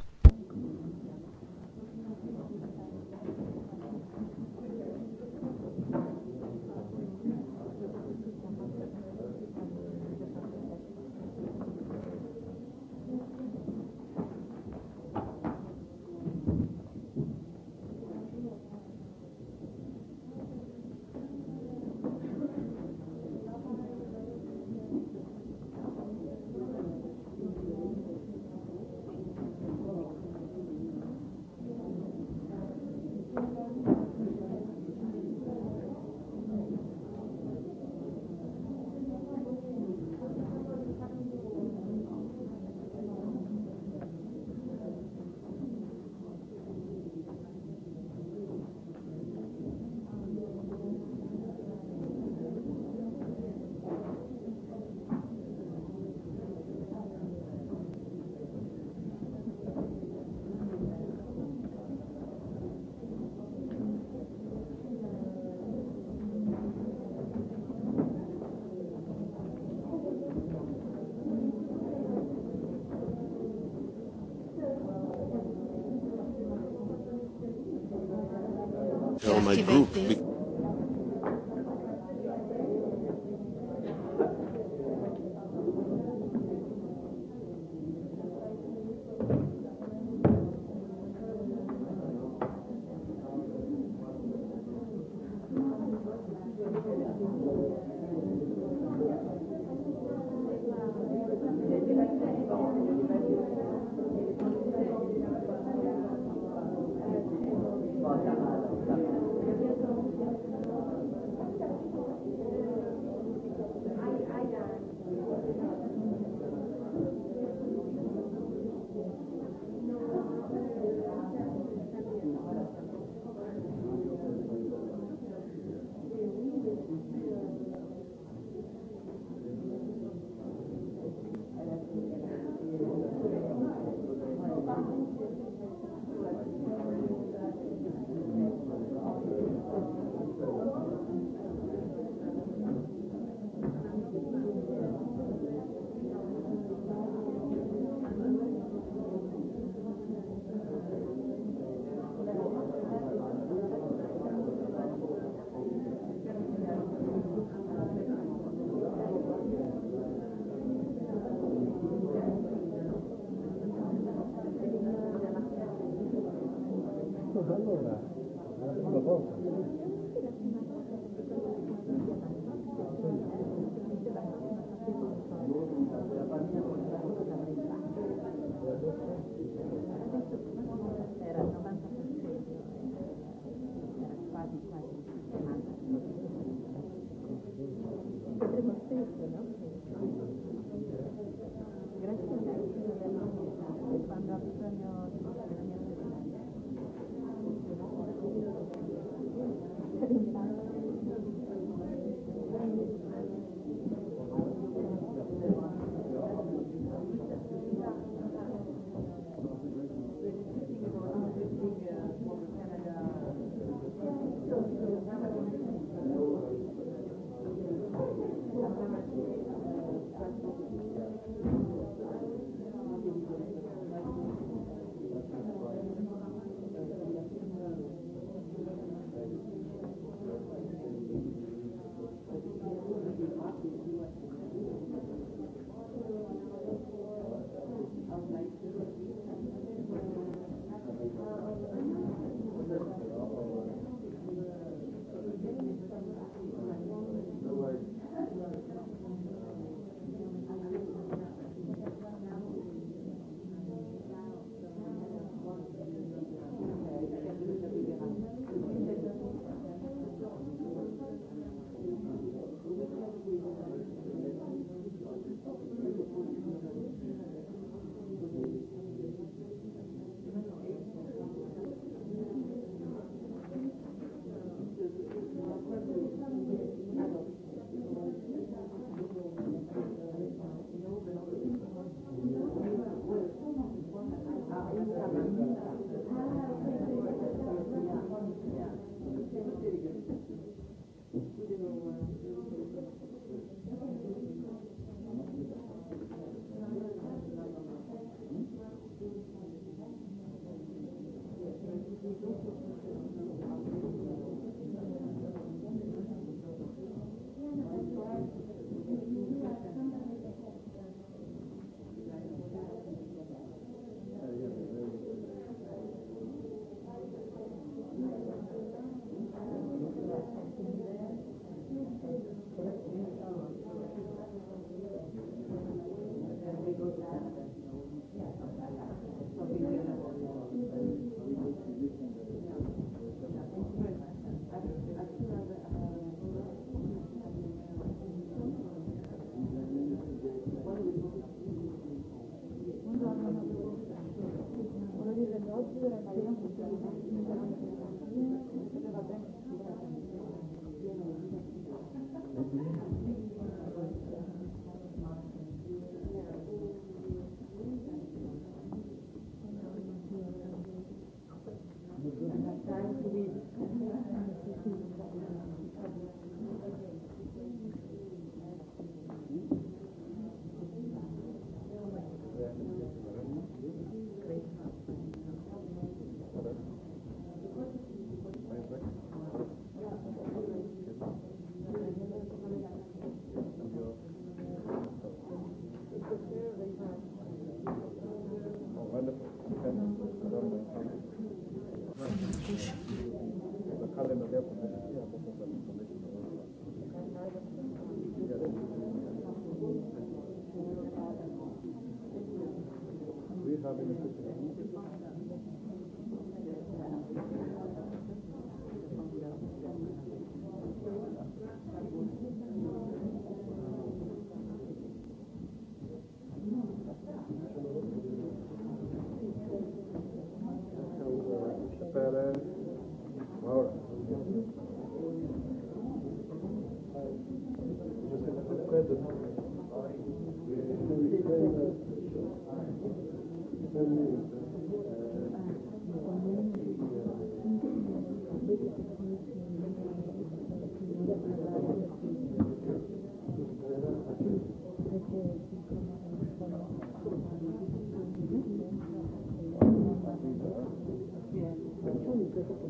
No,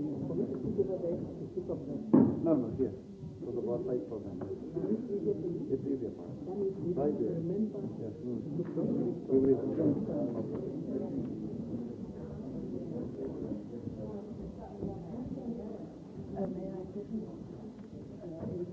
no, here. So the bar side for them. It is a part. Right there. Yes. Mm. We will. Um, may I uh,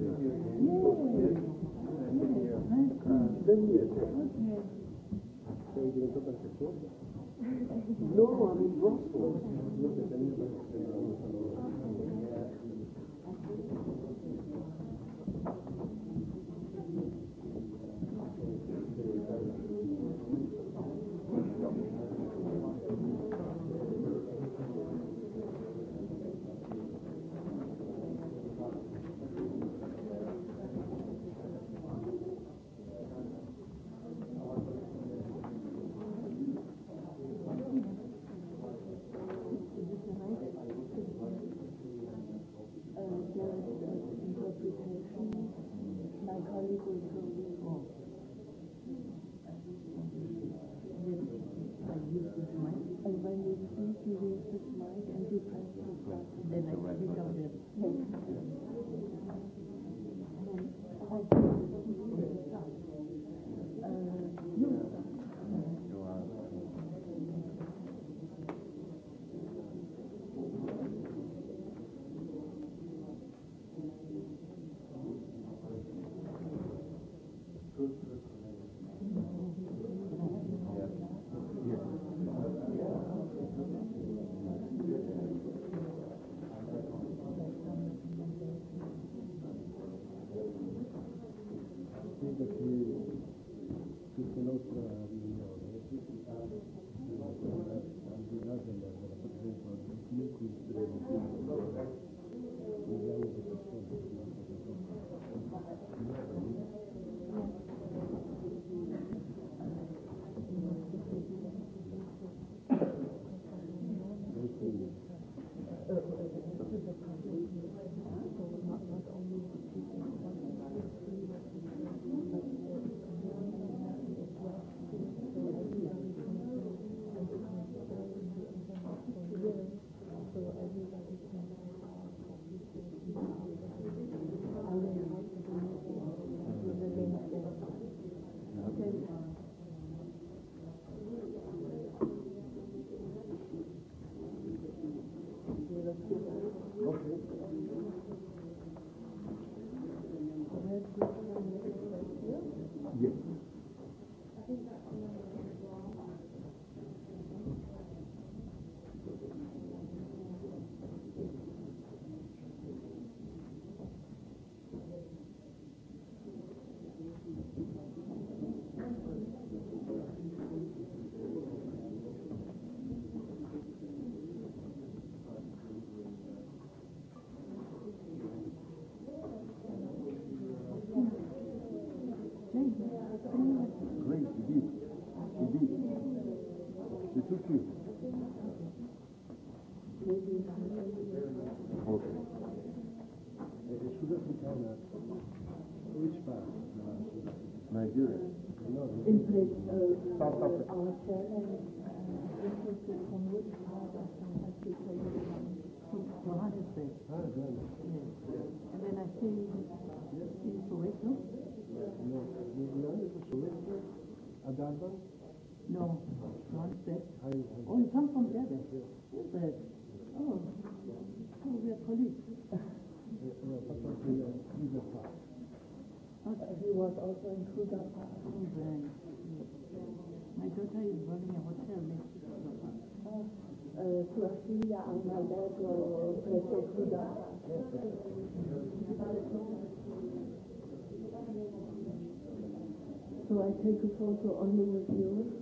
in place our chair and then I see, see Soweto. No, no, Oh, you come from there Oh, oh, we are colleagues not everyone also include our children. My daughter is running a hotel next to uh, to Asilia and my dad will take a So I take a photo only with you.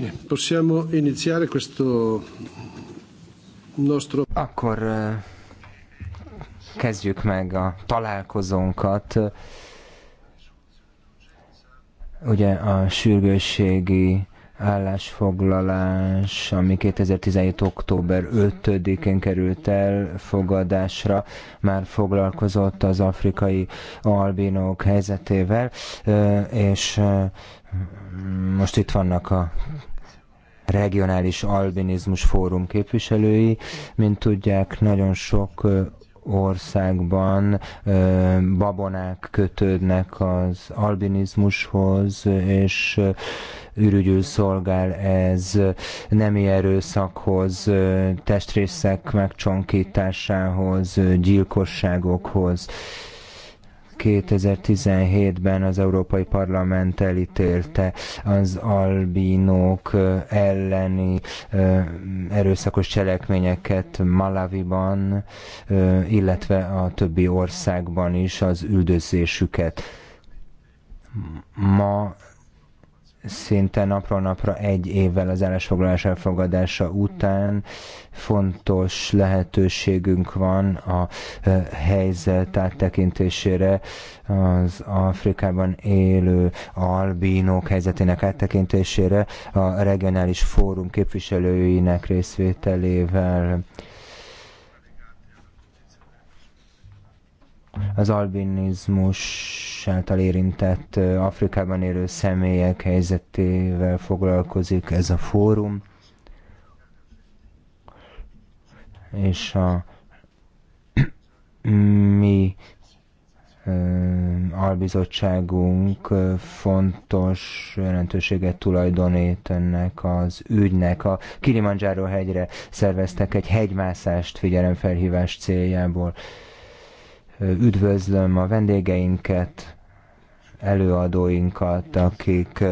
Bene, possiamo iniziare questo nostro... Akkor eh, kezdjük meg a találkozónkat. Ugye a sürgősségi állásfoglalás, ami 2017. október 5-én került el fogadásra, már foglalkozott az afrikai albinók helyzetével, eh, és eh, most itt vannak a regionális albinizmus fórum képviselői. Mint tudják, nagyon sok országban babonák kötődnek az albinizmushoz, és ürügyül szolgál ez nemi erőszakhoz, testrészek megcsonkításához, gyilkosságokhoz. 2017-ben az Európai Parlament elítélte az albínók elleni erőszakos cselekményeket Malaviban, illetve a többi országban is az üldözésüket. Ma szinte napról napra egy évvel az állásfoglalás elfogadása után fontos lehetőségünk van a helyzet áttekintésére, az Afrikában élő albínók helyzetének áttekintésére, a regionális fórum képviselőinek részvételével. az albinizmus által érintett Afrikában élő személyek helyzetével foglalkozik ez a fórum, és a mi albizottságunk fontos jelentőséget tulajdonít ennek az ügynek. A Kilimanjaro hegyre szerveztek egy hegymászást figyelemfelhívás céljából. Üdvözlöm a vendégeinket, előadóinkat, akik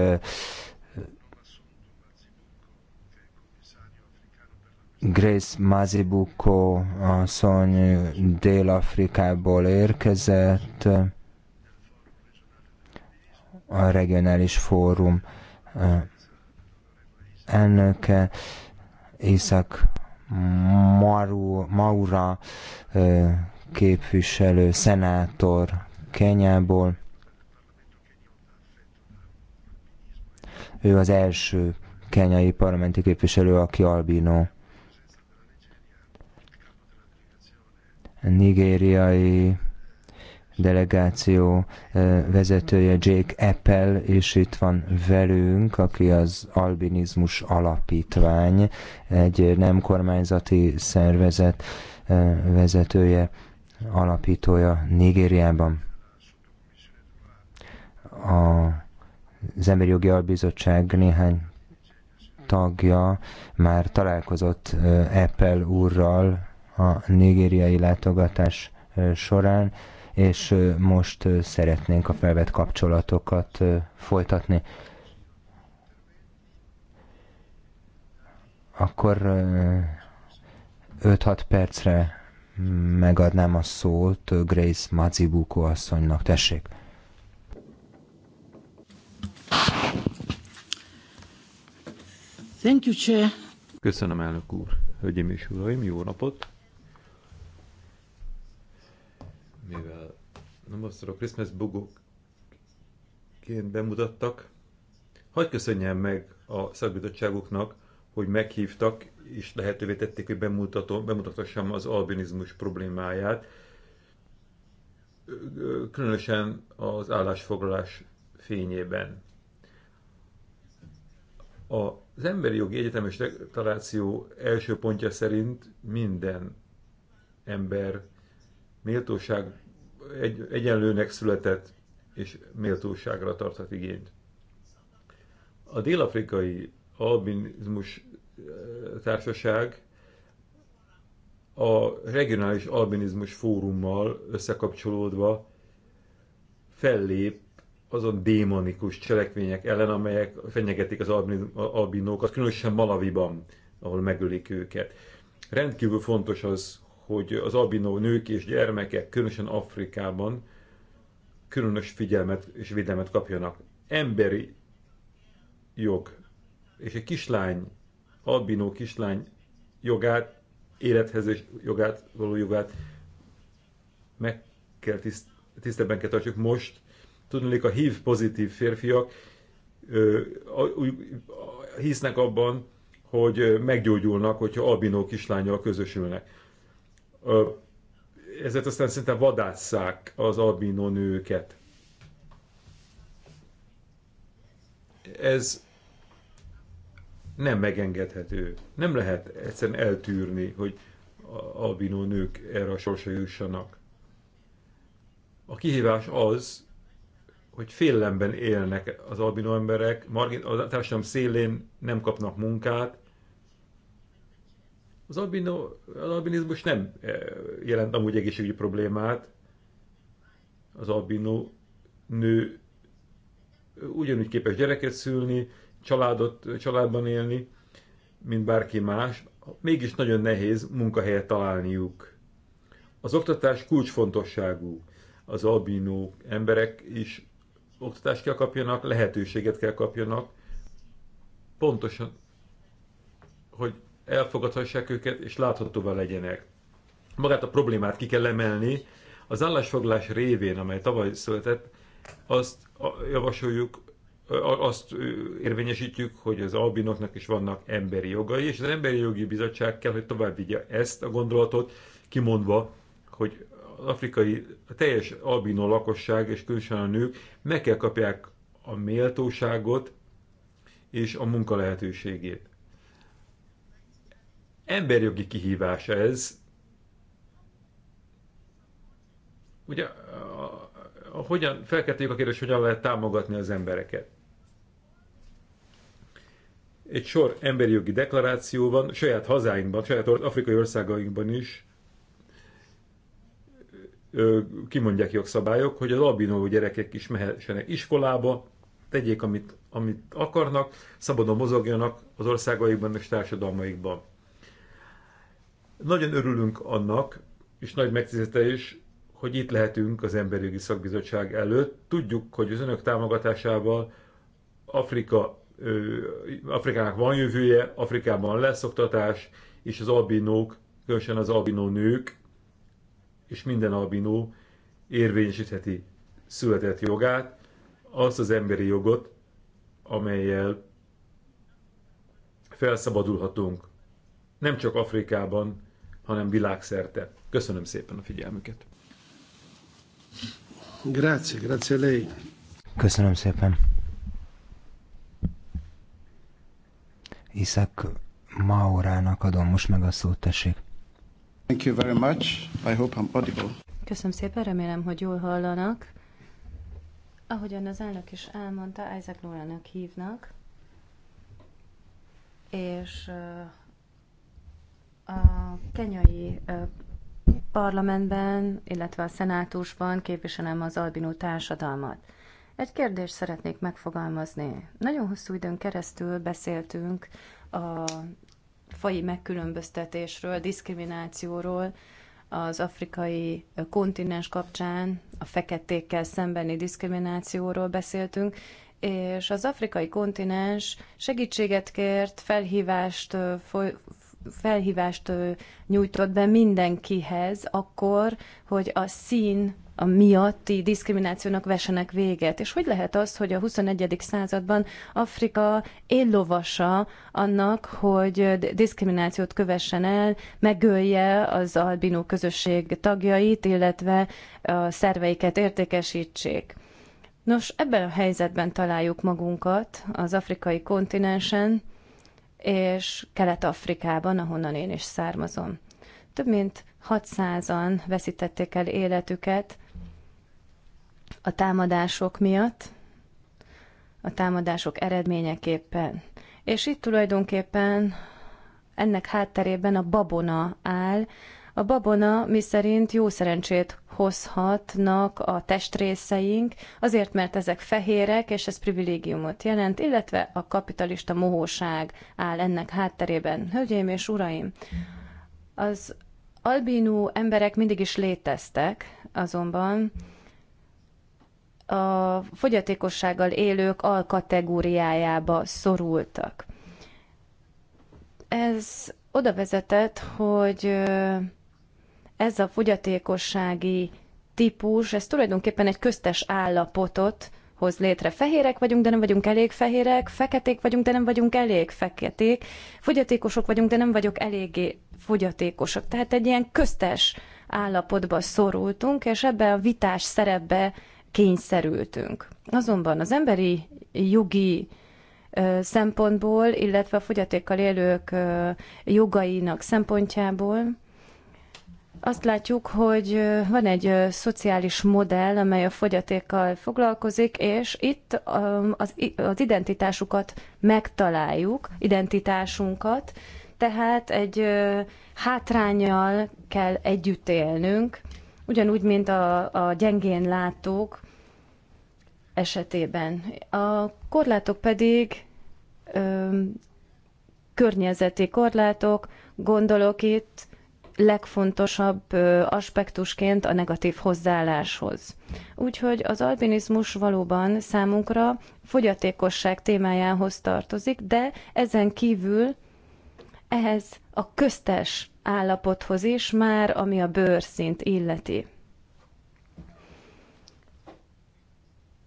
Grace Mazibuko asszony Dél-Afrikából érkezett, a regionális fórum elnöke, Észak Maru, Maura képviselő, szenátor Kenyából. Ő az első kenyai parlamenti képviselő, aki albino. Nigériai delegáció vezetője Jake Apple, és itt van velünk, aki az Albinizmus Alapítvány, egy nem kormányzati szervezet vezetője alapítója Nigériában. A, az Emberi Jogi Albizottság néhány tagja már találkozott Apple úrral a nigériai látogatás során, és most szeretnénk a felvett kapcsolatokat folytatni. Akkor 5-6 percre megadnám a szót Grace Mazibuko asszonynak. Tessék! Thank you, Chair. Köszönöm, elnök úr. Hölgyeim és uraim, jó napot! Mivel nem azt a Christmas bugokként bemutattak, hagyj köszönjem meg a szakbizottságoknak hogy meghívtak, és lehetővé tették, hogy bemutatom, bemutathassam az albinizmus problémáját, különösen az állásfoglalás fényében. Az Emberi Jogi Egyetemes Deklaráció első pontja szerint minden ember méltóság egy, egyenlőnek született, és méltóságra tarthat igényt. A dél-afrikai Albinizmus eh, Társaság a Regionális Albinizmus Fórummal összekapcsolódva fellép azon démonikus cselekvények ellen, amelyek fenyegetik az albinókat, különösen Malaviban, ahol megölik őket. Rendkívül fontos az, hogy az albinó nők és gyermekek, különösen Afrikában, különös figyelmet és védelmet kapjanak. Emberi jog és egy kislány, albinó kislány jogát, élethez és jogát, való jogát meg kell tiszt, tisztebben kell tartsuk most. Tudnék, a hív pozitív férfiak ö, hisznek abban, hogy meggyógyulnak, hogyha albinó kislányjal közösülnek. Ö, ezért aztán szinte vadásszák az albinó nőket. Ez nem megengedhető. Nem lehet egyszerűen eltűrni, hogy albinó nők erre a sorsa jussanak. A kihívás az, hogy félelemben élnek az albinó emberek, a társadalom szélén nem kapnak munkát. Az, albino, az albinizmus nem e, jelent amúgy egészségügyi problémát. Az albinó nő ugyanúgy képes gyereket szülni, családot, családban élni, mint bárki más, mégis nagyon nehéz munkahelyet találniuk. Az oktatás kulcsfontosságú. Az albinó emberek is oktatást kell kapjanak, lehetőséget kell kapjanak, pontosan, hogy elfogadhassák őket, és láthatóvá legyenek. Magát a problémát ki kell emelni. Az állásfoglás révén, amely tavaly született, azt javasoljuk, azt érvényesítjük, hogy az albinoknak is vannak emberi jogai, és az Emberi Jogi Bizottság kell, hogy tovább vigye ezt a gondolatot, kimondva, hogy az afrikai, a teljes albino lakosság, és különösen a nők meg kell kapják a méltóságot és a munka lehetőségét. Emberjogi kihívás ez. Ugye, a, a, a, hogyan, felkettőjük a kérdés, hogyan lehet támogatni az embereket egy sor emberi jogi deklarációban, saját hazáinkban, saját afrikai országainkban is kimondják jogszabályok, hogy az albinó gyerekek is mehessenek iskolába, tegyék, amit, amit akarnak, szabadon mozogjanak az országaikban és társadalmaikban. Nagyon örülünk annak, és nagy megtiszteltetés, hogy itt lehetünk az Emberi Jogi Szakbizottság előtt. Tudjuk, hogy az önök támogatásával Afrika Afrikának van jövője, Afrikában lesz oktatás, és az albinók, különösen az albinó nők, és minden albinó érvényesítheti született jogát, azt az emberi jogot, amelyel felszabadulhatunk nem csak Afrikában, hanem világszerte. Köszönöm szépen a figyelmüket. Grazie, grazie lei. Köszönöm szépen. Iszak Maurának adom most meg a szót, tessék. Thank you very much. I hope I'm audible. Köszönöm szépen, remélem, hogy jól hallanak. Ahogyan az elnök is elmondta, Isaac Nolának hívnak, és a kenyai parlamentben, illetve a szenátusban képviselem az albinó társadalmat. Egy kérdést szeretnék megfogalmazni. Nagyon hosszú időn keresztül beszéltünk a fai megkülönböztetésről, diszkriminációról, az afrikai kontinens kapcsán a feketékkel szembeni diszkriminációról beszéltünk, és az afrikai kontinens segítséget kért, felhívást, felhívást nyújtott be mindenkihez akkor, hogy a szín a miatti diszkriminációnak vesenek véget. És hogy lehet az, hogy a 21. században Afrika éllovasa annak, hogy diszkriminációt kövessen el, megölje az albinó közösség tagjait, illetve a szerveiket értékesítsék. Nos, ebben a helyzetben találjuk magunkat az afrikai kontinensen, és Kelet-Afrikában, ahonnan én is származom. Több mint 600-an veszítették el életüket a támadások miatt, a támadások eredményeképpen. És itt tulajdonképpen ennek hátterében a babona áll. A babona mi szerint jó szerencsét hozhatnak a testrészeink, azért, mert ezek fehérek, és ez privilégiumot jelent, illetve a kapitalista mohóság áll ennek hátterében. Hölgyeim és uraim, az albínú emberek mindig is léteztek, azonban a fogyatékossággal élők alkategóriájába szorultak. Ez oda vezetett, hogy ez a fogyatékossági típus, ez tulajdonképpen egy köztes állapotot hoz létre. Fehérek vagyunk, de nem vagyunk elég fehérek, feketék vagyunk, de nem vagyunk elég feketék, fogyatékosok vagyunk, de nem vagyok eléggé fogyatékosak. Tehát egy ilyen köztes állapotba szorultunk, és ebbe a vitás szerepbe kényszerültünk. Azonban az emberi jogi szempontból, illetve a fogyatékkal élők jogainak szempontjából azt látjuk, hogy van egy szociális modell, amely a fogyatékkal foglalkozik, és itt az identitásukat megtaláljuk, identitásunkat, tehát egy hátrányjal kell együtt élnünk, ugyanúgy, mint a, a gyengén látók, esetében. A korlátok pedig ö, környezeti korlátok, gondolok itt legfontosabb ö, aspektusként a negatív hozzáálláshoz. Úgyhogy az albinizmus valóban számunkra fogyatékosság témájához tartozik, de ezen kívül ehhez a köztes állapothoz is már, ami a bőrszint illeti.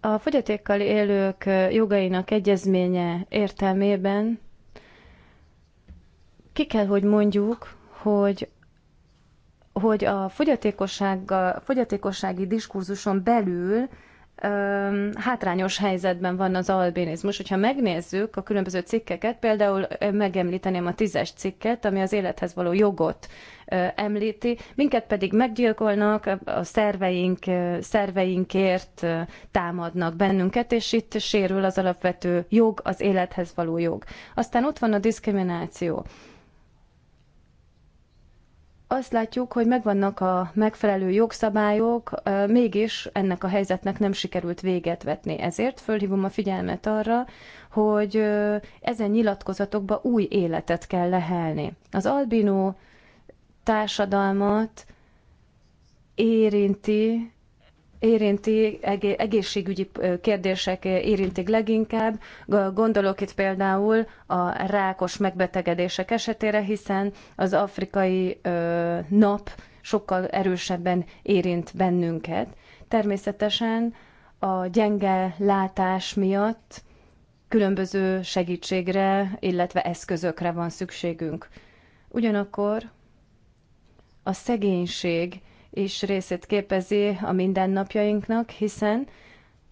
A fogyatékkal élők jogainak egyezménye értelmében ki kell, hogy mondjuk, hogy hogy a fogyatékossági diskurzuson belül hátrányos helyzetben van az albinizmus. Hogyha megnézzük a különböző cikkeket, például megemlíteném a tízes cikket, ami az élethez való jogot említi, minket pedig meggyilkolnak, a szerveink, szerveinkért támadnak bennünket, és itt sérül az alapvető jog, az élethez való jog. Aztán ott van a diszkrimináció azt látjuk, hogy megvannak a megfelelő jogszabályok, mégis ennek a helyzetnek nem sikerült véget vetni. Ezért fölhívom a figyelmet arra, hogy ezen nyilatkozatokba új életet kell lehelni. Az albinó társadalmat érinti érinti, egészségügyi kérdések érintik leginkább. Gondolok itt például a rákos megbetegedések esetére, hiszen az afrikai nap sokkal erősebben érint bennünket. Természetesen a gyenge látás miatt különböző segítségre, illetve eszközökre van szükségünk. Ugyanakkor a szegénység is részét képezi a mindennapjainknak, hiszen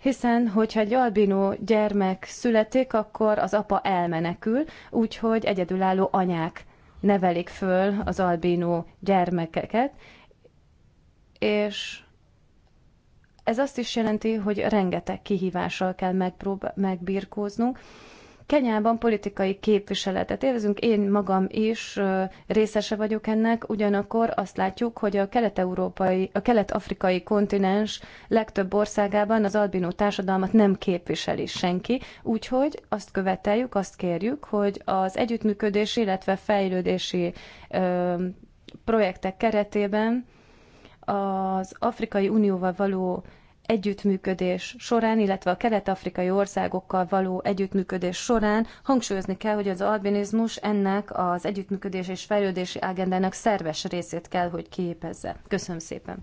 hiszen hogyha egy albinó gyermek születik, akkor az apa elmenekül, úgyhogy egyedülálló anyák nevelik föl az albinó gyermekeket, és ez azt is jelenti, hogy rengeteg kihívással kell megbirkóznunk. Kenyában politikai képviseletet élvezünk, én magam is részese vagyok ennek, ugyanakkor azt látjuk, hogy a kelet-európai, a kelet-afrikai kontinens legtöbb országában az albinó társadalmat nem képviseli senki, úgyhogy azt követeljük, azt kérjük, hogy az együttműködési illetve fejlődési ö, projektek keretében az Afrikai Unióval való együttműködés során, illetve a kelet-afrikai országokkal való együttműködés során hangsúlyozni kell, hogy az albinizmus ennek az együttműködés és fejlődési agendának szerves részét kell, hogy képezze. Köszönöm szépen.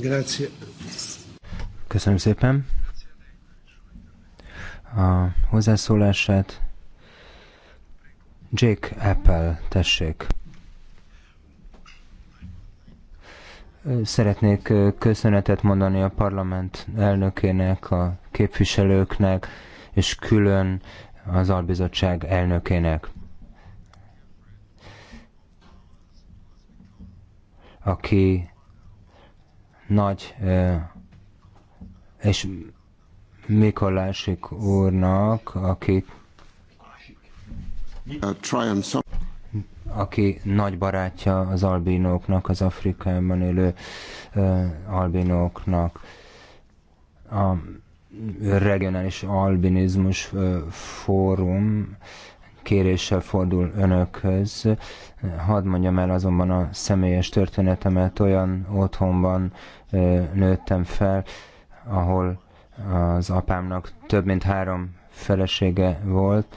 Grazie. Köszönöm szépen. A hozzászólását Jake Apple, tessék. Szeretnék köszönetet mondani a parlament elnökének, a képviselőknek, és külön az albizottság elnökének. aki nagy és Mikolásik úrnak, aki uh, aki nagy barátja az albinóknak, az Afrikában élő albinóknak. A regionális albinizmus fórum kéréssel fordul önökhöz. Hadd mondjam el azonban a személyes történetemet, olyan otthonban nőttem fel, ahol az apámnak több mint három felesége volt,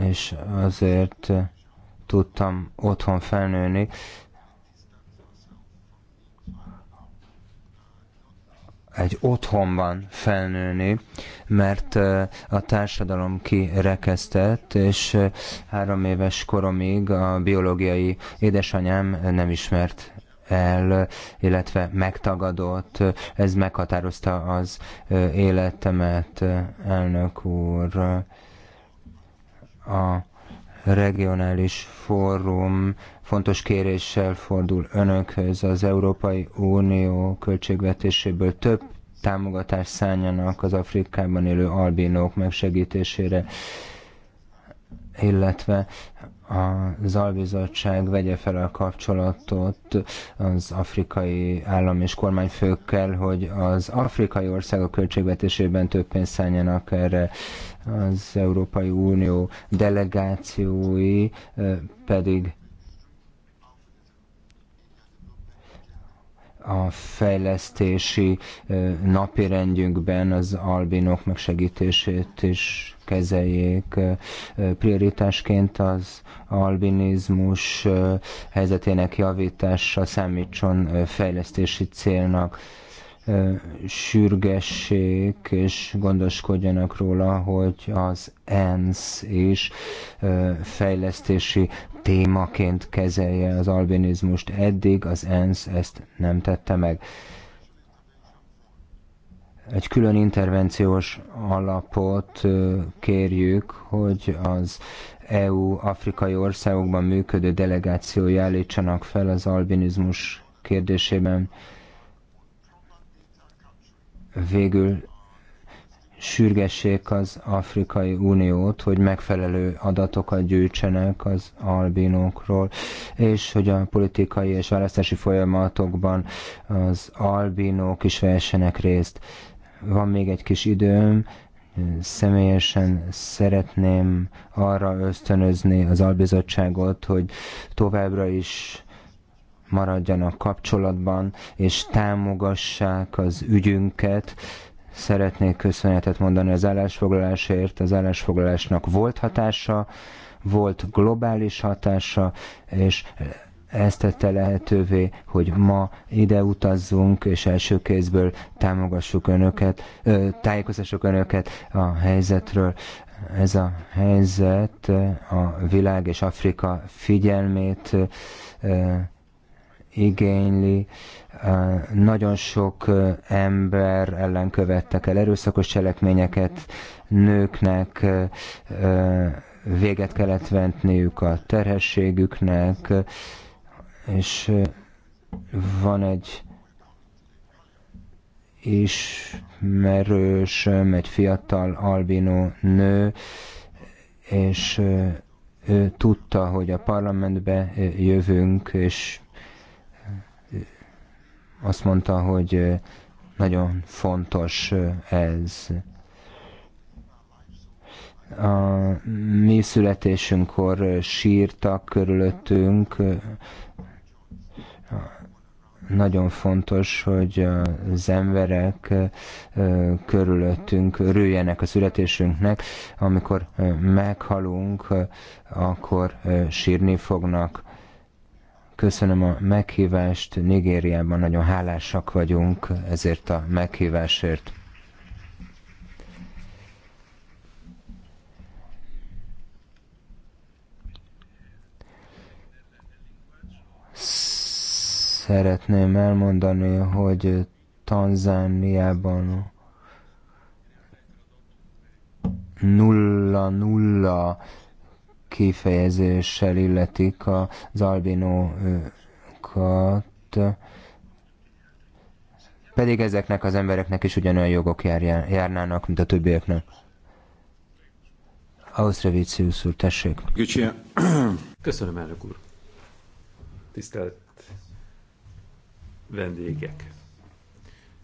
és azért tudtam otthon felnőni. Egy otthonban felnőni, mert a társadalom kirekesztett, és három éves koromig a biológiai édesanyám nem ismert el, illetve megtagadott. Ez meghatározta az életemet, elnök úr. A regionális fórum fontos kéréssel fordul önökhöz az Európai Unió költségvetéséből több támogatást szálljanak az Afrikában élő albinók megsegítésére, illetve az albizottság vegye fel a kapcsolatot az afrikai állam és kormányfőkkel, hogy az afrikai országok költségvetésében több pénzt szálljanak erre az Európai Unió delegációi pedig a fejlesztési napirendjünkben az albinok megsegítését is kezeljék prioritásként az albinizmus helyzetének javítása számítson fejlesztési célnak sürgessék és gondoskodjanak róla, hogy az ENSZ is fejlesztési témaként kezelje az albinizmust. Eddig az ENSZ ezt nem tette meg. Egy külön intervenciós alapot kérjük, hogy az EU afrikai országokban működő delegációi állítsanak fel az albinizmus kérdésében végül sürgessék az Afrikai Uniót, hogy megfelelő adatokat gyűjtsenek az albinókról, és hogy a politikai és választási folyamatokban az albinók is vehessenek részt. Van még egy kis időm, személyesen szeretném arra ösztönözni az albizottságot, hogy továbbra is maradjanak kapcsolatban, és támogassák az ügyünket. Szeretnék köszönetet mondani az állásfoglalásért. Az állásfoglalásnak volt hatása, volt globális hatása, és ezt tette lehetővé, hogy ma ide utazzunk, és első kézből támogassuk önöket, tájékoztassuk önöket a helyzetről. Ez a helyzet a világ és Afrika figyelmét igényli. Nagyon sok ember ellen követtek el erőszakos cselekményeket, nőknek véget kellett ventniük a terhességüknek, és van egy ismerős, egy fiatal albino nő, és ő tudta, hogy a parlamentbe jövünk, és azt mondta, hogy nagyon fontos ez. A mi születésünkkor sírtak körülöttünk. Nagyon fontos, hogy az emberek körülöttünk örüljenek a születésünknek. Amikor meghalunk, akkor sírni fognak Köszönöm a meghívást. Nigériában nagyon hálásak vagyunk ezért a meghívásért. Szeretném elmondani, hogy Tanzániában nulla nulla kifejezéssel illetik az albinókat, pedig ezeknek az embereknek is ugyanolyan jogok járnának, mint a többieknek. Ausztravíciusz úr, tessék. Köszönöm, elnök úr. Tisztelt vendégek.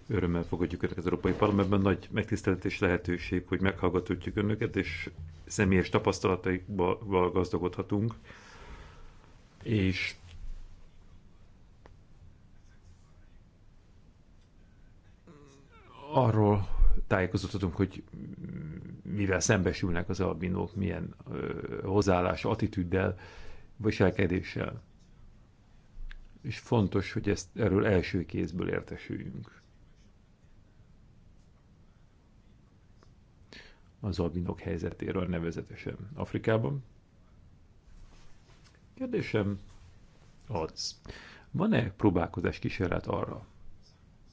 Örömmel fogadjuk Önöket az Európai Parlamentben. Nagy megtiszteltetés lehetőség, hogy meghallgatjuk Önöket, és személyes tapasztalataikból gazdagodhatunk, és arról tájékozódhatunk, hogy mivel szembesülnek az albinók, milyen ö, hozzáállás, attitűddel, viselkedéssel. És fontos, hogy ezt erről első kézből értesüljünk. az albinok helyzetéről nevezetesen Afrikában. Kérdésem az, van-e próbálkozás kísérlet arra,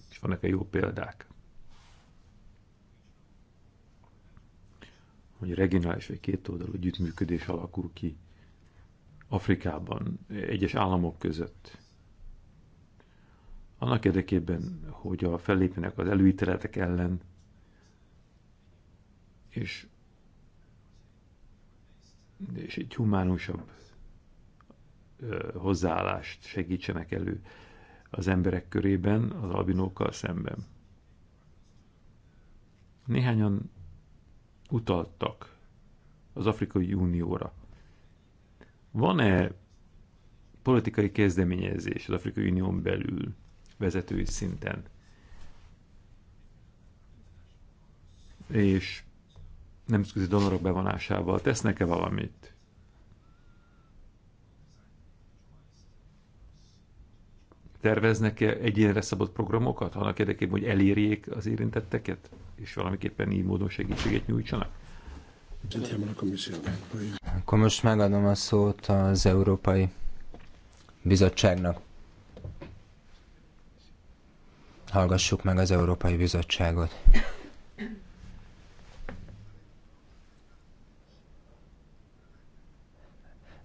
és vannak-e jó példák, hogy regionális vagy kétoldalú együttműködés alakul ki Afrikában, egyes államok között. Annak érdekében, hogy a fellépjenek az előítéletek ellen, és, és egy humánusabb hozzáállást segítsenek elő az emberek körében az albinókkal szemben. Néhányan utaltak az Afrikai Unióra. Van-e politikai kezdeményezés az Afrikai Unión belül vezetői szinten? És nemzetközi donorok bevonásával tesznek-e valamit? Terveznek-e egyénre szabott programokat annak érdekében, hogy elérjék az érintetteket, és valamiképpen így módon segítséget nyújtsanak? Akkor most megadom a szót az Európai Bizottságnak. Hallgassuk meg az Európai Bizottságot.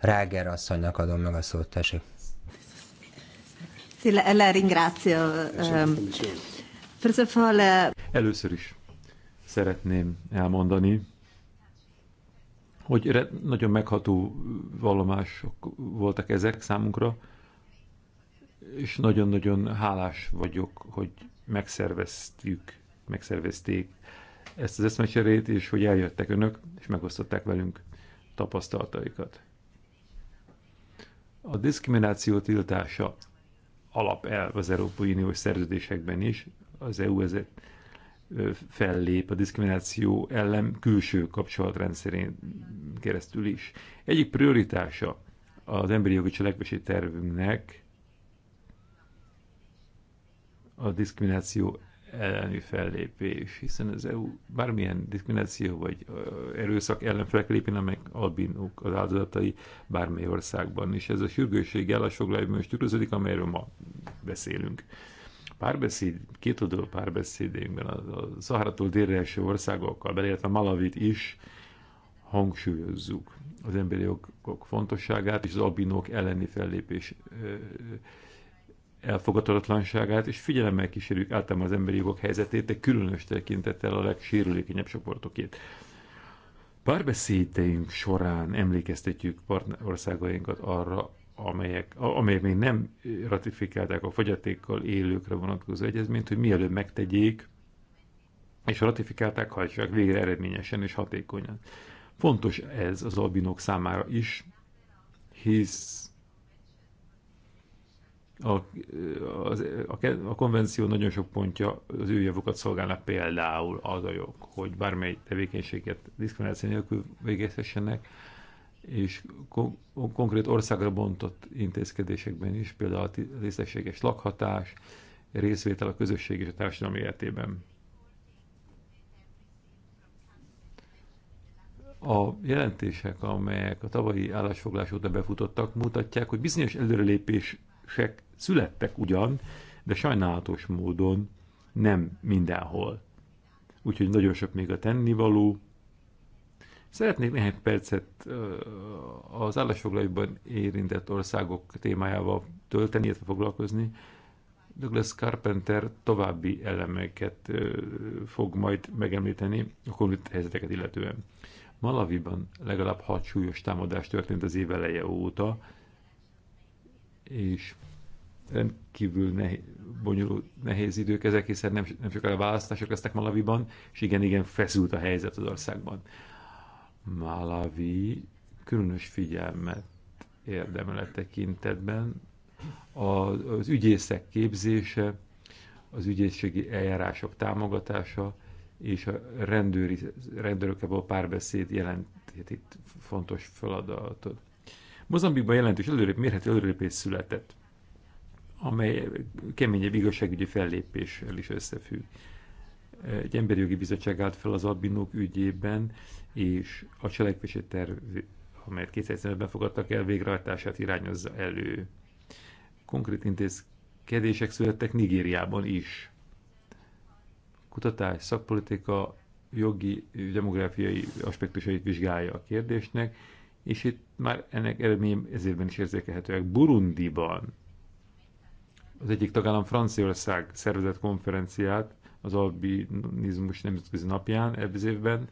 Ráger asszonynak adom meg a szót, tessék. Ehm, eh, Először is szeretném elmondani, hogy nagyon megható vallomások voltak ezek számunkra, és nagyon-nagyon hálás vagyok, hogy megszerveztük, megszervezték ezt az eszmecserét, és hogy eljöttek önök, és megosztották velünk tapasztalataikat. A diszkrimináció tiltása alapelv az Európai Uniós szerződésekben is. Az EU ezért fellép a diszkrimináció ellen külső kapcsolatrendszerén keresztül is. Egyik prioritása az emberi jogi cselekvési tervünknek a diszkrimináció elleni fellépés, hiszen az EU bármilyen diszkrimináció vagy erőszak ellen fel kell amelyek albinok az áldozatai bármely országban. És ez a sürgősség állásfoglalásban is tükröződik, amelyről ma beszélünk. Párbeszéd, kétoldalú párbeszédünkben a, a Szaharatól délre eső országokkal, beleértve Malavit is, hangsúlyozzuk az emberi jogok fontosságát és az albinok elleni fellépés elfogadhatatlanságát, és figyelemmel kísérjük általában az emberi jogok helyzetét, de különös tekintettel a legsérülékenyebb csoportokét. Párbeszédeink során emlékeztetjük országainkat arra, amelyek, amelyek még nem ratifikálták a fogyatékkal élőkre vonatkozó egyezményt, hogy mielőbb megtegyék, és ratifikálták, hajtsák végre eredményesen és hatékonyan. Fontos ez az albinok számára is, hisz a, a, a konvenció nagyon sok pontja az ő javukat szolgálna például az a jog, hogy bármely tevékenységet diszkrimináció nélkül végezhessenek, és kon- konkrét országra bontott intézkedésekben is, például a tisztességes lakhatás, részvétel a közösség és a társadalom életében. A jelentések, amelyek a tavalyi állásfoglás óta befutottak, mutatják, hogy bizonyos előrelépés kérdések születtek ugyan, de sajnálatos módon nem mindenhol. Úgyhogy nagyon sok még a tennivaló. Szeretnék néhány percet az állásfoglalóban érintett országok témájával tölteni, illetve foglalkozni. Douglas Carpenter további elemeket fog majd megemlíteni a konflikt helyzeteket illetően. Malaviban legalább hat súlyos támadás történt az év eleje óta, és rendkívül nehéz, bonyolult, nehéz idők ezek, hiszen nem, nem a választások lesznek Malaviban, és igen-igen feszült a helyzet az országban. Malavi különös figyelmet érdemel e tekintetben. Az, az ügyészek képzése, az ügyészségi eljárások támogatása és a rendőri, rendőrökkel való párbeszéd jelent itt fontos feladatot. Mozambikban jelentős előrébb, mérhető előrépés született, amely keményebb igazságügyi fellépéssel is összefügg. Egy emberi jogi bizottság állt fel az albinók ügyében, és a cselekvési terv, amelyet 2015-ben fogadtak el, végrehajtását irányozza elő. Konkrét intézkedések születtek Nigériában is. Kutatás, szakpolitika, jogi, demográfiai aspektusait vizsgálja a kérdésnek, és itt már ennek eredmény ezértben is érzékelhetőek. Burundiban az egyik tagállam Franciaország szervezett konferenciát az albinizmus nemzetközi napján az évben.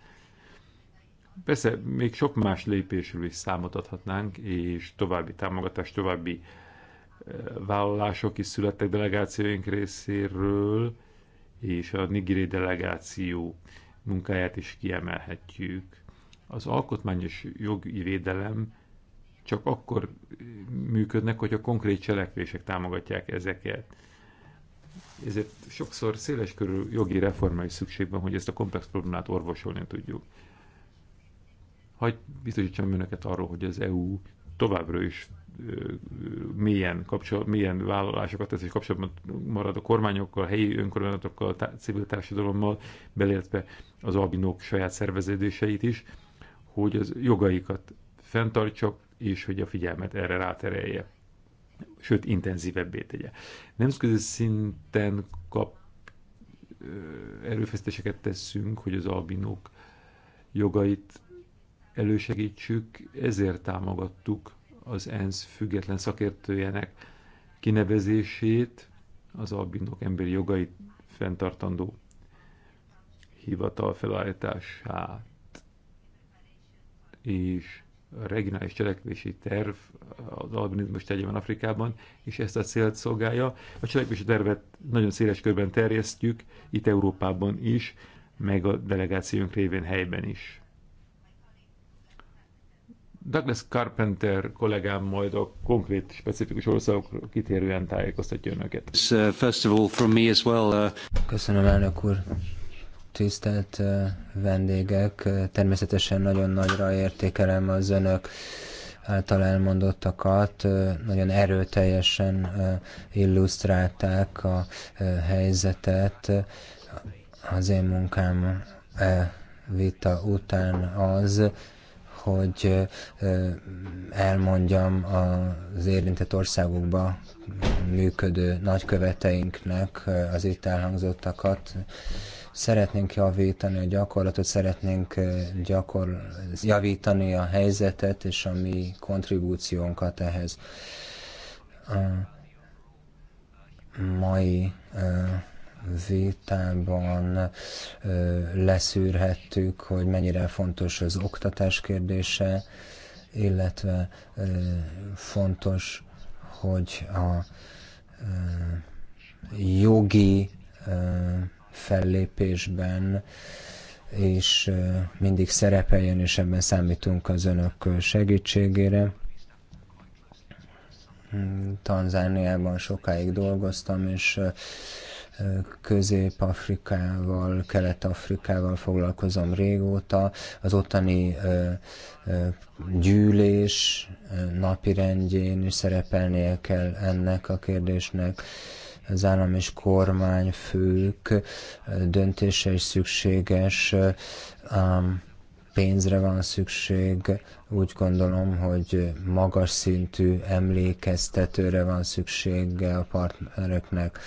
Persze még sok más lépésről is számot adhatnánk, és további támogatás, további eh, vállalások is születtek delegációink részéről, és a nigiri delegáció munkáját is kiemelhetjük az alkotmányos jogi védelem csak akkor működnek, hogy a konkrét cselekvések támogatják ezeket. Ezért sokszor széles körű jogi reforma is szükség van, hogy ezt a komplex problémát orvosolni tudjuk. Hagy biztosítsam önöket arról, hogy az EU továbbra is milyen, kapcsol, milyen vállalásokat tesz, és kapcsolatban marad a kormányokkal, a helyi önkormányzatokkal, a civil társadalommal, beleértve az albinók saját szerveződéseit is, hogy az jogaikat fenntartsa, és hogy a figyelmet erre ráterelje, sőt, intenzívebbé tegye. Nemzetközi szinten kap erőfeszteseket teszünk, hogy az albinók jogait elősegítsük, ezért támogattuk az ENSZ független szakértőjének kinevezését, az albinok emberi jogait fenntartandó hivatal felállítását és a regionális cselekvési terv az albinizmus tegyében Afrikában, és ezt a célt szolgálja. A cselekvési tervet nagyon széles körben terjesztjük, itt Európában is, meg a delegációnk révén helyben is. Douglas Carpenter kollégám majd a konkrét, specifikus országokra kitérően tájékoztatja önöket. Uh, first of all, from me as well, uh, Köszönöm, elnök úr tisztelt vendégek, természetesen nagyon nagyra értékelem az önök által elmondottakat, nagyon erőteljesen illusztrálták a helyzetet. Az én munkám vita után az, hogy elmondjam az érintett országokba működő nagyköveteinknek az itt elhangzottakat szeretnénk javítani a gyakorlatot, szeretnénk eh, gyakor, javítani a helyzetet és a mi kontribúciónkat ehhez. A mai eh, vétában eh, leszűrhettük, hogy mennyire fontos az oktatás kérdése, illetve fontos, hogy a jogi fellépésben és mindig szerepeljen, és ebben számítunk az önök segítségére. Hmm, Tanzániában sokáig dolgoztam, és Közép-Afrikával, Kelet-Afrikával foglalkozom régóta. Az ottani gyűlés rendjén is szerepelnie kell ennek a kérdésnek az állam és kormányfők döntése is szükséges, pénzre van szükség, úgy gondolom, hogy magas szintű emlékeztetőre van szüksége a partnereknek,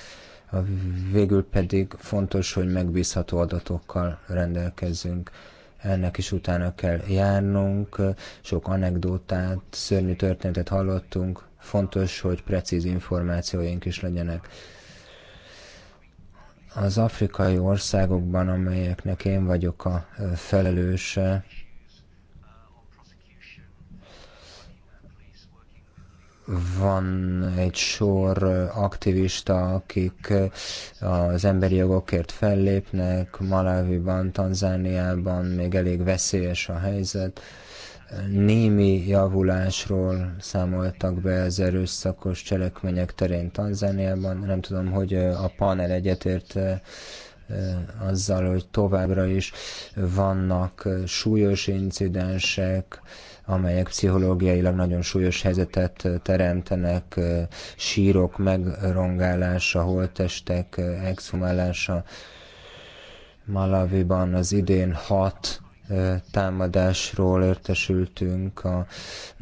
végül pedig fontos, hogy megbízható adatokkal rendelkezünk ennek is utána kell járnunk. Sok anekdotát, szörnyű történetet hallottunk, Fontos, hogy precíz információink is legyenek. Az afrikai országokban, amelyeknek én vagyok a felelőse, van egy sor aktivista, akik az emberi jogokért fellépnek, Malawiban, Tanzániában még elég veszélyes a helyzet némi javulásról számoltak be az erőszakos cselekmények terén Tanzániában. Nem tudom, hogy a panel egyetért azzal, hogy továbbra is vannak súlyos incidensek, amelyek pszichológiailag nagyon súlyos helyzetet teremtenek, sírok megrongálása, holtestek exhumálása. Malaviban az idén hat támadásról értesültünk, a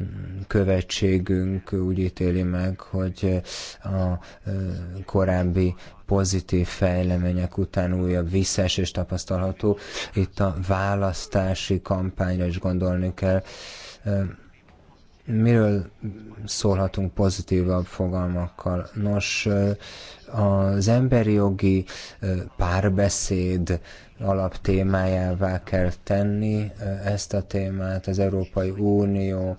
mm, követségünk úgy ítéli meg, hogy a korábbi pozitív fejlemények után újabb visszaesés tapasztalható. Itt a választási kampányra is gondolni kell. Miről szólhatunk pozitívabb fogalmakkal? Nos, az emberi jogi párbeszéd alaptémájává kell tenni ezt a témát, az Európai Unió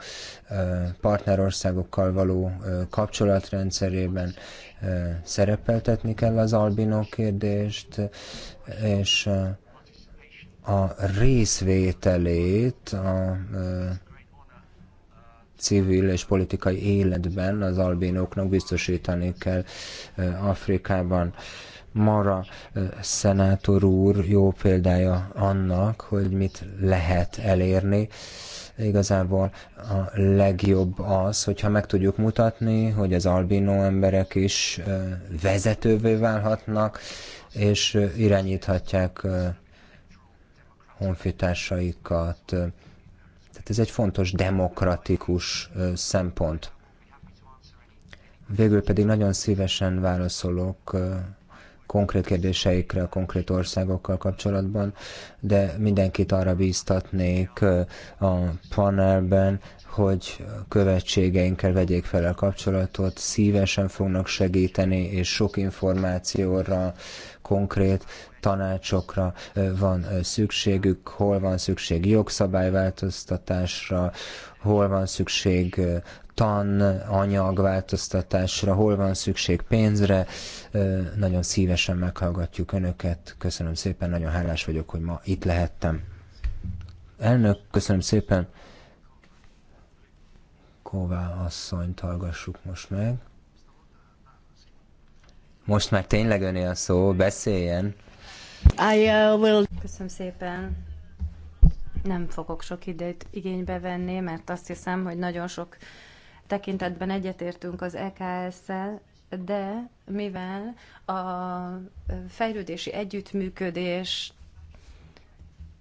partnerországokkal való kapcsolatrendszerében szerepeltetni kell az albinó kérdést, és a részvételét a civil és politikai életben az albinóknak biztosítani kell Afrikában. Mara szenátor úr jó példája annak, hogy mit lehet elérni. Igazából a legjobb az, hogyha meg tudjuk mutatni, hogy az albinó emberek is vezetővé válhatnak, és irányíthatják honfitársaikat. Tehát ez egy fontos demokratikus szempont. Végül pedig nagyon szívesen válaszolok konkrét kérdéseikre a konkrét országokkal kapcsolatban, de mindenkit arra bíztatnék a panelben, hogy követségeinkkel vegyék fel a kapcsolatot, szívesen fognak segíteni, és sok információra, konkrét tanácsokra van szükségük, hol van szükség jogszabályváltoztatásra, hol van szükség tananyag változtatásra, hol van szükség pénzre. Nagyon szívesen meghallgatjuk Önöket. Köszönöm szépen, nagyon hálás vagyok, hogy ma itt lehettem. Elnök, köszönöm szépen. Ková asszonyt hallgassuk most meg. Most már tényleg öné a szó, beszéljen. I uh, will... Köszönöm szépen. Nem fogok sok időt igénybe venni, mert azt hiszem, hogy nagyon sok tekintetben egyetértünk az EKS-szel, de mivel a fejlődési együttműködés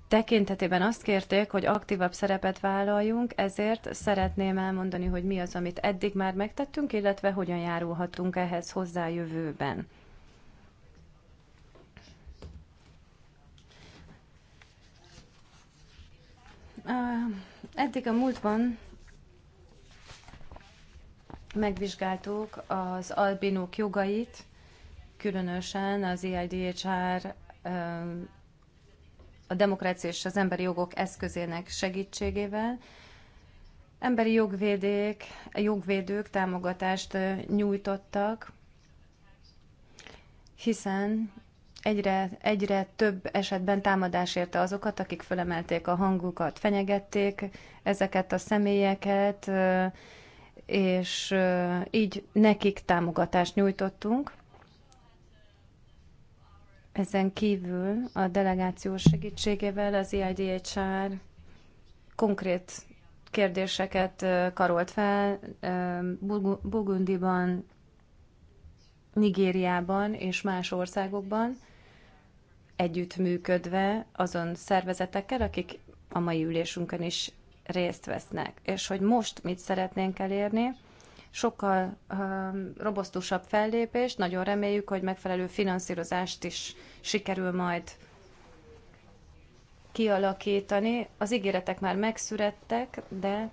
tekintetében azt kérték, hogy aktívabb szerepet vállaljunk, ezért szeretném elmondani, hogy mi az, amit eddig már megtettünk, illetve hogyan járulhatunk ehhez hozzá a jövőben. Eddig a múltban Megvizsgáltuk az albinók jogait, különösen az EIDHR a demokrácia és az emberi jogok eszközének segítségével. Emberi jogvédék, jogvédők támogatást nyújtottak, hiszen egyre, egyre több esetben támadás érte azokat, akik fölemelték a hangukat, fenyegették ezeket a személyeket, és így nekik támogatást nyújtottunk. Ezen kívül a delegáció segítségével az e IIDHR konkrét kérdéseket karolt fel Burgundiban, Nigériában és más országokban, együttműködve azon szervezetekkel, akik a mai ülésünkön is részt vesznek, és hogy most mit szeretnénk elérni, sokkal um, robosztusabb fellépést, nagyon reméljük, hogy megfelelő finanszírozást is sikerül majd kialakítani. Az ígéretek már megszülettek, de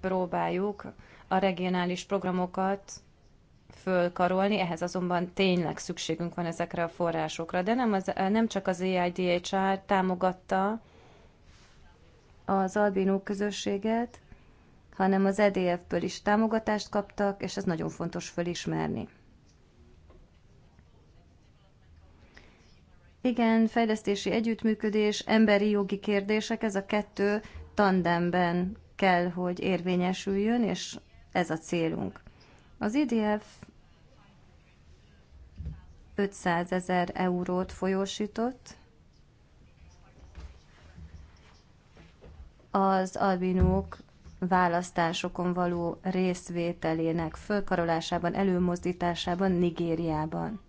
próbáljuk a regionális programokat fölkarolni, ehhez azonban tényleg szükségünk van ezekre a forrásokra. De nem, az, nem csak az EIDHR támogatta az albinó közösséget, hanem az EDF-ből is támogatást kaptak, és ez nagyon fontos fölismerni. Igen, fejlesztési együttműködés, emberi jogi kérdések, ez a kettő tandemben kell, hogy érvényesüljön, és ez a célunk. Az IDF e 500 ezer eurót folyósított, az albinók választásokon való részvételének fölkarolásában, előmozdításában Nigériában.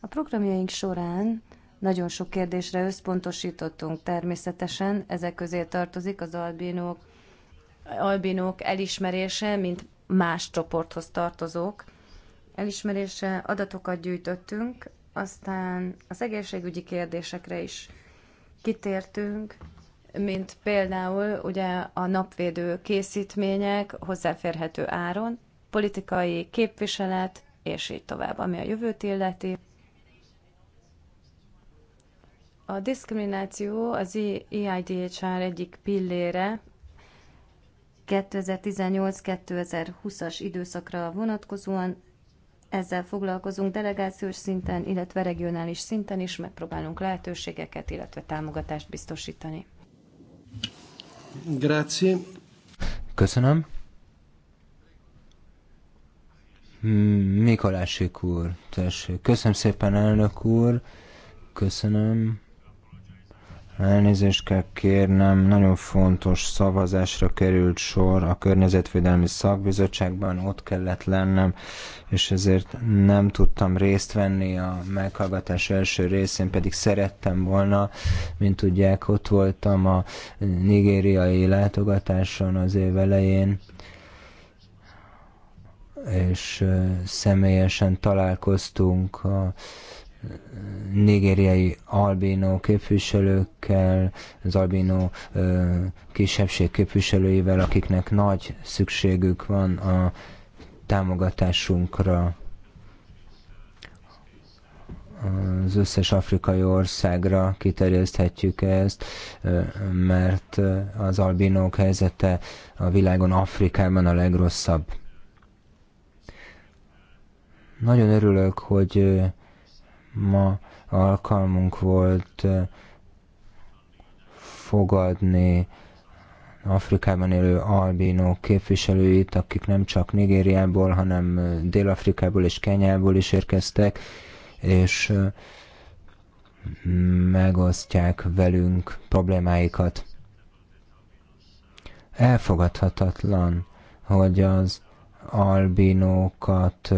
A programjaink során nagyon sok kérdésre összpontosítottunk természetesen, ezek közé tartozik az albinók, albinók elismerése, mint más csoporthoz tartozók elismerése, adatokat gyűjtöttünk, aztán az egészségügyi kérdésekre is kitértünk, mint például ugye a napvédő készítmények hozzáférhető áron, politikai képviselet, és így tovább, ami a jövőt illeti. A diszkrimináció az EIDHR egyik pillére 2018-2020-as időszakra vonatkozóan ezzel foglalkozunk delegációs szinten, illetve regionális szinten is megpróbálunk lehetőségeket, illetve támogatást biztosítani. Grazie. Köszönöm. Mikolásik úr, tessék. Köszönöm szépen, elnök úr. Köszönöm. Elnézést kell kérnem, nagyon fontos szavazásra került sor a Környezetvédelmi Szakbizottságban, ott kellett lennem, és ezért nem tudtam részt venni a meghallgatás első részén, pedig szerettem volna, mint tudják, ott voltam a nigériai látogatáson az év elején, és személyesen találkoztunk a nigériai albino képviselőkkel, az albinó kisebbség képviselőivel, akiknek nagy szükségük van a támogatásunkra az összes afrikai országra kiterjeszthetjük ezt, mert az albinók helyzete a világon Afrikában a legrosszabb. Nagyon örülök, hogy ma alkalmunk volt fogadni Afrikában élő albino képviselőit, akik nem csak Nigériából, hanem Dél-Afrikából és Kenyából is érkeztek, és megosztják velünk problémáikat. Elfogadhatatlan, hogy az albinókat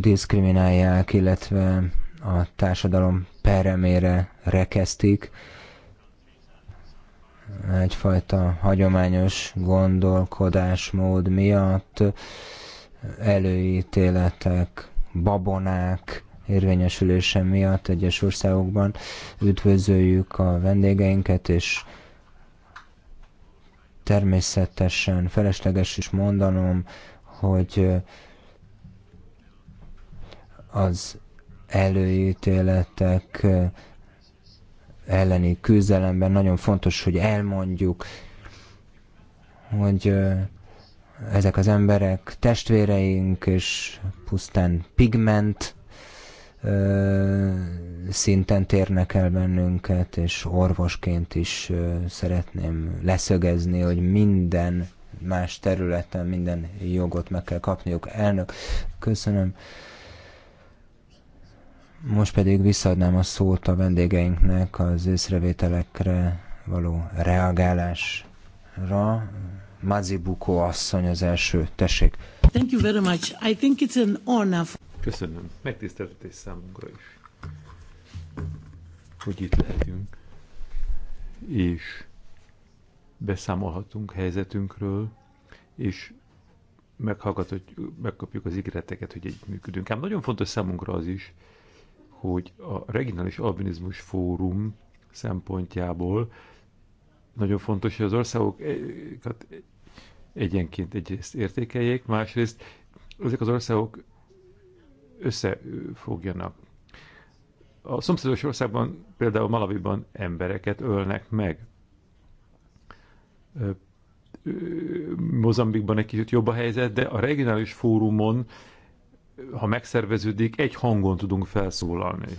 diszkriminálják, illetve a társadalom peremére rekesztik. Egyfajta hagyományos gondolkodásmód miatt előítéletek, babonák érvényesülése miatt egyes országokban üdvözöljük a vendégeinket, és természetesen felesleges is mondanom, hogy az előítéletek elleni küzdelemben nagyon fontos, hogy elmondjuk, hogy ezek az emberek testvéreink, és pusztán pigment szinten térnek el bennünket, és orvosként is szeretném leszögezni, hogy minden más területen, minden jogot meg kell kapniuk. Elnök, köszönöm. Most pedig visszaadnám a szót a vendégeinknek az észrevételekre való reagálásra. Mazi Mazibuko asszony az első. Tessék. Thank you very much. I think it's an honor. Köszönöm. Megtiszteltetés számunkra is, hogy itt lehetünk, és beszámolhatunk helyzetünkről, és meghallgatjuk, megkapjuk az ígéreteket, hogy együtt működünk. Ám nagyon fontos számunkra az is, hogy a Regionális Albinizmus Fórum szempontjából nagyon fontos, hogy az országokat eh, egyenként egyrészt értékeljék, másrészt ezek az országok összefogjanak. A szomszédos országban, például Malaviban embereket ölnek meg. Eh, Mozambikban egy kicsit jobb a helyzet, de a regionális fórumon ha megszerveződik, egy hangon tudunk felszólalni.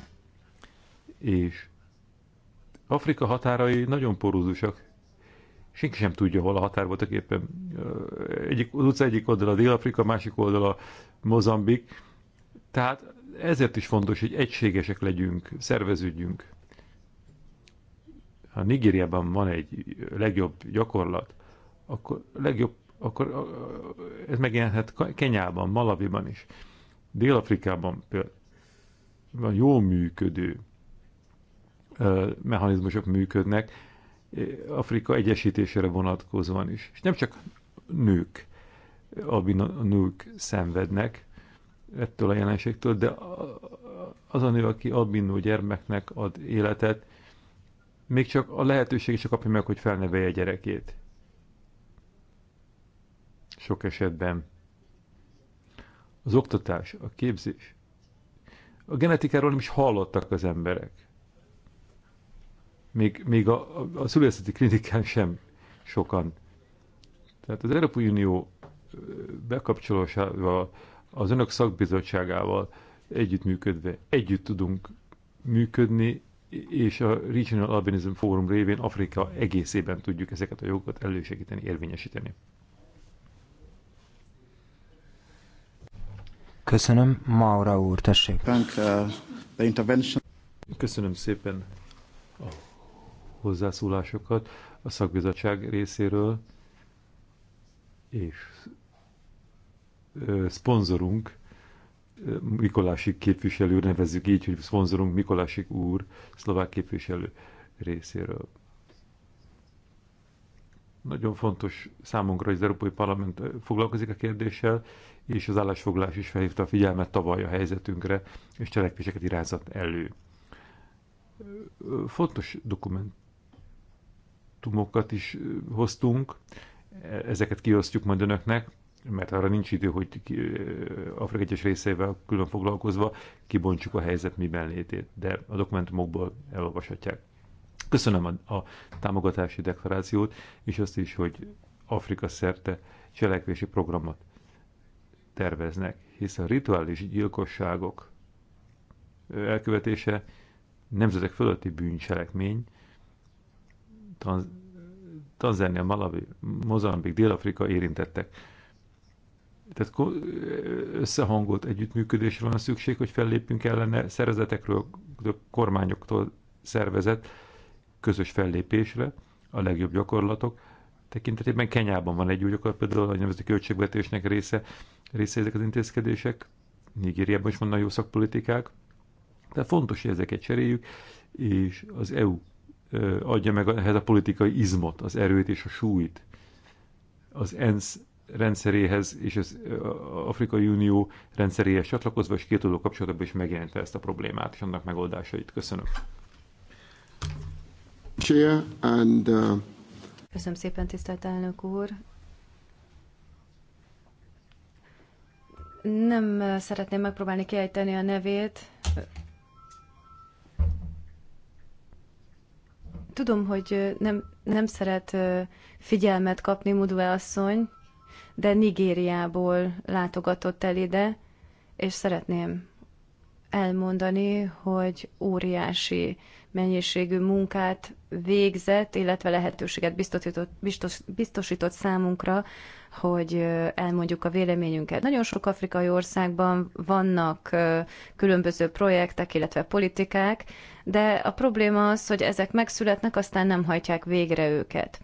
És Afrika határai nagyon porúzusak. Senki sem tudja, hol a határ voltak éppen. Egyik, az utca egyik oldala Dél-Afrika, másik oldala Mozambik. Tehát ezért is fontos, hogy egységesek legyünk, szerveződjünk. Ha Nigériában van egy legjobb gyakorlat, akkor legjobb, akkor ez megjelenhet Kenyában, Malaviban is. Dél-Afrikában például jó működő mechanizmusok működnek, Afrika egyesítésére vonatkozóan is. És nem csak nők, a nők szenvednek ettől a jelenségtől, de az a nő, aki albinó gyermeknek ad életet, még csak a lehetőség is kapja meg, hogy felnevelje a gyerekét. Sok esetben az oktatás, a képzés. A genetikáról nem is hallottak az emberek. Még, még a, a, a szülészeti klinikán sem sokan. Tehát az Európai Unió bekapcsolásával, az önök szakbizottságával együttműködve együtt tudunk működni, és a Regional Albinism Forum révén Afrika egészében tudjuk ezeket a jogokat elősegíteni, érvényesíteni. Köszönöm. Maura úr, tessék. Uh, Köszönöm szépen a hozzászólásokat a szakbizottság részéről, és szponzorunk, Mikolásik képviselő, nevezzük így, hogy szponzorunk Mikolásik úr, szlovák képviselő részéről nagyon fontos számunkra, hogy az Európai Parlament foglalkozik a kérdéssel, és az állásfoglalás is felhívta a figyelmet tavaly a helyzetünkre, és cselekvéseket irányzat elő. Fontos dokumentumokat is hoztunk, ezeket kiosztjuk majd önöknek, mert arra nincs idő, hogy Afrika egyes részeivel külön foglalkozva kibontsuk a helyzet miben létét, de a dokumentumokból elolvashatják. Köszönöm a, a támogatási deklarációt, és azt is, hogy Afrika szerte cselekvési programot terveznek, hiszen a rituális gyilkosságok elkövetése nemzetek fölötti bűncselekmény. Tanzania, Malawi, Mozambik, Dél-Afrika érintettek. Tehát összehangolt együttműködésre van szükség, hogy fellépjünk ellene szervezetekről, kormányoktól szervezet, közös fellépésre a legjobb gyakorlatok tekintetében. Kenyában van egy új gyakorlat, például a nemzeti költségvetésnek része, része ezek az intézkedések, Nigériában is vannak jó szakpolitikák, de fontos, hogy ezeket cseréljük, és az EU adja meg ehhez hát a politikai izmot, az erőt és a súlyt. Az ENSZ rendszeréhez és az Afrikai Unió rendszeréhez csatlakozva és két oldalú kapcsolatban is megjelente ezt a problémát és annak megoldásait. Köszönöm. Chair and, uh... Köszönöm szépen, tisztelt elnök úr. Nem uh, szeretném megpróbálni kiejteni a nevét. Tudom, hogy uh, nem, nem szeret uh, figyelmet kapni Mudue asszony, de Nigériából látogatott el ide, és szeretném elmondani, hogy óriási mennyiségű munkát végzett, illetve lehetőséget biztosított, biztos, biztosított számunkra, hogy elmondjuk a véleményünket. Nagyon sok afrikai országban vannak különböző projektek, illetve politikák, de a probléma az, hogy ezek megszületnek, aztán nem hajtják végre őket.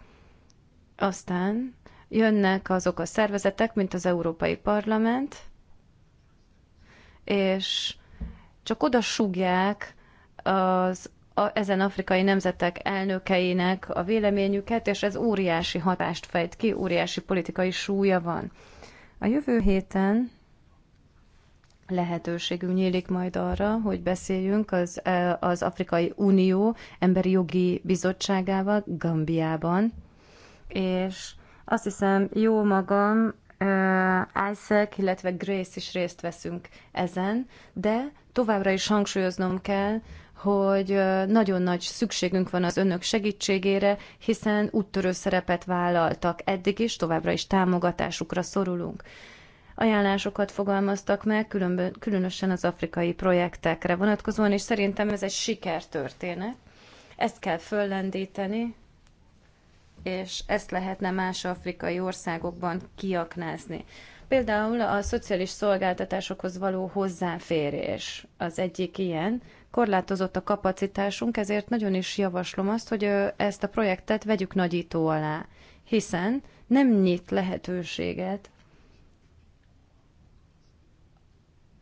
Aztán jönnek azok a szervezetek, mint az Európai Parlament, és csak oda sugják az a, ezen afrikai nemzetek elnökeinek a véleményüket, és ez óriási hatást fejt ki, óriási politikai súlya van. A jövő héten lehetőségünk nyílik majd arra, hogy beszéljünk az, e, az Afrikai Unió Emberi Jogi Bizottságával Gambiában, és azt hiszem jó magam Isaac, illetve Grace is részt veszünk ezen, de továbbra is hangsúlyoznom kell, hogy nagyon nagy szükségünk van az önök segítségére, hiszen úttörő szerepet vállaltak eddig is, továbbra is támogatásukra szorulunk. Ajánlásokat fogalmaztak meg, különösen az afrikai projektekre vonatkozóan, és szerintem ez egy sikertörténet. Ezt kell föllendíteni, és ezt lehetne más afrikai országokban kiaknázni. Például a szociális szolgáltatásokhoz való hozzáférés az egyik ilyen. Korlátozott a kapacitásunk, ezért nagyon is javaslom azt, hogy ezt a projektet vegyük nagyító alá, hiszen nem nyit lehetőséget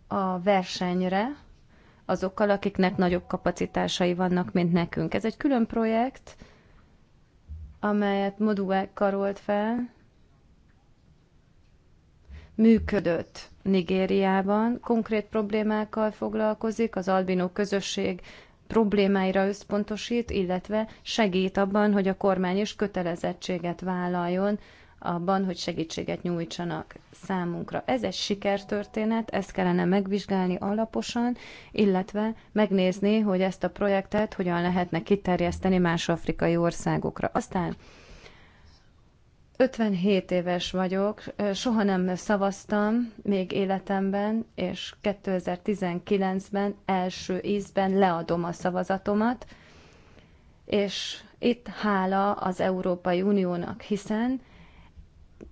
a versenyre azokkal, akiknek nagyobb kapacitásai vannak, mint nekünk. Ez egy külön projekt, amelyet Modue karolt fel, működött Nigériában, konkrét problémákkal foglalkozik, az albinó közösség problémáira összpontosít, illetve segít abban, hogy a kormány is kötelezettséget vállaljon abban, hogy segítséget nyújtsanak számunkra. Ez egy sikertörténet, ezt kellene megvizsgálni alaposan, illetve megnézni, hogy ezt a projektet hogyan lehetne kiterjeszteni más afrikai országokra. Aztán 57 éves vagyok, soha nem szavaztam még életemben, és 2019-ben első ízben leadom a szavazatomat, és itt hála az Európai Uniónak, hiszen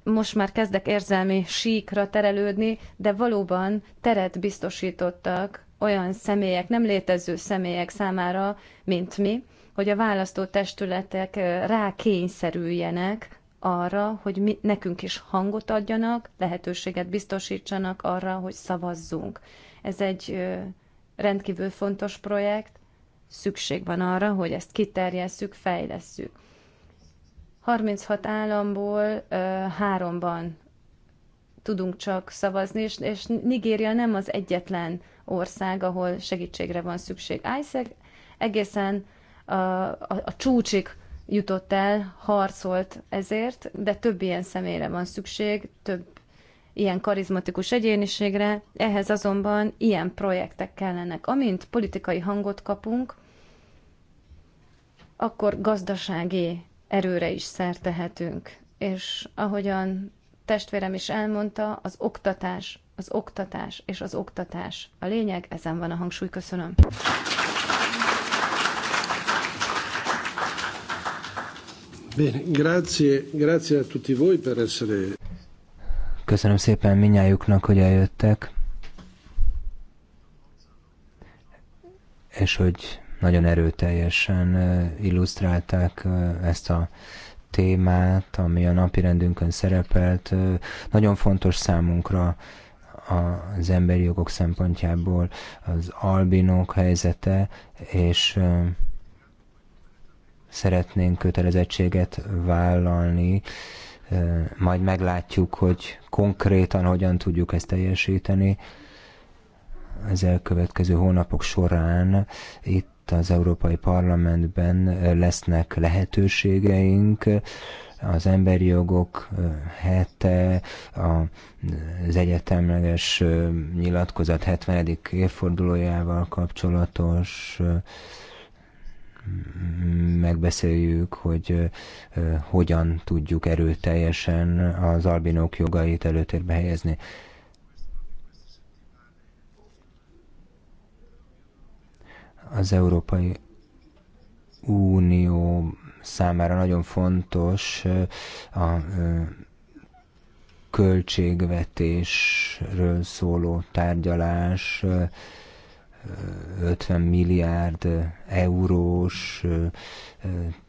most már kezdek érzelmi síkra terelődni, de valóban teret biztosítottak olyan személyek, nem létező személyek számára, mint mi, hogy a választó testületek rákényszerüljenek arra, hogy mi, nekünk is hangot adjanak, lehetőséget biztosítsanak arra, hogy szavazzunk. Ez egy rendkívül fontos projekt, szükség van arra, hogy ezt kiterjesszük, fejlesszük. 36 államból háromban tudunk csak szavazni, és, és Nigéria nem az egyetlen ország, ahol segítségre van szükség. ISEG egészen a, a, a csúcsig jutott el, harcolt ezért, de több ilyen személyre van szükség, több ilyen karizmatikus egyéniségre, ehhez azonban ilyen projektek kellenek. Amint politikai hangot kapunk, akkor gazdasági erőre is szert tehetünk. És ahogyan testvérem is elmondta, az oktatás, az oktatás és az oktatás. A lényeg, ezen van a hangsúly. Köszönöm. Köszönöm szépen minnyájuknak, hogy eljöttek. És hogy nagyon erőteljesen illusztrálták ezt a témát, ami a napi rendünkön szerepelt. Nagyon fontos számunkra az emberi jogok szempontjából az albinók helyzete, és szeretnénk kötelezettséget vállalni, majd meglátjuk, hogy konkrétan hogyan tudjuk ezt teljesíteni az elkövetkező hónapok során itt itt az Európai Parlamentben lesznek lehetőségeink, az emberi jogok hete, az egyetemleges nyilatkozat 70. évfordulójával kapcsolatos megbeszéljük, hogy hogyan tudjuk erőteljesen az albinók jogait előtérbe helyezni. az Európai Unió számára nagyon fontos a költségvetésről szóló tárgyalás 50 milliárd eurós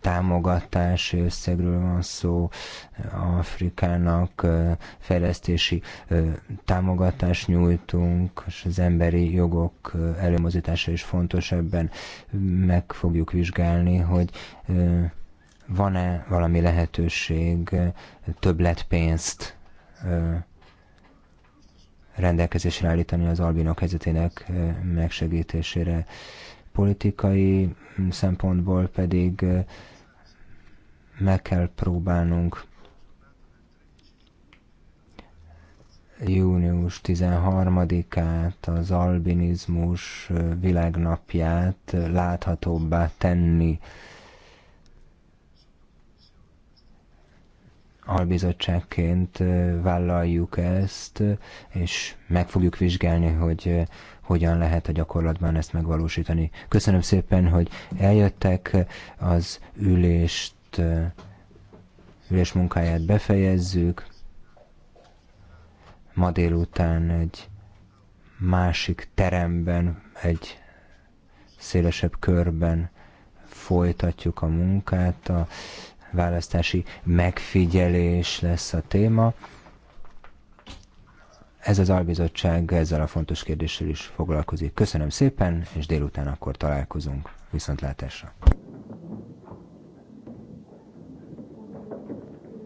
támogatási összegről van szó, Afrikának fejlesztési támogatást nyújtunk, és az emberi jogok előmozítása is fontos ebben. Meg fogjuk vizsgálni, hogy van-e valami lehetőség többletpénzt pénzt rendelkezésre állítani az albinok helyzetének megsegítésére. Politikai mm, szempontból pedig meg kell próbálnunk június 13-át, az albinizmus világnapját láthatóbbá tenni albizottságként vállaljuk ezt, és meg fogjuk vizsgálni, hogy hogyan lehet a gyakorlatban ezt megvalósítani. Köszönöm szépen, hogy eljöttek az ülést, ülés munkáját befejezzük. Ma délután egy másik teremben, egy szélesebb körben folytatjuk a munkát. A választási megfigyelés lesz a téma. Ez az albizottság ezzel a fontos kérdéssel is foglalkozik. Köszönöm szépen, és délután akkor találkozunk. Viszontlátásra!